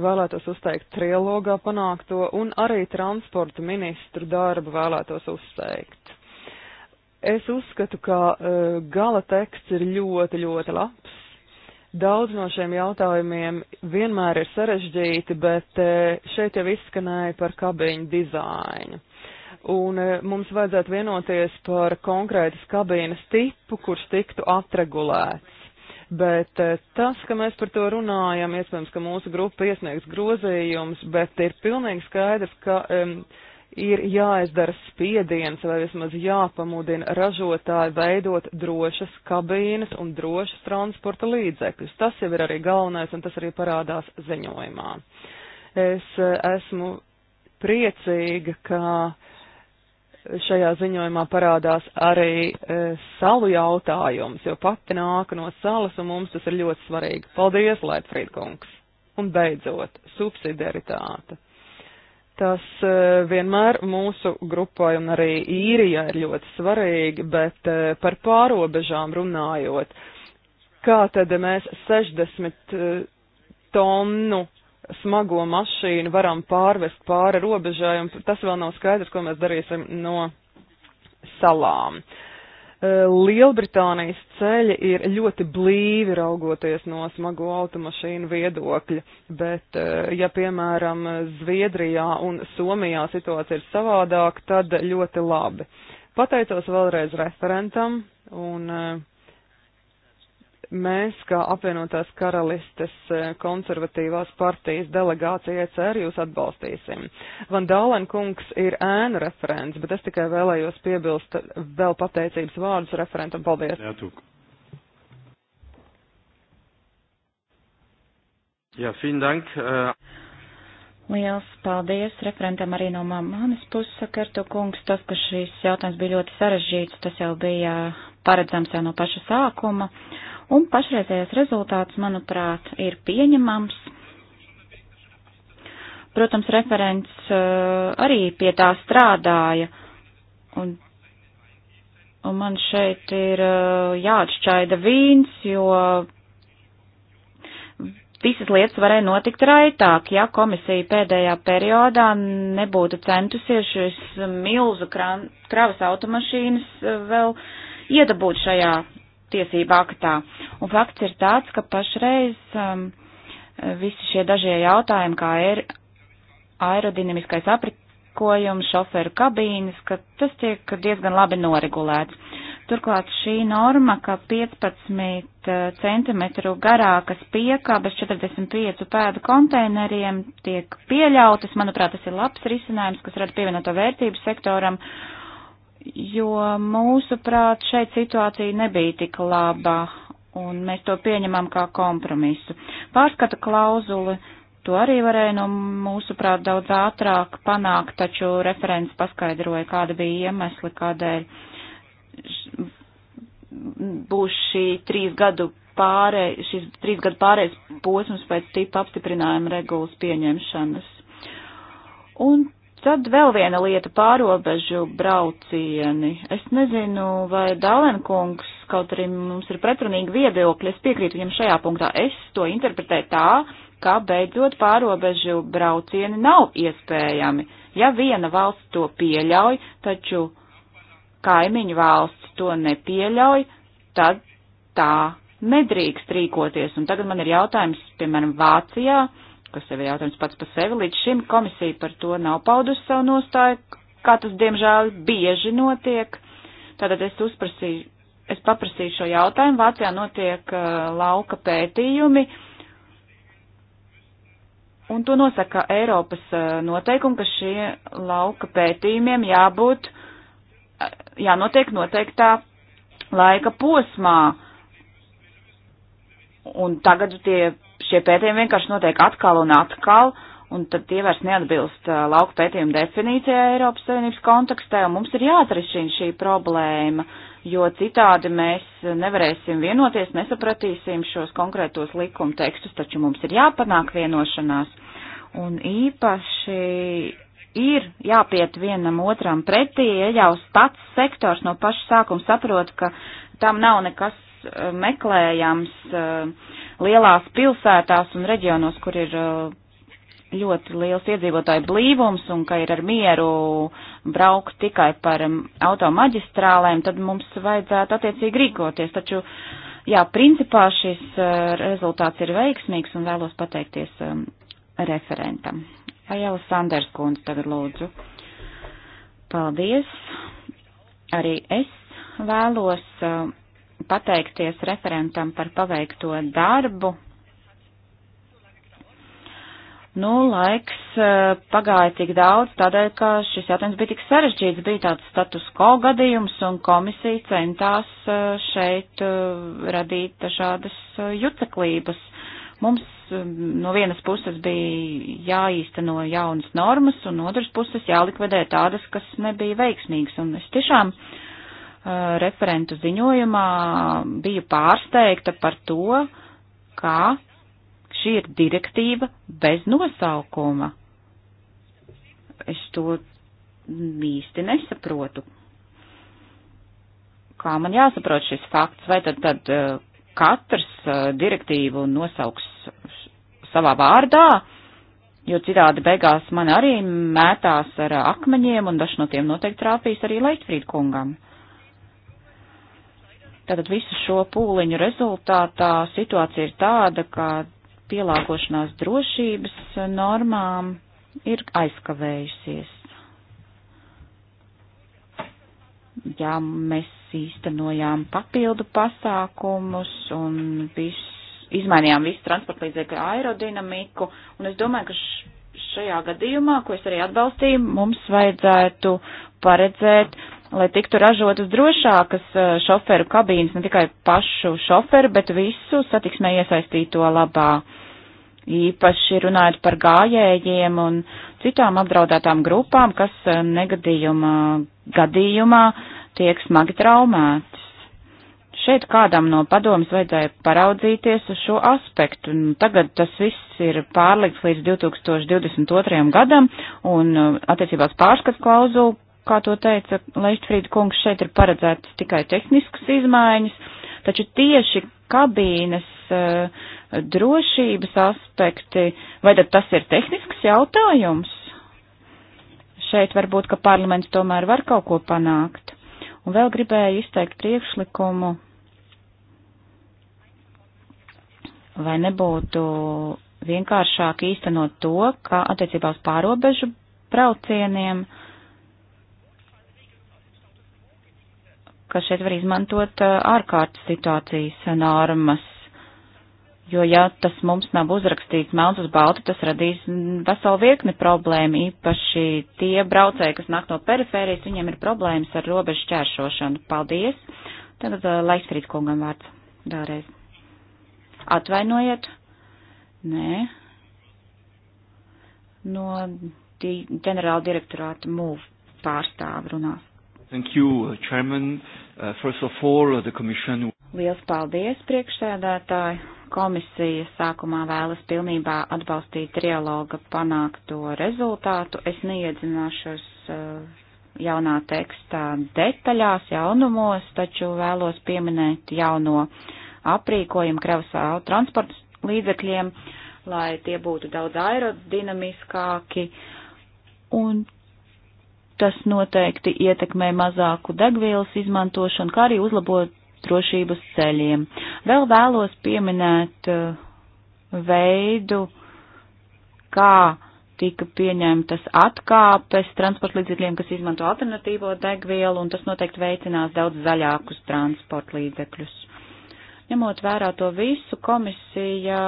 vēlētos uzteikt trilogā panākto, un arī transporta ministru darbu vēlētos uzteikt. Es uzskatu, ka uh, gala teksts ir ļoti, ļoti labs. Daudz no šiem jautājumiem vienmēr ir sarežģīti, bet uh, šeit jau izskanēja par kabiņu dizainu un e, mums vajadzētu vienoties par konkrētas kabīnes tipu, kurš tiktu atregulēts. Bet e, tas, ka mēs par to runājam, iespējams, ka mūsu grupa iesniegs grozījums, bet ir pilnīgi skaidrs, ka um, ir jāizdara spiediens vai vismaz jāpamudina ražotāji veidot drošas kabīnes un drošas transporta līdzekļus. Tas jau ir arī galvenais un tas arī parādās ziņojumā. Es e, esmu priecīga, ka uh, šajā ziņojumā parādās arī e, salu jautājums, jo pati nāk no salas un mums tas ir ļoti svarīgi. Paldies, Leitfrīdkungs! Un beidzot, subsidiaritāte. Tas e, vienmēr mūsu grupai un arī īrijai ir ļoti svarīgi, bet e, par pārobežām runājot, kā tad mēs 60 e, tonnu smago mašīnu varam pārvest pāri robežai, un tas vēl nav skaidrs, ko mēs darīsim no salām. E, Lielbritānijas ceļi ir ļoti blīvi raugoties no smago automašīnu viedokļa, bet e, ja piemēram Zviedrijā un Somijā situācija ir savādāk, tad ļoti labi. Pateicos vēlreiz referentam un uh, Mēs, kā apvienotās karalistes e, konservatīvās partijas delegācija ECR, jūs atbalstīsim. Van Dālen kungs ir ēnu referents, bet es tikai vēlējos piebilst vēl pateicības vārdus referentam. Paldies! Jātūk. Jā, vielen dank. Uh... Liels paldies referentam arī no manis puses, Kartu kungs. Tas, ka šis jautājums bija ļoti sarežģīts, tas jau bija paredzams jau no paša sākuma, un pašreizējais rezultāts, manuprāt, ir pieņemams. Protams, referents eh, arī pie tā strādāja, un, un man šeit ir eh, jāatšķaida vīns, jo visas lietas varēja notikt raitāk, ja komisija pēdējā periodā nebūtu centusies šis milzu kravas automašīnas eh, vēl iedabūt šajā tiesība aktā. Un fakts ir tāds, ka pašreiz um, visi šie dažie jautājumi, kā ir aerodinamiskais aprikojums, šoferu kabīnes, ka tas tiek diezgan labi noregulēts. Turklāt šī norma, ka 15 uh, cm garākas piekabas 45 pēdu konteineriem tiek pieļautas, manuprāt, tas ir labs risinājums, kas rada pievienoto vērtību sektoram. Uh, jo mūsuprāt šeit situācija nebija tik laba, un mēs to pieņemam kā kompromisu. Pārskata klauzuli to arī varēja, nu, mūsuprāt, daudz ātrāk panākt, taču referents paskaidroja, kāda bija iemesli, kādēļ būs šī trīs gadu pārē, šis trīs gadu pārējais posms pēc tipa apstiprinājuma regulas pieņemšanas. Un Tad vēl viena lieta - pārobežu braucieni. Es nezinu, vai Dālenkungs, kaut arī mums ir pretrunīgi viedokļi, es piekrītu viņam šajā punktā, es to interpretēju tā, ka beidzot pārobežu braucieni nav iespējami. Ja viena valsts to pieļauj, taču kaimiņu valsts to nepieļauj, tad tā nedrīkst rīkoties. Un tagad man ir jautājums, piemēram, Vācijā kas jau ir jautājums pats par sevi. Līdz šim komisija par to nav paudusi savu nostāju, kā tas diemžēl bieži notiek. Tātad es uzprasīju, es paprasīju šo jautājumu. Vācijā notiek uh, lauka pētījumi. Un to nosaka Eiropas uh, noteikumi, ka šie lauka pētījumiem jābūt, uh, jānotiek noteiktā laika posmā. Un tagad tie Šie pētījumi vienkārši notiek atkal un atkal, un tad tie vairs neatbilst uh, lauku pētījumu definīcijai Eiropas Savienības kontekstē, un mums ir jāatrisina šī problēma, jo citādi mēs nevarēsim vienoties, nesapratīsim šos konkrētos likuma tekstus, taču mums ir jāpanāk vienošanās, un īpaši ir jāpiet vienam otram pretī, ja jau pats sektors no paša sākuma saprot, ka tam nav nekas meklējams lielās pilsētās un reģionos, kur ir uh, ļoti liels iedzīvotāju blīvums un ka ir ar mieru braukt tikai par um, automaģistrālēm, tad mums vajadzētu attiecīgi rīkoties. Taču, jā, principā šis uh, rezultāts ir veiksmīgs un vēlos pateikties um, referentam. Ajala Sanders kundze tagad lūdzu. Paldies. Arī es vēlos uh, pateikties referentam par paveikto darbu. Nu, laiks eh, pagāja tik daudz, tādēļ, ka šis jautājums bija tik sarežģīts, bija tāds status quo gadījums, un komisija centās eh, šeit eh, radīt dažādas juceklības. Mums no vienas puses bija jāīsteno jaunas normas, un otras puses jālikvidē tādas, kas nebija veiksmīgas, un es tiešām uh, Eh, referentu ziņojumā biju pārsteigta par to, kā šī ir direktīva bez nosaukuma. Es to īsti nesaprotu. Kā man jāsaprot šis fakts, vai tad, tad eh, katrs eh, direktīvu nosauks savā vārdā, jo citādi beigās man arī mētās ar akmeņiem, un daži no tiem noteikti trāpīs arī Leitfrīd kungam. Uh, Tātad visu šo pūliņu rezultātā situācija ir tāda, ka pielāgošanās drošības normām ir aizkavējusies. Jā, mēs īstenojām papildu pasākumus un visu, izmainījām visu transporta līdzekļu aerodinamiku, un es domāju, ka šajā gadījumā, ko es arī atbalstīju, mums vajadzētu paredzēt lai tiktu ražotas drošākas eh, šoferu kabīnes, ne tikai pašu šoferu, bet visu satiksmē iesaistīto labā. Īpaši runājot par gājējiem un citām apdraudētām grupām, kas eh, negadījuma gadījumā tiek smagi traumētas. Šeit kādam no padomas vajadzēja paraudzīties uz šo aspektu. Un tagad tas viss ir pārlikts līdz 2022. gadam, un eh, attiecībās pārskats klauzulu kā to teica Leichtfrīda kungs, šeit ir paredzētas tikai tehniskas izmaiņas, taču tieši kabīnes uh, drošības aspekti, vai tad tas ir tehnisks jautājums? Šeit varbūt, ka parlaments tomēr var kaut ko panākt. Un vēl gribēju izteikt priekšlikumu, vai nebūtu vienkāršāk īstenot to, ka attiecībā uz pārobežu braucieniem uh, ka šeit var izmantot uh, ārkārtas situācijas normas, jo ja tas mums nav uzrakstīts melns uz baltu, tas radīs mm, veselu virkni problēmu, īpaši tie braucēji, kas nāk no perifērijas, viņiem ir problēmas ar robežu šķēršošanu. Paldies! Tagad uh, Laisfrīd kungam vārds vēlreiz. Atvainojiet? Nē. No ģenerāla direktorāta MUV pārstāvu runās. Thank you, uh, Chairman. Uh, first of all, uh, the Commission. Liels paldies, priekšsēdētāji. Komisija sākumā vēlas pilnībā atbalstīt trialoga panākto rezultātu. Es neiedzināšos uh, jaunā tekstā detaļās, jaunumos, taču vēlos pieminēt jauno aprīkojumu kravas transporta līdzekļiem, lai tie būtu daudz aerodinamiskāki. Un Tas noteikti ietekmē mazāku degvielas izmantošanu, kā arī uzlabot drošības ceļiem. Vēl vēlos pieminēt eh, veidu, kā tika pieņemtas atkāpes transporta līdzekļiem, kas izmanto alternatīvo degvielu, un tas noteikti veicinās daudz zaļākus transporta līdzekļus. Ņemot vērā to visu, komisija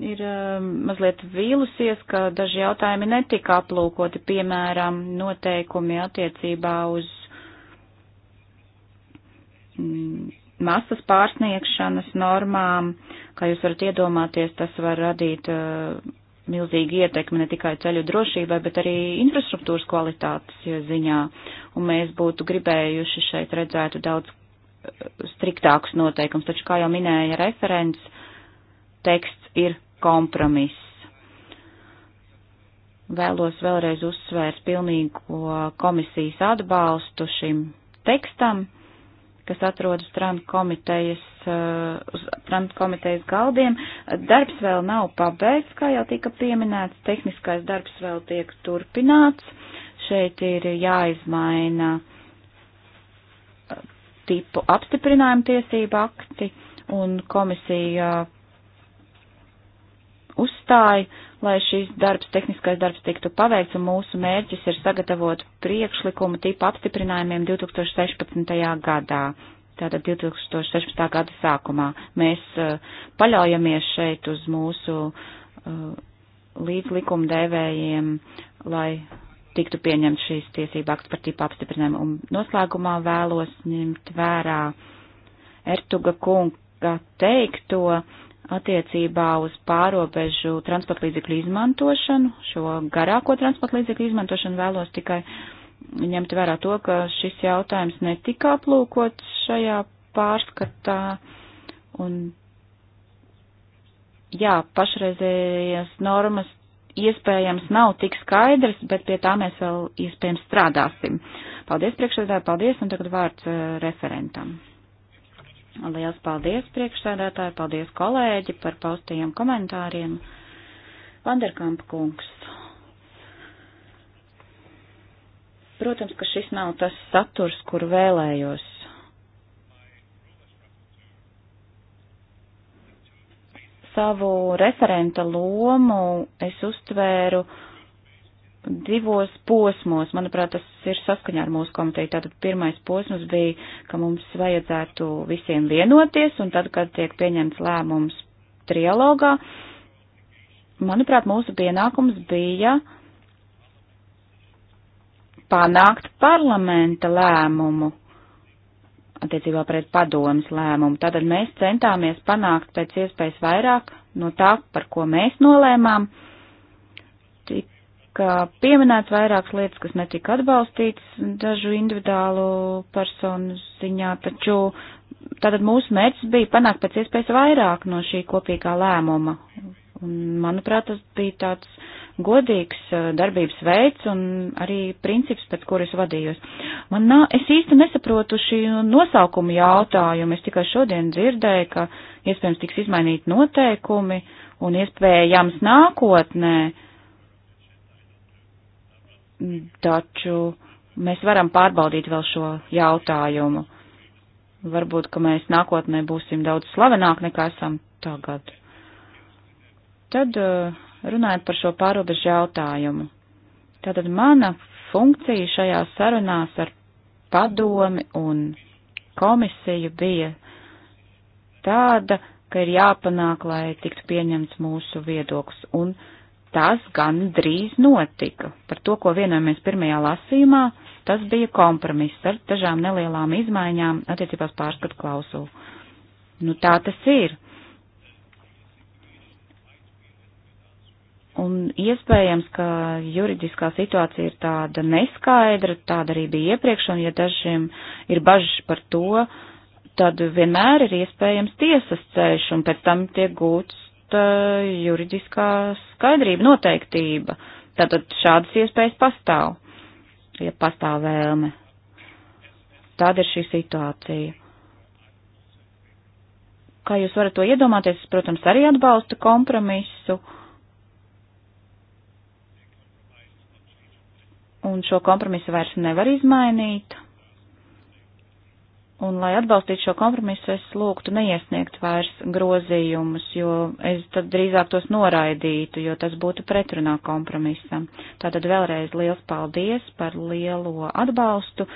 ir eh, mazliet vīlusies, ka daži jautājumi netika aplūkoti, piemēram, noteikumi attiecībā uz mm, masas pārsniegšanas normām, kā jūs varat iedomāties, tas var radīt uh, eh, milzīgi ietekmi ne tikai ceļu drošībai, bet arī infrastruktūras kvalitātes ziņā, un mēs būtu gribējuši šeit redzētu daudz eh, striktākus noteikums, taču, kā jau minēja referents, teksts ir kompromiss. Vēlos vēlreiz uzsvērt pilnīgo komisijas atbalstu šim tekstam, kas atrodas Trant komitejas, eh, uz Trant komitejas galdiem. Darbs vēl nav pabeigts, kā jau tika pieminēts, tehniskais darbs vēl tiek turpināts. Šeit ir jāizmaina eh, tipu apstiprinājumu tiesību akti, un komisija uzstāja, lai šīs darbs, tehniskais darbs tiktu paveikts, un mūsu mērķis ir sagatavot priekšlikumu tipu apstiprinājumiem 2016. gadā. Tātad 2016. gada sākumā mēs uh, paļaujamies šeit uz mūsu uh, līdzlikumdevējiem, lai tiktu pieņemt šīs tiesība akts par tipu apstiprinājumu. Un noslēgumā vēlos ņemt vērā Ertuga kunga teikto attiecībā uz pārobežu transportlīdzekļu izmantošanu, šo garāko transportlīdzekļu izmantošanu vēlos tikai ņemt vērā to, ka šis jautājums netika aplūkots šajā pārskatā. Un, jā, pašreizējās normas iespējams nav tik skaidrs, bet pie tā mēs vēl iespējams strādāsim. Paldies priekšsēdētāji, paldies, un tagad vārds eh, referentam. Liels paldies priekšsēdētāji, paldies kolēģi par paustajiem komentāriem. Vanderkampa kungs. Protams, ka šis nav tas saturs, kur vēlējos. Savu referenta lomu es uztvēru divos posmos. Manuprāt, tas ir saskaņā ar mūsu komiteju. Tātad pirmais posms bija, ka mums vajadzētu visiem vienoties, un tad, kad tiek pieņemts lēmums trialogā, manuprāt, mūsu pienākums bija panākt parlamenta lēmumu attiecībā pret padomas lēmumu. Tātad mēs centāmies panākt pēc iespējas vairāk no tā, par ko mēs nolēmām tika pieminēts vairākas lietas, kas netika atbalstītas dažu individuālu personu ziņā, taču tātad mūsu mērķis bija panākt pēc iespējas vairāk no šī kopīgā lēmuma. Un, manuprāt, tas bija tāds godīgs eh, darbības veids un arī princips, pēc kuras vadījos. Man nā, es īsti nesaprotu šī nosaukuma jautājumu. Es tikai šodien dzirdēju, ka iespējams tiks izmainīt noteikumi un iespējams nākotnē uh, taču mēs varam pārbaudīt vēl šo jautājumu. Varbūt, ka mēs nākotnē būsim daudz slavenāk nekā esam tagad. Tad eh, runājot par šo pārobežu jautājumu. Tātad mana funkcija šajās sarunās ar padomi un komisiju bija tāda, ka ir jāpanāk, lai tiktu pieņemts mūsu viedoklis. Un uh, tas gan drīz notika. Par to, ko vienojamies pirmajā lasījumā, tas bija kompromiss ar dažām nelielām izmaiņām attiecībās pārskatu klausulu. Nu tā tas ir. Un iespējams, ka juridiskā situācija ir tāda neskaidra, tāda arī bija iepriekš, un ja dažiem ir bažas par to, tad vienmēr ir iespējams tiesas ceļš, un pēc tam tiek gūts E, juridiskā skaidrība, noteiktība. Tātad šādas iespējas pastāv, ja pastāv vēlme. Tāda ir šī situācija. Kā jūs varat to iedomāties, es, protams, arī atbalstu kompromisu. Un šo kompromisu vairs nevar izmainīt. Un, lai atbalstītu šo kompromisu, es lūgtu neiesniegt vairs grozījumus, jo es tad drīzāk tos noraidītu, jo tas būtu pretrunā kompromisam. Tātad vēlreiz liels paldies par lielo atbalstu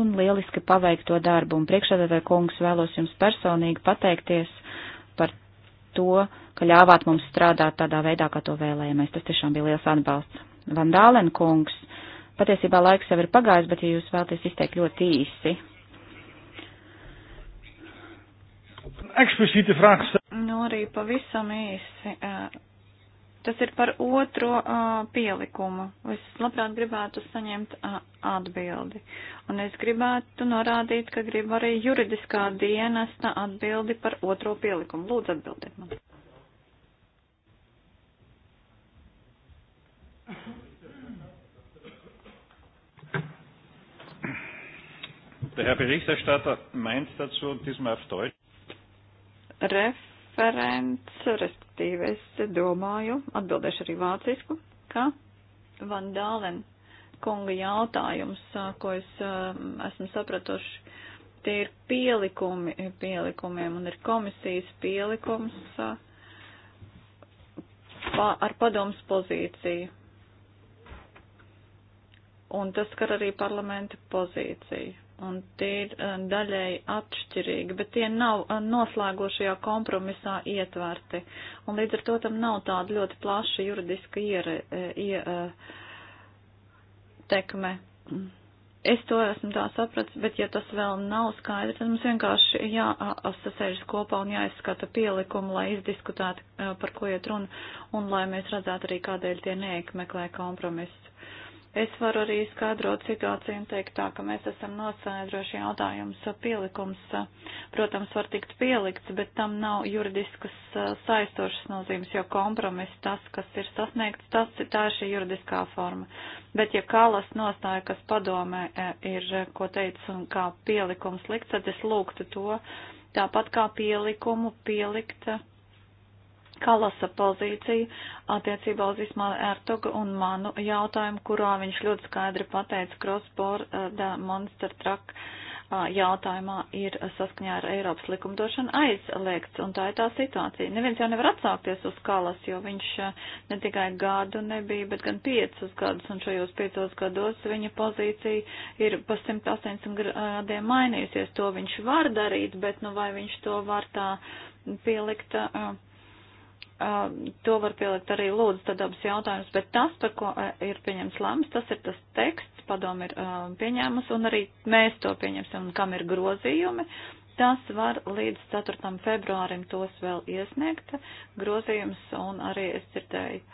un lieliski paveikto darbu. Un priekšādātāja kungs vēlos jums personīgi pateikties par to, ka ļāvāt mums strādāt tādā veidā, kā to vēlējamies. Tas tiešām bija liels atbalsts. Vandālen kungs, patiesībā laiks jau ir pagājis, bet ja jūs vēlaties izteikt ļoti īsi. ekspliciete vraag stellen. Nu, arī pavisam īsi. Eh, tas ir par otro uh, pielikumu. Es labprāt gribētu saņemt uh, atbildi. Un es gribētu norādīt, ka gribu arī juridiskā dienesta atbildi par otro pielikumu. Lūdzu, atbildiet man. Der Herr Berichterstatter meint dazu diesmal auf Deutsch referents, respektīvi es domāju, atbildēšu arī vācisku, ka Van Dālen kunga jautājums, ko es esmu sapratuši, tie ir pielikumi pielikumiem un ir komisijas pielikums pa, ar padoms pozīciju. Un tas skar arī parlamenta pozīciju un tie ir eh, daļēji atšķirīgi, bet tie nav eh, noslēgošajā kompromisā ietverti. Un līdz ar to tam nav tāda ļoti plaša juridiska ietekme. Eh, es to esmu tā sapratis, bet ja tas vēl nav skaidrs, tad mums vienkārši jāsasēžas kopā un jāizskata pielikumu, lai izdiskutētu, par ko iet runa, un lai mēs redzētu arī, kādēļ tie neekmeklē kompromisu Es varu arī skaidrot situāciju un teikt tā, ka mēs esam noskaidrojuši jautājums pielikums. Protams, var tikt pielikts, bet tam nav juridiskas eh, saistošas nozīmes, jo kompromiss tas, kas ir sasniegts, tas ir tā ir šī juridiskā forma. Bet ja kālas nostāja, kas padomē eh, ir, eh, ko teicis un kā pielikums likts, tad es lūgtu to tāpat kā pielikumu pielikt Kalasa pozīciju attiecībā uz Ismāla Ertuga un manu jautājumu, kurā viņš ļoti skaidri pateica, cross-border monster truck jautājumā ir saskaņā ar Eiropas likumdošanu aizliegts, un tā ir tā situācija. Neviens jau nevar atsākties uz kalas, jo viņš ne tikai gadu nebija, bet gan piecus gadus, un šajos piecos gados viņa pozīcija ir pa 180 grādiem mainījusies. To viņš var darīt, bet nu vai viņš to var tā pielikt. Uh, Um, to var pielikt arī lūdzu tadabas jautājums, bet tas, par ko uh, ir pieņems lēmums, tas ir tas teksts, padomu ir um, pieņēmus, un arī mēs to pieņemsim, un kam ir grozījumi, tas var līdz 4. februārim tos vēl iesniegt, grozījums, un arī es dzirdēju,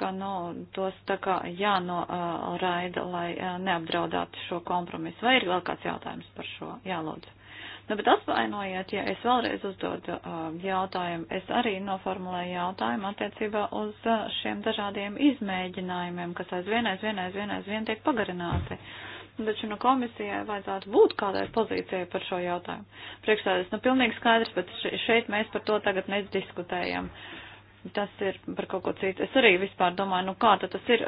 ka, nu, tos tā kā jānoraida, uh, lai uh, neapdraudātu šo kompromisu. Vai ir vēl kāds jautājums par šo? Jā, lūdzu. Nu, bet atvainojiet, ja es vēlreiz uzdodu uh, jautājumu. Es arī noformulēju jautājumu attiecībā uz uh, šiem dažādiem izmēģinājumiem, kas aizvien, aizvien, aizvien, aizvien tiek pagarināti. Taču nu, komisijai vajadzētu būt kādai pozīcijai par šo jautājumu. Priekšsēdētājs, nu, pilnīgi skaidrs, bet šeit mēs par to tagad nediskutējam. Uh, tas ir par kaut ko citu. Es arī vispār domāju, nu kā tad tas ir,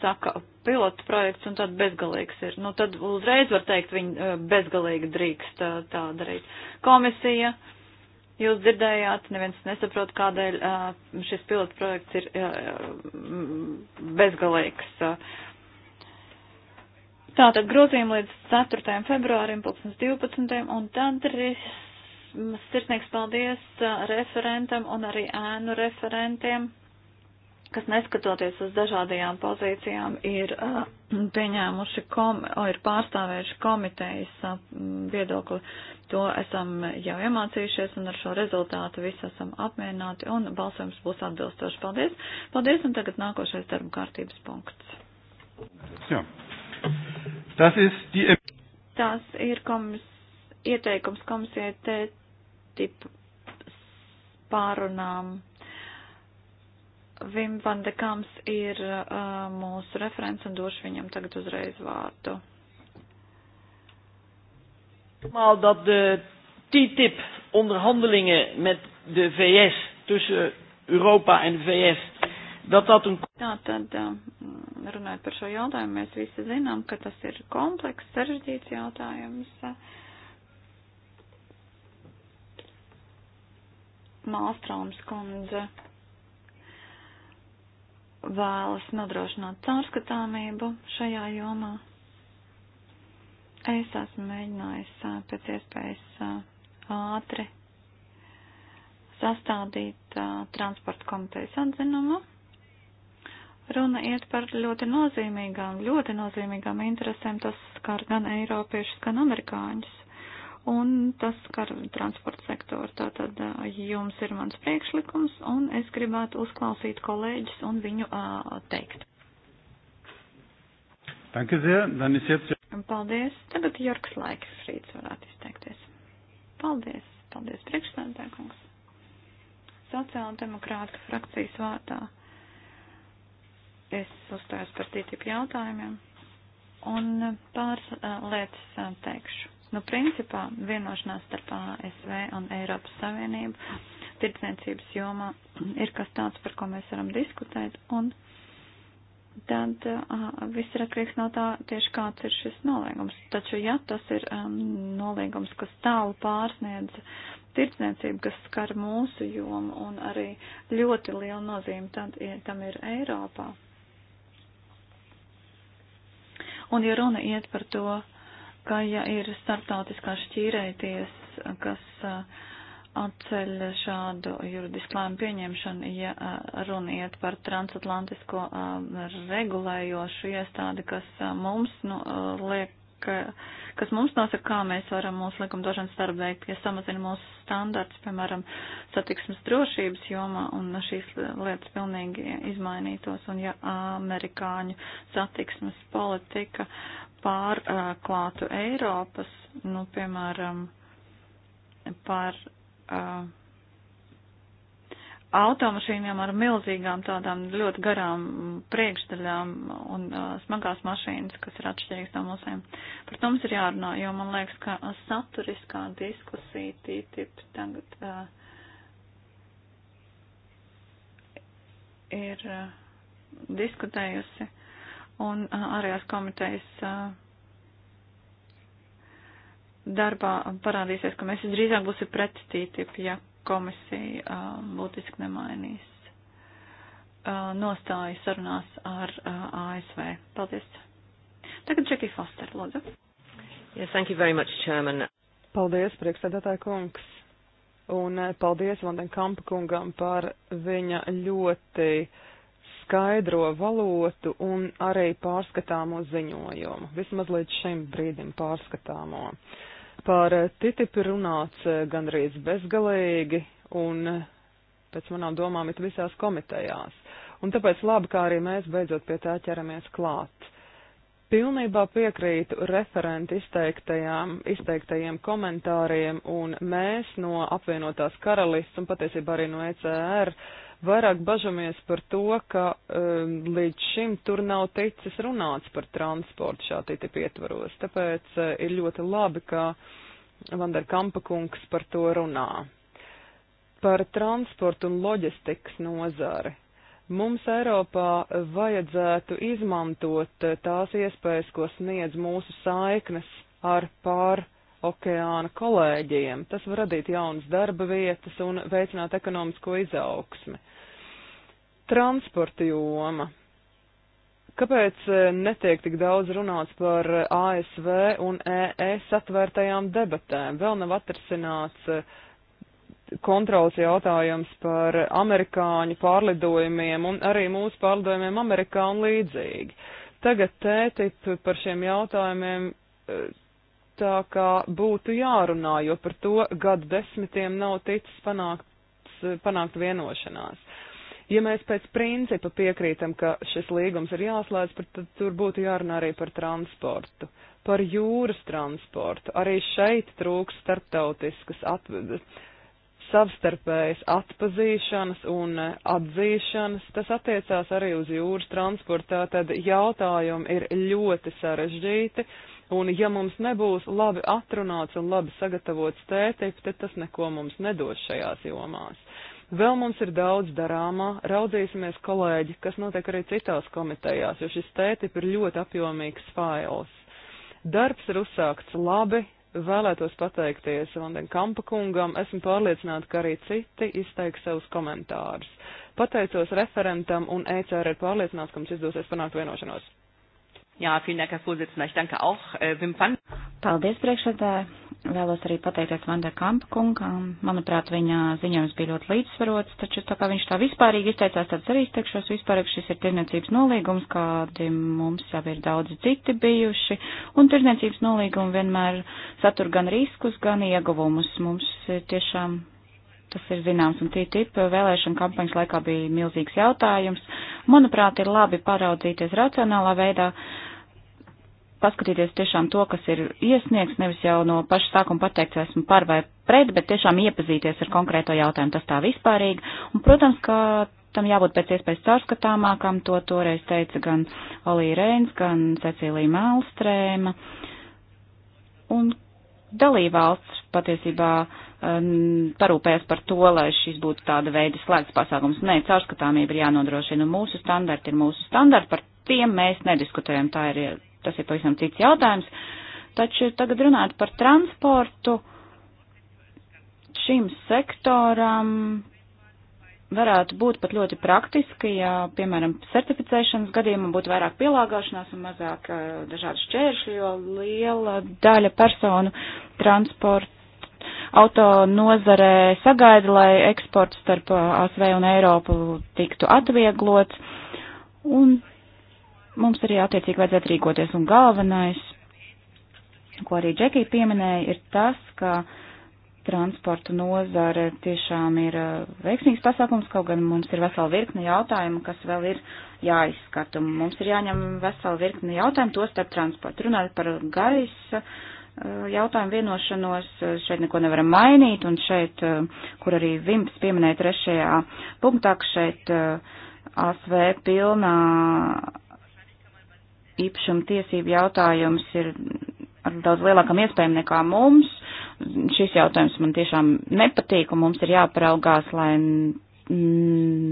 saka, pilotu projekts un tad bezgalīgs ir. Nu tad uzreiz var teikt, viņi bezgalīgi drīkst tā darīt. Komisija, jūs dzirdējāt, neviens nesaprot, kādēļ šis pilotu projekts ir bezgalīgs. Tātad grozījumi līdz 4. februārim 2012. un tad 3. Sirsnīgs paldies uh, referentam un arī ēnu referentiem, kas neskatoties uz dažādajām pozīcijām ir uh, pieņēmuši, kom, ir pārstāvējuši komitejas uh, viedokli. To esam jau iemācījušies un ar šo rezultātu visi esam apmierināti un balsojums būs atbilstoši. Paldies! Paldies un tagad nākošais darba kārtības punkts. Jā. Tas ir, die... Tas ir komis, ieteikums komisijai TTIP pārunām. Vim van de Kams ir uh, mūsu referents un došu viņam tagad uzreiz vārdu. Maal dat de TTIP onderhandelingen met de VS tussen Europa en de VS dat dat een... Jā, tad uh, runājot par šo jautājumu, mēs visi zinām, ka tas ir komplekss, sarežģīts jautājums. Uh, Mālstroms kundze vēlas nodrošināt caurskatāmību šajā jomā. Es esmu mēģinājis pēc iespējas ātri sastādīt transporta komitejas atzinumu. Runa iet par ļoti nozīmīgām, ļoti nozīmīgām interesēm, tas skar gan Eiropiešus, gan Amerikāņus un tas skar transporta sektoru. Tātad eh, jums ir mans priekšlikums, un es gribētu uzklausīt kolēģis un viņu uh, teikt. Danke sehr, dann ist jetzt... Paldies. Tagad Jorgs Laiks Frīds varētu izteikties. Paldies. Paldies, priekšstādātāj, kungs. Sociāla demokrāta frakcijas vārdā es uzstājos par TTIP jautājumiem un eh, pāris uh, lietas uh, teikšu Nu, principā vienošanās starp ASV un Eiropas Savienību tirdzniecības jomā ir kas tāds, par ko mēs varam diskutēt, un tad uh, viss ir atkarīgs no tā, tieši kāds ir šis nolīgums. Taču, ja tas ir um, nolīgums, kas tālu pārsniedz tirdzniecību, kas skar mūsu jomu un arī ļoti liela nozīme, tad ja tam ir Eiropā. Un, ja runa iet par to, uh, ka ja ir starptautiskā šķīrēties, kas atceļ šādu juridisku lēmu pieņemšanu, ja runiet par transatlantisko regulējošu iestādi, kas mums nu, liek ka, kas mums nosaka, kā mēs varam mūsu likumdošanas darbu veikt, ja samazina mūsu standarts, piemēram, satiksmes drošības jomā, un šīs lietas pilnīgi izmainītos, un ja amerikāņu satiksmes politika pārklātu Eiropas, nu, piemēram, par uh, automašīnām ar milzīgām tādām ļoti garām priekšdaļām un uh, smagās mašīnas, kas ir atšķirīgas no mūsēm. Par to mums ir jārunā, jo man liekas, ka saturiskā diskusija TTIP tagad uh, ir uh, diskutējusi un ārējās komitejas darbā parādīsies, ka mēs drīzāk būsim pret TTIP, ja komisija būtiski nemainīs nostāju sarunās ar ASV. Paldies. Tagad Džekija Foster, lūdzu. Yes, thank you very much, Chairman. Paldies, priekšsēdētāja kungs. Un paldies Vandenkampa kungam par viņa ļoti uh, skaidro valotu un arī pārskatāmo ziņojumu, vismaz līdz šim brīdim pārskatāmo. Par TTIP runāts eh, gandrīz bezgalīgi un eh, pēc manām domām it visās komitejās. Un tāpēc labi, kā arī mēs beidzot pie tā ķeramies klāt. Pilnībā piekrītu referenti izteiktajiem komentāriem, un mēs no apvienotās karalists un patiesībā arī no ECR uh, Vairāk bažamies par to, ka um, līdz šim tur nav ticis runāts par transportu šā tīti pietvaros, tāpēc uh, ir ļoti labi, ka Vanderkampa kungs par to runā. Par transportu un loģistikas nozari. Mums Eiropā vajadzētu izmantot uh, tās iespējas, ko sniedz mūsu saiknes ar pār okeāna kolēģiem. Tas var radīt jaunas darba vietas un veicināt ekonomisko izaugsmi. Transporta joma. Kāpēc eh, netiek tik daudz runāts par eh, ASV un ES atvērtajām debatēm? Vēl nav atrasināts eh, kontrols jautājums par amerikāņu pārlidojumiem un arī mūsu pārlidojumiem Amerikā un līdzīgi. Tagad tētip par šiem jautājumiem tā kā būtu jārunā, jo par to gadu desmitiem nav ticis panākt, panākt vienošanās. Ja mēs pēc principa piekrītam, ka šis līgums ir jāslēdz, tad tur būtu jārunā arī par transportu, par jūras transportu. Arī šeit trūks starptautiskas atvedes savstarpējas atpazīšanas un atzīšanas, tas attiecās arī uz jūras transportā, tad jautājumi ir ļoti sarežģīti, Un ja mums nebūs labi atrunāts un labi sagatavots tētips, tad tas neko mums nedos šajās jomās. Vēl mums ir daudz darāmā, raudzīsimies kolēģi, kas notiek arī citās komitejās, jo šis tētip ir ļoti apjomīgs fails. Darbs ir uzsākts labi, vēlētos pateikties Vanden Kampa kungam, esmu pārliecināta, ka arī citi izteiks savus komentārus. Pateicos referentam un ECR ir pārliecināts, ka mums izdosies panākt vienošanos. Jā, vielen Dank, Herr Vorsitzender. Ich danke auch äh, Wim Pan. Paldies, priekšsēdētāji. Vēlos arī pateikties Vanda Kampa kungam. Manuprāt, viņa ziņojums bija ļoti līdzsvarots, taču tā kā viņš tā vispārīgi izteicās, tad arī izteikšos vispārīgi šis ir tirniecības nolīgums, kādi mums jau ir daudz citi bijuši, un tirniecības nolīgumi vienmēr satur gan riskus, gan ieguvumus. Mums tiešām tas ir zināms, un TTIP vēlēšana kampaņas laikā bija milzīgs jautājums. Manuprāt, ir labi paraudzīties racionālā veidā paskatīties tiešām to, kas ir iesniegts, nevis jau no paša sākuma pateikt, vai esmu par vai pret, bet tiešām iepazīties ar konkrēto jautājumu, tas tā vispārīgi. Un, protams, ka tam jābūt pēc iespējas caurskatāmākam, to toreiz teica gan Olī Reins, gan Cecīlija Mālstrēma. Un dalībvalsts patiesībā um, parūpēs par to, lai šis būtu tāda veida slēgts pasākums. Nē, caurskatāmība ir jānodrošina, un mūsu standarti ir mūsu standarti, par tiem mēs nediskutējam, tā ir tas ir pavisam cits jautājums. Taču tagad runāt par transportu šim sektoram varētu būt pat ļoti praktiski, ja, piemēram, certificēšanas gadījumā būtu vairāk pielāgošanās un mazāk eh, dažādu šķēršļu, jo liela daļa personu transporta auto nozarē sagaida, lai eksports starp eh, ASV un Eiropu tiktu atvieglots. Un mums arī attiecīgi vajadzētu rīkoties. Un galvenais, ko arī Džekija pieminēja, ir tas, ka transporta nozare tiešām ir eh, veiksmīgs pasākums, kaut gan mums ir vesela virkne jautājumu, kas vēl ir jāizskata. Mums ir jāņem vesela virkne jautājumu, to starp transportu. Runājot par gaisa eh, jautājumu vienošanos, eh, šeit neko nevaram mainīt, un šeit, kur arī Vimps pieminēja trešajā punktā, ka šeit ASV pilnā īpašuma tiesību jautājums ir ar daudz lielākam iespējam nekā mums. Šis jautājums man tiešām nepatīk, un mums ir jāparaugās, lai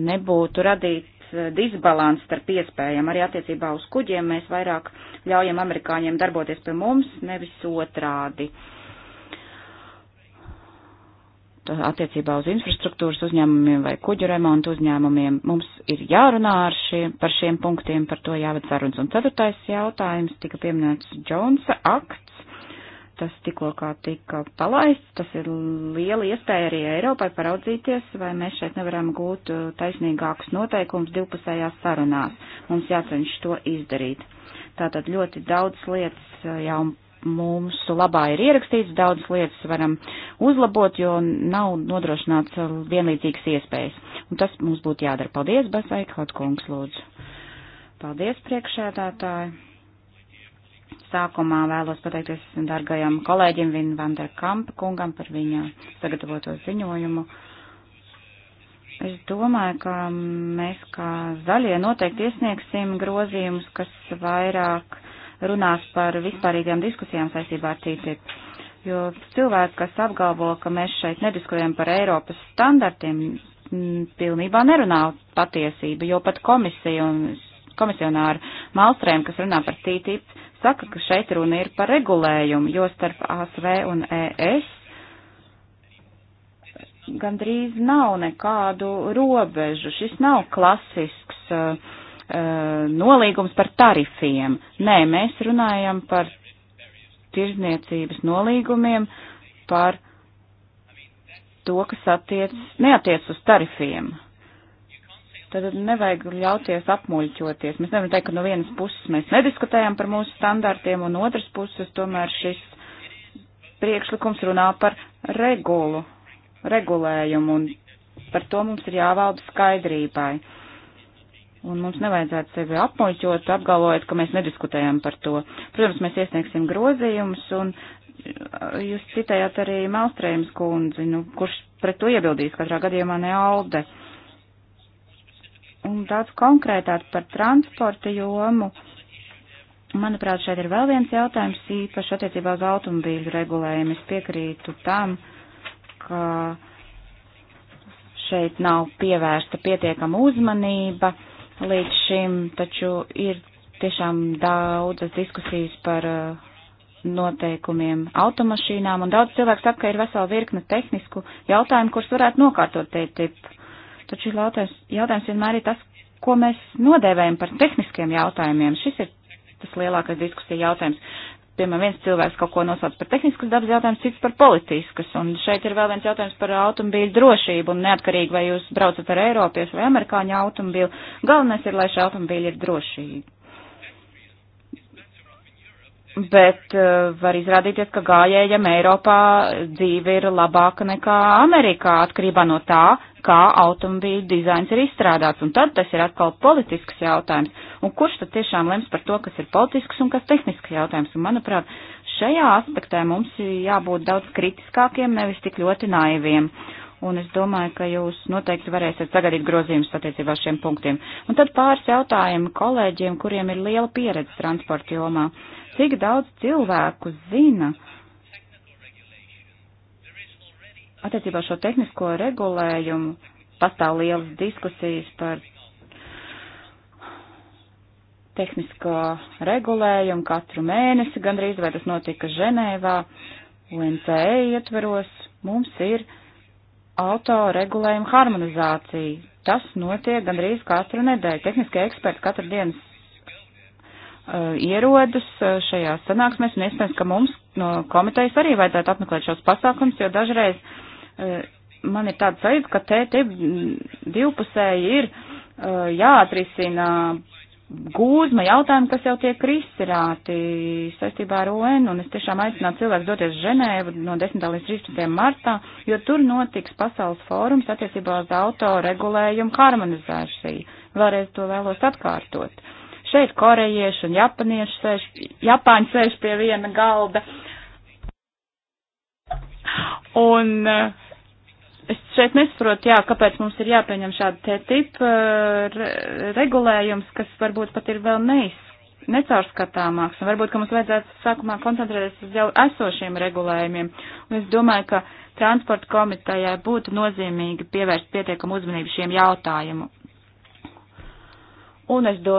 nebūtu radīts eh, disbalans starp iespējām. Arī attiecībā uz kuģiem mēs vairāk ļaujam amerikāņiem darboties pie mums, nevis otrādi. Uh, attiecībā uz infrastruktūras uzņēmumiem vai kuģu remontu uzņēmumiem. Mums ir jārunā ar šiem, par šiem punktiem, par to jāved sarunas. Un ceturtais jautājums tika pieminēts Džonsa akts. Tas tikko kā tika palaists, tas ir liela iespēja arī Eiropai paraudzīties, vai mēs šeit nevaram gūt uh, taisnīgākus noteikumus divpusējās sarunās. Mums jāceņš to izdarīt. Tātad ļoti daudz lietas uh, jau mūsu labā ir ierakstīts, daudz lietas varam uzlabot, jo nav nodrošināts vienlīdzīgas iespējas. Un tas mums būtu jādara. Paldies, Basai Kotkungs, lūdzu. Paldies, priekšētātāji. Sākumā vēlos pateikties dargajam kolēģim Vin Vanderkamp kungam par viņa sagatavoto ziņojumu. Es domāju, ka mēs kā zaļie noteikti iesniegsim grozījumus, kas vairāk runās par vispārīgām diskusijām saistībā ar TTIP. Jo cilvēki, kas apgalvo, ka mēs šeit nediskutējam par Eiropas standartiem, pilnībā nerunā patiesību, jo pat komisija un komisionāri Malstrēm, kas runā par TTIP, saka, ka šeit runa ir par regulējumu, jo starp ASV un ES gandrīz nav nekādu robežu. Šis nav klasisks uh, Uh, nolīgums par tarifiem. Nē, mēs runājam par tirzniecības nolīgumiem, par to, kas attiec, neatiec uz tarifiem. Tad nevajag ļauties apmuļķoties. Mēs nevaram teikt, ka no vienas puses mēs nediskutējam par mūsu standartiem, un otras puses tomēr šis priekšlikums runā par regulu, regulējumu, un par to mums ir jāvalda skaidrībai. Un mums nevajadzētu sevi apmuļķot, apgalvojot, ka mēs nediskutējam par to. Protams, mēs iesniegsim grozījumus, un uh, jūs citējāt arī Melstrējums kundzi, nu, kurš pret to iebildīs katrā gadījumā ne Alde. Un daudz konkrētāk par transporta jomu. Manuprāt, šeit ir vēl viens jautājums īpaši attiecībā uz automobīļu regulējumu. Es piekrītu tam, ka šeit nav pievērsta pietiekama uzmanība līdz šim, taču ir tiešām daudzas diskusijas par uh, noteikumiem automašīnām, un daudz cilvēku saka, ka ir vesela virkne tehnisku jautājumu, kurus varētu nokārtot TTIP. Taču jautājums, jautājums vienmēr ir tas, ko mēs nodēvējam par tehniskiem jautājumiem. Šis ir tas lielākais diskusija jautājums piemēram, viens cilvēks kaut ko nosauc par tehniskas dabas jautājumus, cits par politiskas. Un šeit ir vēl viens jautājums par automobīļu drošību, un neatkarīgi vai jūs braucat ar Eiropies vai amerikāņu automobīlu, galvenais ir, lai šie automobīļi ir drošīgi bet uh, var izrādīties, ka gājējiem Eiropā dzīve ir labāka nekā Amerikā, atkarībā no tā, kā automobīļu dizains ir izstrādāts. Un tad tas ir atkal politisks jautājums. Un kurš tad tiešām lems par to, kas ir politisks un kas tehnisks jautājums? Un, manuprāt, šajā aspektē mums jābūt daudz kritiskākiem, nevis tik ļoti naiviem. Un es domāju, ka jūs noteikti varēsiet sagadīt grozījumus attiecībā šiem punktiem. Un tad pāris jautājumu kolēģiem, kuriem ir liela pieredze transporta jomā. Uh, cik daudz cilvēku zina attiecībā šo tehnisko regulējumu. Pastāv lielas diskusijas par tehnisko regulējumu katru mēnesi, gandrīz vai tas notika Ženēvā, UNCE ietveros. Mums ir autoregulējuma harmonizācija. Tas notiek gandrīz katru nedēļu. Tehniskie eksperti katru dienu Uh, ierodas uh, šajās sanāksmēs, un iespējams, ka mums no komitejas arī vajadzētu apmeklēt šos pasākums, jo dažreiz uh, man ir tāda sajūta, ka te, te divpusēji ir jāatrisina gūzma jautājumi, kas jau tiek risināti saistībā ar UN, un es tiešām aicinātu cilvēkus doties Ženēvu no 10. līdz 13. martā, jo tur notiks pasaules fórums attiecībā uz autoregulējumu harmonizāciju. Vēlreiz to vēlos atkārtot. Uh, Šeit korejieši un japānieši sēž, Japāņi sēž pie viena galda. Un eh, es šeit nesaprotu, jā, kāpēc mums ir jāpieņem šāda te tipa eh, re, regulējums, kas varbūt pat ir vēl neiz, necaurskatāmāks. Un varbūt, ka mums vajadzētu sākumā koncentrēties uz jau esošiem regulējumiem. Un es domāju, ka transporta komitejai būtu nozīmīgi pievērst pietiekamu uzmanību šiem jautājumu. Un es do,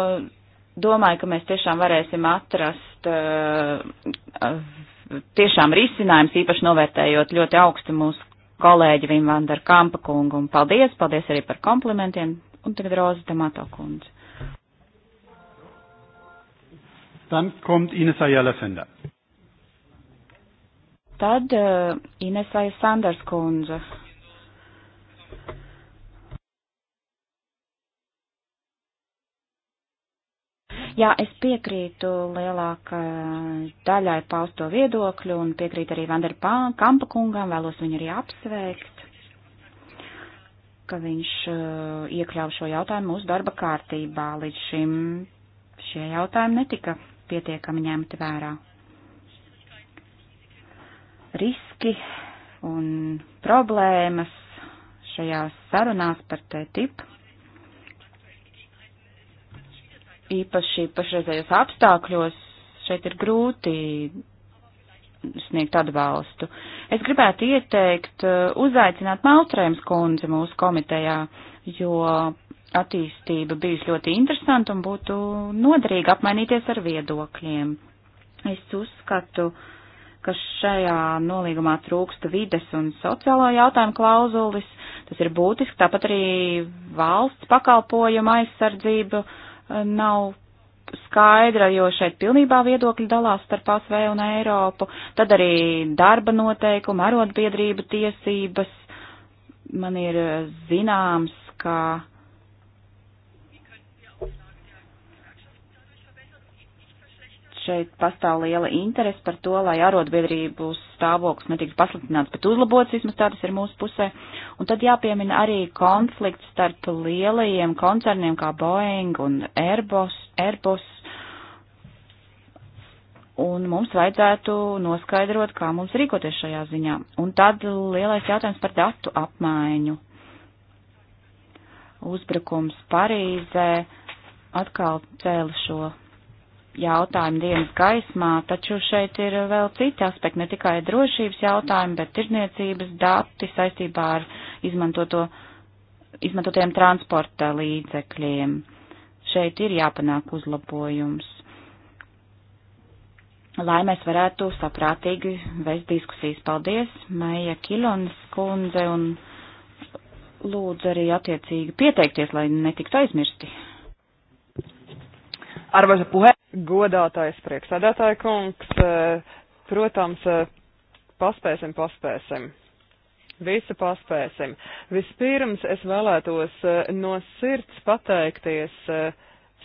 domāju, ka mēs tiešām varēsim atrast eh, tiešām risinājums, īpaši novērtējot ļoti augstu mūsu kolēģi Vim Vandar Kampa kungu. Un paldies, paldies arī par komplimentiem. Un tagad Roza Tamato kundze. Dann kommt Ines Ayala Sender. Tad uh, Ines Ayala Sanders kundze. Jā, es piekrītu lielākai daļai pausto viedokļu un piekrītu arī Vanderpā Kampa kungam, vēlos viņu arī apsveikt, ka viņš uh, iekļauj šo jautājumu mūsu darba kārtībā. Līdz šim šie jautājumi netika pietiekami ņemti vērā. Riski un problēmas šajās sarunās par te tipu īpaši pašreizējos apstākļos šeit ir grūti sniegt atbalstu. Es gribētu ieteikt uh, uzaicināt Maltrēms kundzi mūsu komitejā, jo attīstība bijusi ļoti interesanta un būtu noderīgi apmainīties ar viedokļiem. Es uzskatu, ka šajā nolīgumā trūksta vides un sociālo jautājumu klauzulis. Tas ir būtiski, tāpat arī valsts pakalpojumu aizsardzību uh, nav skaidra, jo šeit pilnībā viedokļi dalās starp ASV un Eiropu, tad arī darba noteikumi, arotbiedrība tiesības. Man ir zināms, ka šeit pastāv liela interese par to, lai arotbiedrību stāvoklis netiktu pasliktināts, bet uzlabots vismaz tā tas ir mūsu pusē. Un tad jāpiemina arī konflikts starp lielajiem koncerniem kā Boeing un Airbus. Airbus. Un mums vajadzētu noskaidrot, kā mums rīkoties šajā ziņā. Un tad lielais jautājums par datu apmaiņu. Uzbrukums Parīzē atkal cēla šo jautājumu dienas gaismā, taču šeit ir vēl citi aspekti, ne tikai drošības jautājumi, bet tirdzniecības dati saistībā ar izmantoto, izmantotiem transporta līdzekļiem. Šeit ir jāpanāk uzlabojums, lai mēs varētu saprātīgi veist diskusijas. Paldies, Meija Kilonas kundze, un lūdzu arī attiecīgi pieteikties, lai netiktu aizmirsti. Arvoisa puhe. Godātais priekšsēdētāja kungs, eh, protams, eh, paspēsim, paspēsim. Visu paspēsim. Vispirms es vēlētos eh, no sirds pateikties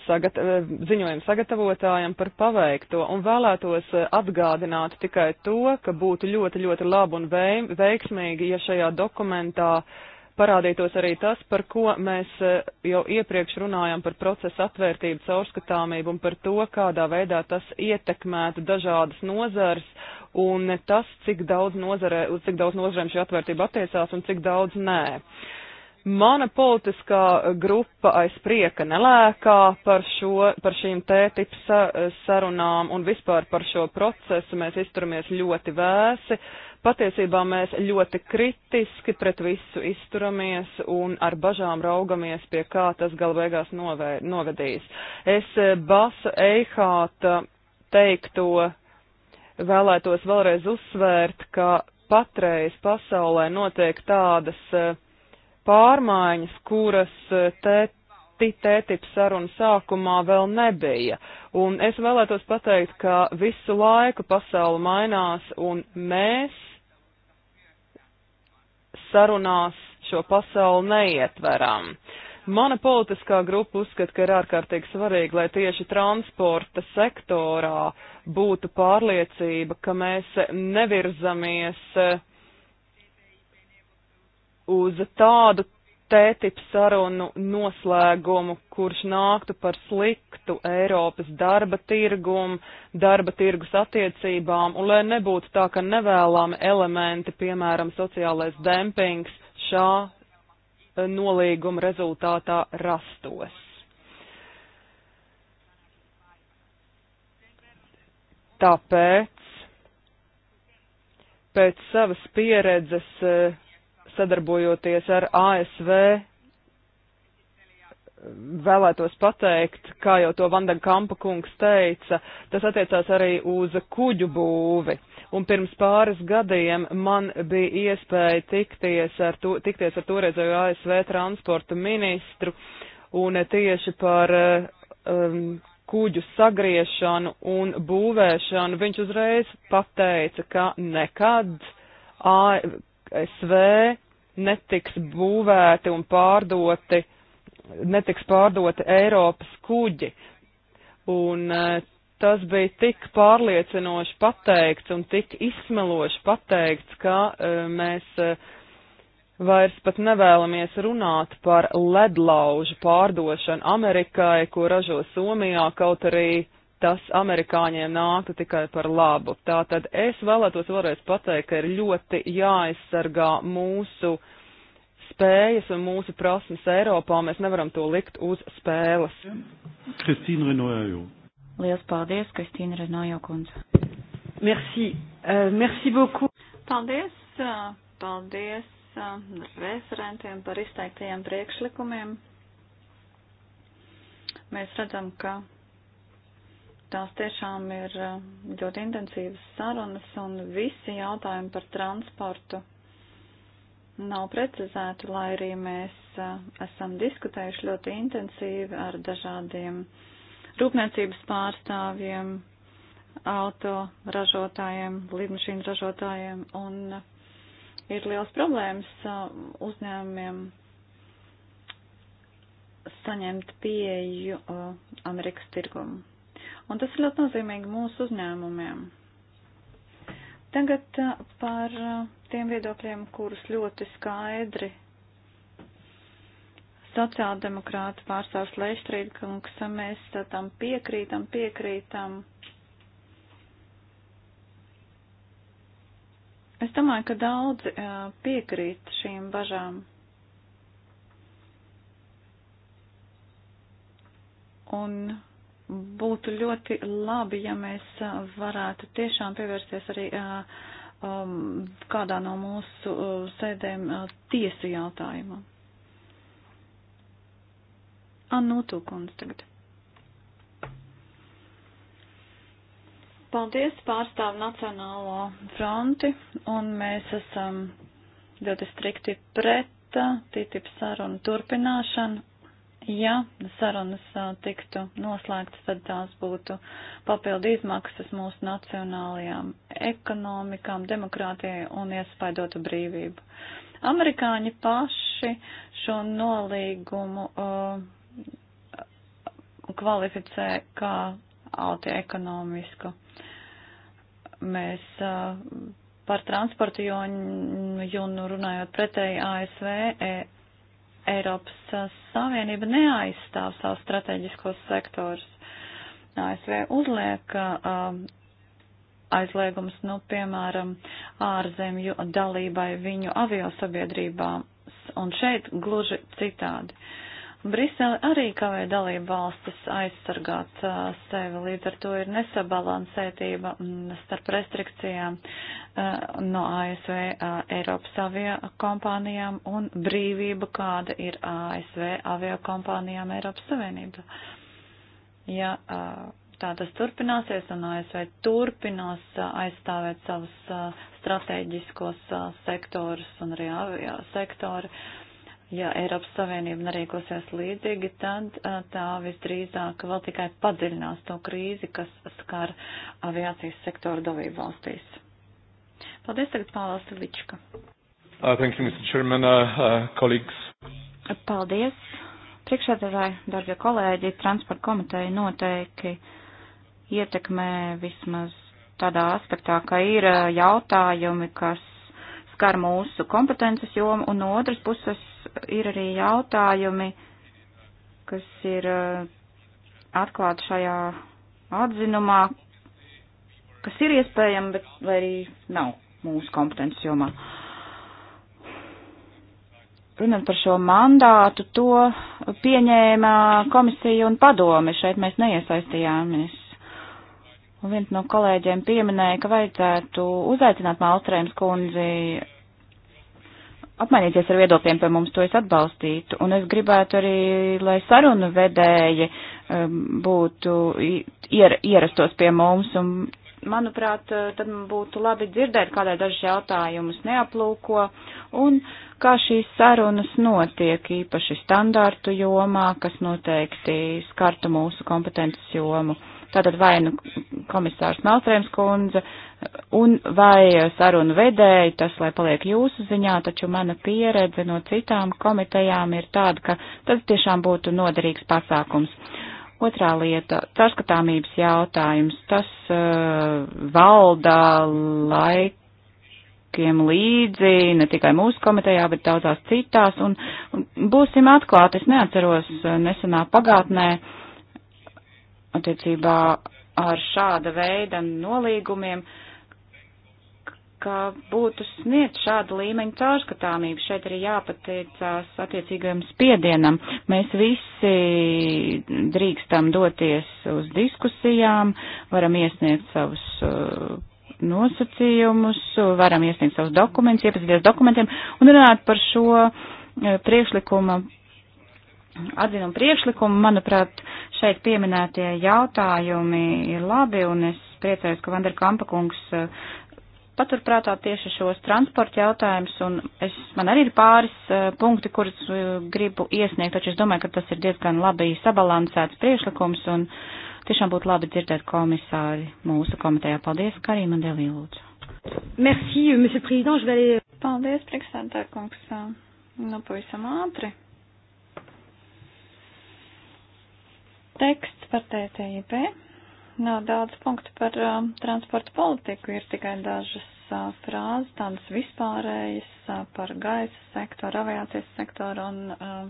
sagat ziņojumu sagatavotājiem par paveikto un vēlētos atgādināt tikai to, ka būtu ļoti, ļoti labi un veiksmīgi, ja šajā dokumentā uh, parādītos arī tas, par ko mēs e, jau iepriekš runājam par procesu atvērtību, caurskatāmību un par to, kādā veidā tas ietekmētu dažādas nozars un tas, cik daudz nozarē, uz cik daudz nozarēm šī atvērtība attiecās un cik daudz nē. Mana politiskā grupa aiz prieka nelēkā par, šo, par šīm tētipu sarunām un vispār par šo procesu. Mēs izturamies ļoti vēsi Patiesībā mēs ļoti kritiski pret visu izturamies un ar bažām raugamies, pie kā tas galu beigās novē, novedīs. Es eh, Basa Eihāta teikto vēlētos vēlreiz uzsvērt, ka patreiz pasaulē notiek tādas eh, pārmaiņas, kuras eh, tēt TTIP sarunu sākumā vēl nebija. Un es vēlētos pateikt, ka visu laiku pasauli mainās un mēs sarunās šo pasauli neietveram. Mana politiskā grupa uzskata, ka ir ārkārtīgi svarīgi, lai tieši transporta sektorā būtu pārliecība, ka mēs nevirzamies uz tādu tētip sarunu noslēgumu, kurš nāktu par sliktu Eiropas darba tirgumu, darba tirgus attiecībām, un lai nebūtu tā, ka nevēlami elementi, piemēram, sociālais dempings, šā eh, nolīguma rezultātā rastos. Tāpēc pēc savas pieredzes eh, sadarbojoties ar ASV, vēlētos pateikt, kā jau to Vanden Kampa kungs teica, tas attiecās arī uz kuģu būvi. Un pirms pāris gadiem man bija iespēja tikties ar, to, tikties ar toreizēju ASV transporta ministru un tieši par um, kuģu sagriešanu un būvēšanu, viņš uzreiz pateica, ka nekad ASV netiks būvēti un pārdoti, netiks pārdoti Eiropas kuģi. Un eh, tas bija tik pārliecinoši pateikts un tik izsmeloši pateikts, ka eh, mēs eh, vairs pat nevēlamies runāt par ledlaužu pārdošanu Amerikai, ko ražo Somijā, kaut arī tas amerikāņiem nāktu tikai par labu. Tātad es vēlētos vēlreiz pateikt, ka ir ļoti jāaizsargā mūsu spējas un mūsu prasmes Eiropā. Mēs nevaram to likt uz spēles. Kristīna Renojo. Lielas paldies, Kristīna Renojo kundze. Merci. Uh, merci beaucoup. Paldies. Paldies uh, referentiem par izteiktajiem priekšlikumiem. Mēs redzam, ka Tās tiešām ir eh, ļoti intensīvas sarunas un visi jautājumi par transportu nav precizēti, lai arī mēs eh, esam diskutējuši ļoti intensīvi ar dažādiem rūpniecības pārstāvjiem, auto ražotājiem, lidmašīnu ražotājiem un eh, ir liels problēmas uzņēmumiem saņemt pieeju Amerikas tirgumu. Un tas ir ļoti nozīmīgi mūsu uzņēmumiem. Tagad uh, par uh, tiem viedokļiem, kurus ļoti skaidri sociāldemokrāta pārstāvs Leistrīdkungs, mēs tam piekrītam, piekrītam. Es domāju, ka daudzi uh, piekrīt šīm bažām. Un būtu ļoti labi, ja mēs varētu tiešām pievērsties arī kādā no mūsu sēdēm tiesu jautājumam. Annūtu kundze tagad. Paldies, pārstāv Nacionālo fronti, un mēs esam ļoti strikti pret TTIP sarunu turpināšanu Ja sarunas tiktu noslēgtas, tad tās būtu papildu izmaksas mūsu nacionālajām ekonomikām, demokrātijai un iespaidotu brīvību. Amerikāņi paši šo nolīgumu uh, kvalificē kā autoekonomisku. Mēs uh, par transportu jonu runājot pretēji ASV, e Eiropas Savienība neaizstāv savus strateģiskos sektorus. ASV uzliek aizliegums, nu, piemēram, ārzemju dalībai viņu aviosabiedrībām. Un šeit gluži citādi. Uh, Brisele arī kavē dalību valstis aizsargāt uh, sevi, līdz ar to ir nesabalansētība mm, starp restrikcijām uh, no ASV uh, Eiropas aviokompānijām un brīvība, kāda ir ASV aviokompānijām Eiropas Savienībā. Ja tā tas turpināsies un ASV turpinās aizstāvēt savus strateģiskos sektorus un arī avio sektoru, ja Eiropas Savienība nerīkosies līdzīgi, tad tā visdrīzāk vēl tikai padziļinās to krīzi, kas skar aviācijas sektoru dalību valstīs. Paldies, tagad Pāvils Lička. Uh, thank you, Mr. Chairman, uh, uh, colleagues. Paldies. Priekšsēdētāji, darbie kolēģi, transporta komiteja noteikti ietekmē vismaz tādā aspektā, ka ir jautājumi, kas skar mūsu kompetences jomu, un no otras puses ir arī jautājumi, kas ir eh, atklāti šajā atzinumā, kas ir iespējami, bet vai arī nav mūsu kompetences jomā. Runājot par šo mandātu, to pieņēma komisija un padome. Šeit mēs neiesaistījāmies. Un viens no kolēģiem pieminēja, ka vajadzētu uzaicināt Malstrēms kundzi apmainīties ar viedokļiem par mums, to es atbalstītu. Un es gribētu arī, lai sarunu vedēji um, būtu ier, ierastos pie mums. Un, manuprāt, uh, tad būtu labi dzirdēt, kādēļ dažas jautājumus neaplūko un kā šīs sarunas notiek īpaši standārtu jomā, kas noteikti skartu mūsu kompetences jomu tātad vai nu komisārs Maltrēms kundze un vai sarunu vedēji, tas lai paliek jūsu ziņā, taču mana pieredze no citām komitejām ir tāda, ka tas tiešām būtu noderīgs pasākums. Otrā lieta - caurskatāmības jautājums. Tas uh, valda laika cilvēkiem līdzi, ne tikai mūsu komitejā, bet daudzās citās, un, un būsim atklāti, es neatceros uh, nesenā pagātnē attiecībā ar šāda veida nolīgumiem, ka būtu sniegt šāda līmeņa caurskatāmība. Šeit arī jāpateicās attiecīgajam spiedienam. Mēs visi drīkstam doties uz diskusijām, varam iesniegt savus uh, nosacījumus, varam iesniegt savus dokumentus, iepazīties dokumentiem un runāt par šo uh, priekšlikuma atzinumu priekšlikumu. Manuprāt, šeit pieminētie jautājumi ir labi, un es priecājos, ka Vanderkampa kungs eh, paturprātā tieši šos transporta jautājumus, un es, man arī ir pāris uh, punkti, kurus uh, gribu iesniegt, taču es domāju, ka tas ir diezgan labi sabalansēts priekšlikums, un tiešām būtu labi dzirdēt komisāri mūsu komitejā. Paldies, Karīma Delī, lūdzu. Merci, monsieur président, je vais aller. Paldies, priekšsēdētāj, kungs. Nu, pavisam ātri. Teksts par TTIP. Nav daudz punktu par um, transporta politiku, ir tikai dažas uh, frāzes, tādas vispārējas uh, par gaisa sektoru, aviācijas sektoru un uh,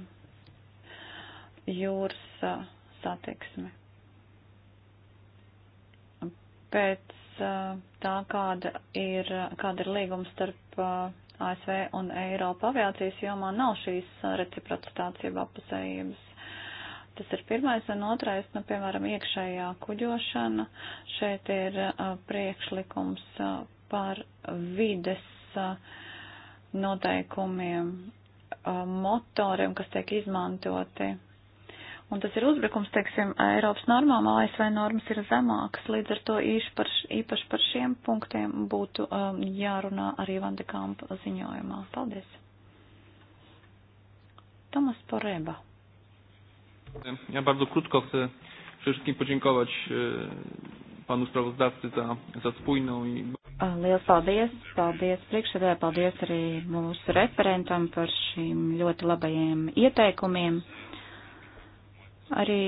jūras uh, satiksmi. Pēc uh, tā, kāda ir, uh, kāda ir līguma starp uh, ASV un Eiropa aviācijas jomā, nav šīs uh, reciprocitātes jeb apusējības Tas ir pirmais un otrais, nu, piemēram, iekšējā kuģošana. Šeit ir uh, priekšlikums uh, par vides uh, noteikumiem, uh, motoriem, kas tiek izmantoti. Un tas ir uzbrukums, teiksim, Eiropas normām, ASV normas ir zemākas, līdz ar to par, īpaši par šiem punktiem būtu um, jārunā arī Vandekampa ziņojumā. Paldies! Tomas Poreba. Ja bardzo krótko chcę przede wszystkim podziękować e, panu sprawozdawcy za, za spójną i. Liels paldies! Paldies priekšsēdē, paldies arī mūsu referentam par šīm ļoti labajiem ieteikumiem. Arī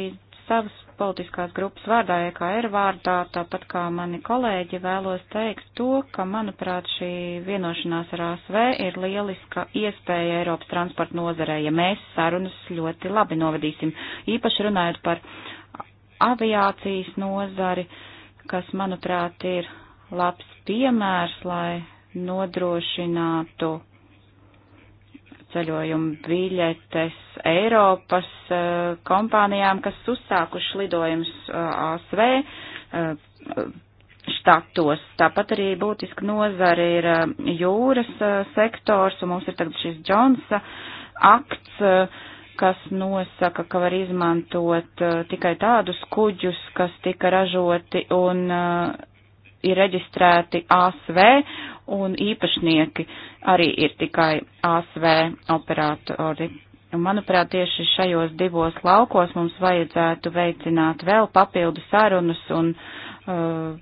savas politiskās grupas vārdā, EKR vārdā, tāpat kā mani kolēģi, vēlos teikt to, ka, manuprāt, šī vienošanās ar ASV ir lieliska iespēja Eiropas transporta nozarē, ja mēs sarunas ļoti labi novadīsim, īpaši runājot par aviācijas nozari, kas, manuprāt, ir labs piemērs, lai nodrošinātu ceļojumu biļetes Eiropas eh, kompānijām, kas uzsākuši lidojumus eh, ASV eh, štatos. Tāpat arī būtiska nozara ir jūras sektors, un mums ir tagad šis Džonsa akts, kas nosaka, ka var izmantot tikai tādus kuģus, kas tika ražoti un ir reģistrēti ASV, un īpašnieki arī ir tikai ASV operatori. Un, manuprāt, tieši šajos divos laukos mums vajadzētu veicināt vēl papildu sarunas un uh,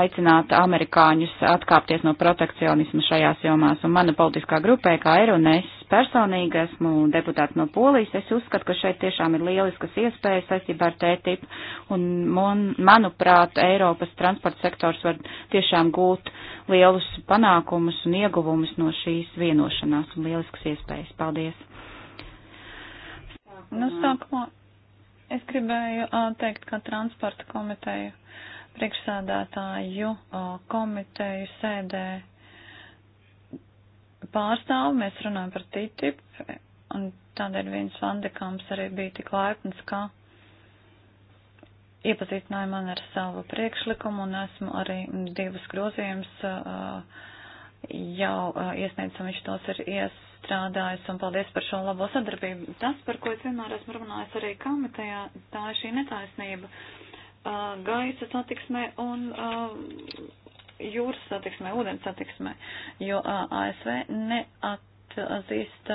aicināt amerikāņus atkāpties no protekcionisma šajās jomās. Un mana politiskā grupē, e kā ir un es personīgi esmu deputāts no Polijas, es uzskatu, ka šeit tiešām ir lieliskas iespējas saistībā ar TTIP. Un, un manuprāt, Eiropas transporta sektors var tiešām gūt lielus panākumus un ieguvumus no šīs vienošanās un lieliskas iespējas. Paldies! Nu, sākumā es gribēju teikt, ka transporta komiteja priekšsādātāju komiteju sēdē pārstāvu, mēs runājam par TTIP, un tādēļ viens Vandekams arī bija tik laipns, ka iepazīstināja man ar savu priekšlikumu, un esmu arī divus grozījumus jau iesniedzis, un viņš tos ir iestrādājis, un paldies par šo labo sadarbību. Tas, par ko es vienmēr esmu runājis arī komitejā, tā ir šī netaisnība gaisa satiksmē un jūras satiksmē, ūdens satiksmē, jo ASV neat atzīst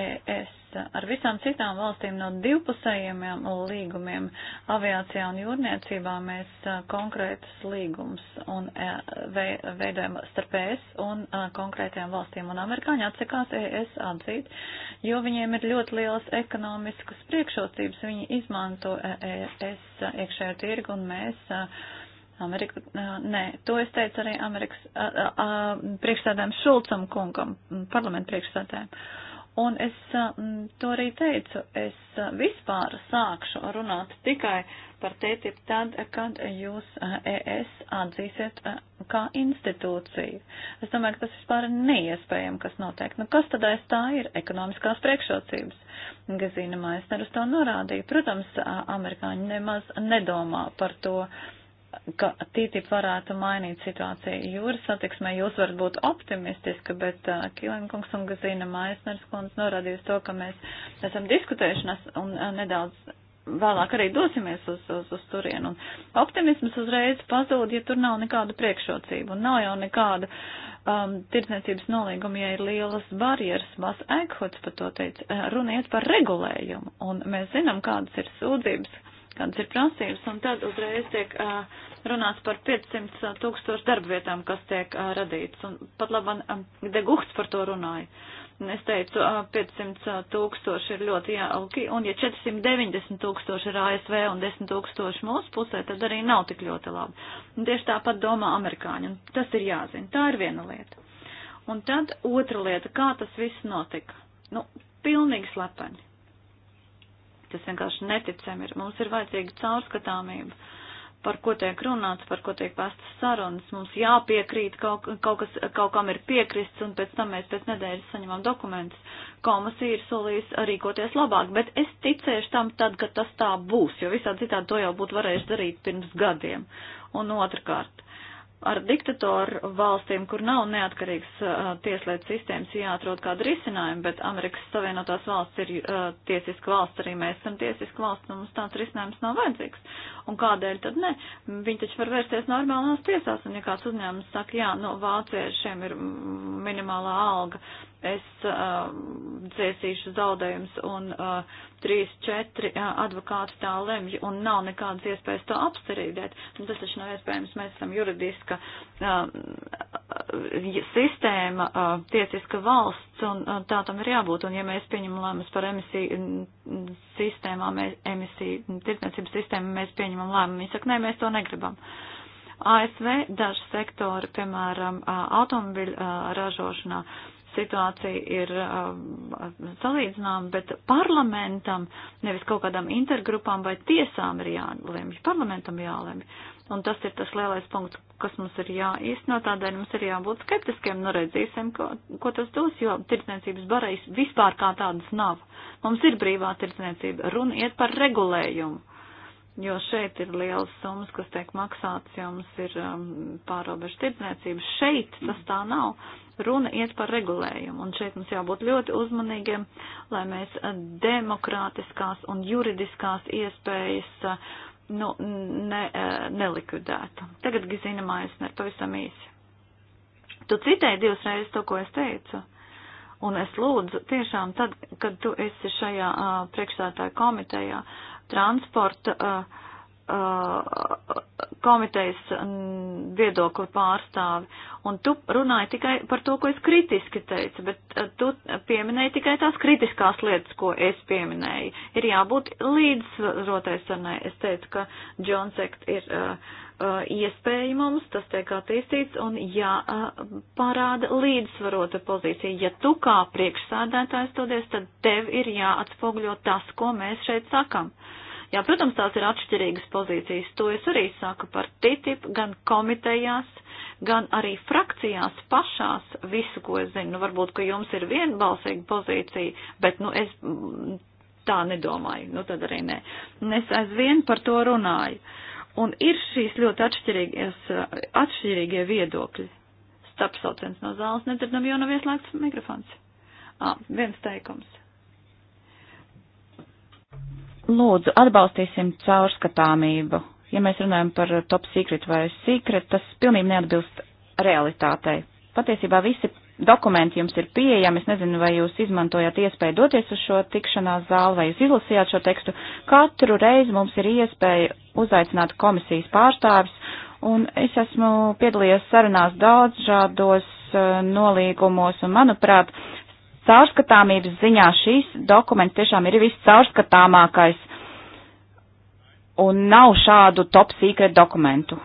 ES ar visām citām valstīm no divpusējiem līgumiem aviācijā un jūrniecībā mēs konkrētus līgumus un veidojam starp ES un konkrētajām valstīm. Un amerikāņi atsakās ES atzīt, jo viņiem ir ļoti lielas ekonomiskas priekšrocības. Viņi izmanto ES iekšējo tirgu un mēs. Uh, Amerika, nē, to es teicu arī Amerikas priekšstādājiem Šulcam kungam, parlamentu priekšstādājiem. Un es to arī teicu, es vispār sākšu runāt tikai par TTIP tad, kad jūs ES atzīsiet kā institūciju. Es domāju, ka tas vispār ir neiespējami, kas notiek. Nu, kas tad aiz tā ir? Ekonomiskās priekšrocības. Gazīna Maisner uz to norādīja. Protams, amerikāņi nemaz nedomā par to. Uh, ka TTIP varētu mainīt situāciju jūras satiksmē. Jūs varat būt optimistiska, bet uh, Kilinkungs un Gazīna Maisners kundze norādījusi to, ka mēs esam diskutējuši un uh, nedaudz vēlāk arī dosimies uz, uz, uz turienu. Un optimisms uzreiz pazūd, ja tur nav nekādu priekšrocību un nav jau nekādu um, tirdzniecības nolīgumu, ja ir lielas barjeras. Mas Eikhots par to teica, runiet par regulējumu. Un mēs zinām, kādas ir sūdzības kādas ir prasības, un tad uzreiz tiek runāts par 500 tūkstošu darba vietām, kas tiek radīts, un pat labam Degukts par to runāja. Es teicu, 500 tūkstoši ir ļoti jauki, un ja 490 tūkstoši ir ASV un 10 tūkstoši mūsu pusē, tad arī nav tik ļoti labi. Un tieši tāpat domā amerikāņi, un tas ir jāzina. Tā ir viena lieta. Un tad otra lieta, kā tas viss notika. Nu, pilnīgi slepeni. Tas vienkārši neticami ir. Mums ir vajadzīga caurskatāmība, par ko tiek runāts, par ko tiek pastas sarunas. Mums jāpiekrīt, kaut, kaut, kas, kaut kam ir piekrists, un pēc tam mēs pēc nedēļas saņemam dokumentus. Komisija ir solījusi rīkoties labāk, bet es ticēšu tam tad, kad tas tā būs, jo visā citādi to jau būtu varējuši darīt pirms gadiem. Un otrkārt ar diktatoru valstīm, kur nav neatkarīgs uh, tieslietu sistēmas, jāatrod kādu risinājumu, bet Amerikas Savienotās valsts ir uh, tiesiska valsts, arī mēs esam tiesiska valsts, un mums tāds risinājums nav vajadzīgs. Un kādēļ tad ne? Viņi taču var vērsties normālās tiesās, un ja kāds uzņēmums saka, jā, no nu, vāciešiem ir minimālā alga, es uh, dziesīšu zaudējums un uh, 3-4 uh, advokāti tā lemj un nav nekādas iespējas to apstarīdēt. Nu, tas taču nav iespējams, mēs esam juridiska uh, uh, sistēma, uh, tiesiska valsts un uh, tā tam ir jābūt. Un ja mēs pieņemam lēmumus par emisiju mm, sistēmām, emisiju mm, tirdzniecības sistēmu, mēs pieņemam lēmumu, viņi saka, nē, mēs to negribam. Uh, ASV daži sektori, piemēram, uh, automobiļu uh, ražošanā, situācija ir uh, salīdzināma, bet parlamentam, nevis kaut kādām intergrupām vai tiesām ir jālemj, parlamentam jālemj. Un tas ir tas lielais punkts, kas mums ir jāīsteno, tādēļ mums ir jābūt skeptiskiem, nu redzēsim, ko, ko tas dos, jo tirdzniecības barējas vispār kā tādas nav. Mums ir brīvā tirdzniecība, runa iet par regulējumu jo šeit ir liels summas, kas tiek maksāts, ja mums ir um, pārobežu tirdzniecība. Šeit tas tā nav. Runa iet par regulējumu, un šeit mums jābūt ļoti uzmanīgiem, lai mēs uh, demokrātiskās un juridiskās iespējas uh, nu, ne, uh, nelikvidētu. Tagad Gizina Maisner, pavisam īsi. Tu citēji divas reizes to, ko es teicu. Un es lūdzu, tiešām tad, kad tu esi šajā uh, priekšsētāja komitejā, uh, transporta uh, uh, komitejas viedokli pārstāvi. Un tu runāji tikai par to, ko es kritiski teicu, bet eh, tu pieminēji tikai tās kritiskās lietas, ko es pieminēju. Ir jābūt līdzsvarotais sarunai. Eh, es teicu, ka Jones Act ir uh, uh, iespēja mums, tas tiek attīstīts un jāparāda uh, līdzsvarota pozīcija. Ja tu kā priekšsādētājs dodies, tad tev ir jāatspogļo tas, ko mēs šeit sakam. Uh, Jā, protams, tās ir atšķirīgas pozīcijas. To es arī saku par TTIP gan komitejās, gan arī frakcijās pašās visu, ko es zinu. Nu, varbūt, ka jums ir vienbalsīga pozīcija, bet, nu, es mm, tā nedomāju. Nu, tad arī nē. Un es aizvien par to runāju. Un ir šīs ļoti atšķirīgie viedokļi. Starpsaucens no zāles nedzirdam, jo nav ieslēgts mikrofons. À, viens teikums. Lūdzu, atbalstīsim caurskatāmību. Ja mēs runājam par top secret vai secret, tas pilnīgi neatbilst realitātei. Patiesībā visi dokumenti jums ir pieejami. Es nezinu, vai jūs izmantojāt iespēju doties uz šo tikšanās zāli, vai jūs izlasījāt šo tekstu. Katru reizi mums ir iespēja uzaicināt komisijas pārstāvis, un es esmu piedalījies sarunās daudz šādos uh, eh, nolīgumos, un manuprāt, uh, caurskatāmības ziņā šīs dokuments tiešām ir viss caurskatāmākais un nav šādu top secret dokumentu.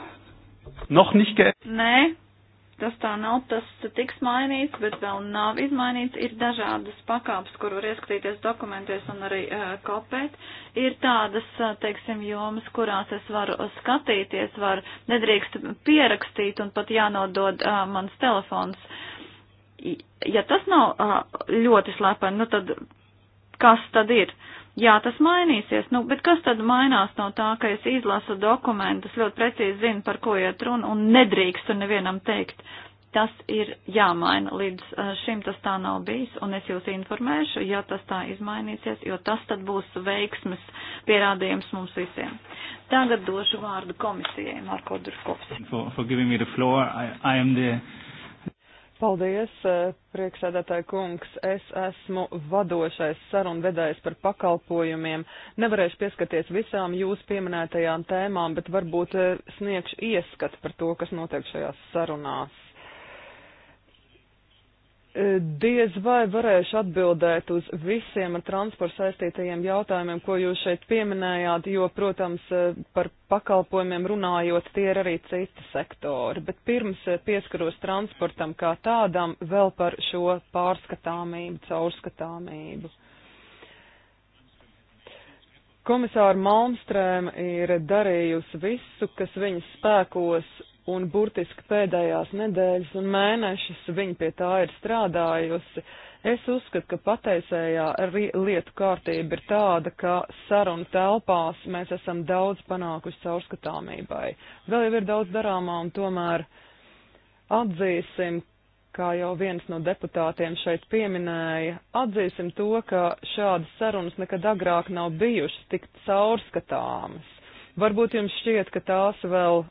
Noch nicht ge... Nē, tas tā nav, tas tiks mainīts, bet vēl nav izmainīts. Ir dažādas pakāpes, kur var ieskatīties dokumentos un arī uh, kopēt. Ir tādas, eh, teiksim, jomas, kurās es varu skatīties, var nedrīkst pierakstīt un pat jānodod uh, mans telefons. Uh, ja tas nav ļoti slepeni, nu tad kas tad ir? Jā, tas mainīsies, nu, bet kas tad mainās no tā, ka es izlasu dokumentus, ļoti precīzi zinu, par ko iet runa un nedrīkstu nevienam teikt. Tas ir jāmaina, līdz šim tas tā nav bijis, un es jūs informēšu, ja tas tā izmainīsies, jo tas tad būs veiksmes pierādījums mums visiem. Tagad došu vārdu komisijai, Marko Durkovs. For, for Paldies, eh, prieksēdētāji kungs. Es esmu vadošais sarunvedējs par pakalpojumiem. Nevarēšu pieskaties visām jūs pieminētajām tēmām, bet varbūt eh, sniegšu ieskatu par to, kas notiek šajās sarunās. Diez vai varēšu atbildēt uz visiem ar transportu saistītajiem jautājumiem, ko jūs šeit pieminējāt, jo, protams, par pakalpojumiem runājot, tie ir arī citi sektori. Bet pirms pieskaros transportam kā tādam, vēl par šo pārskatāmību, caurskatāmību. Komisāra Malmstrēma ir darījusi visu, kas viņas spēkos, un burtiski pēdējās nedēļas un mēnešus viņa pie tā ir strādājusi. Es uzskatu, ka pateicējā lietu kārtība ir tāda, ka sarunu telpās mēs esam daudz panākuši caurskatāmībai. Vēl jau ir daudz darāmā un tomēr atzīsim, kā jau viens no deputātiem šeit pieminēja, atzīsim to, ka šādas sarunas nekad agrāk nav bijušas tik caurskatāmas. Varbūt jums šķiet, ka tās vēl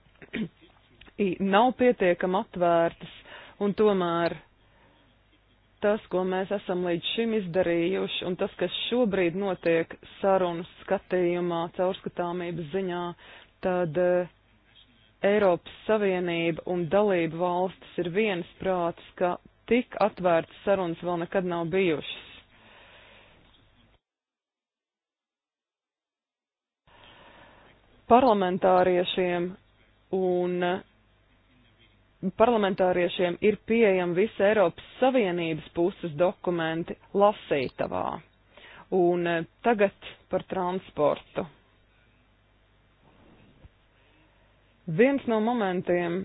nav pietiekami atvērtas, un tomēr tas, ko mēs esam līdz šim izdarījuši, un tas, kas šobrīd notiek sarunas skatījumā, caurskatāmības ziņā, tad eh, Eiropas Savienība un dalību valstis ir viens prāts, ka tik atvērtas sarunas vēl nekad nav bijušas. Parlamentāriešiem un parlamentāriešiem ir pieejami visi Eiropas Savienības puses dokumenti lasītavā. Un eh, tagad par transportu. Viens no momentiem,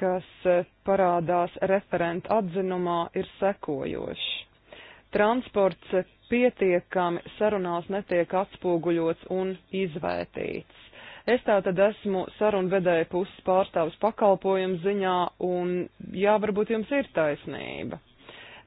kas eh, parādās referenta atzinumā, ir sekojošs. Transports pietiekami sarunās netiek atspoguļots un izvērtīts. Es tātad esmu sarunvedēja puses pārstāvs pakalpojumu ziņā, un jā, varbūt jums ir taisnība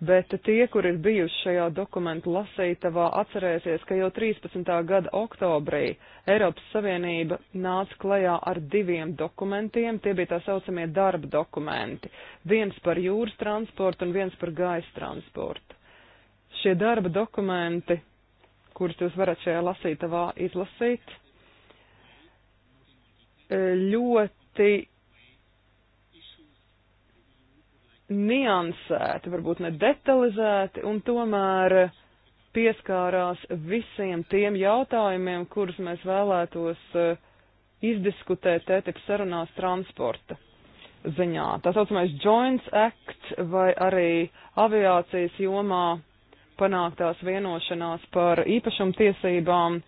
bet tie, kur ir bijuši šajā dokumentu lasītavā, atcerēsies, ka jau 13. gada oktobrī Eiropas Savienība nāca klajā ar diviem dokumentiem, tie bija tā saucamie darba dokumenti, viens par jūras transportu un viens par gaisa transportu. Šie darba dokumenti, kurus jūs varat šajā lasītavā izlasīt, ļoti niansēti, varbūt ne detalizēti, un tomēr pieskārās visiem tiem jautājumiem, kurus mēs vēlētos eh, izdiskutēt ETIP sarunās transporta ziņā. Tā saucamais Joints Act vai arī aviācijas jomā panāktās vienošanās par īpašumtiesībām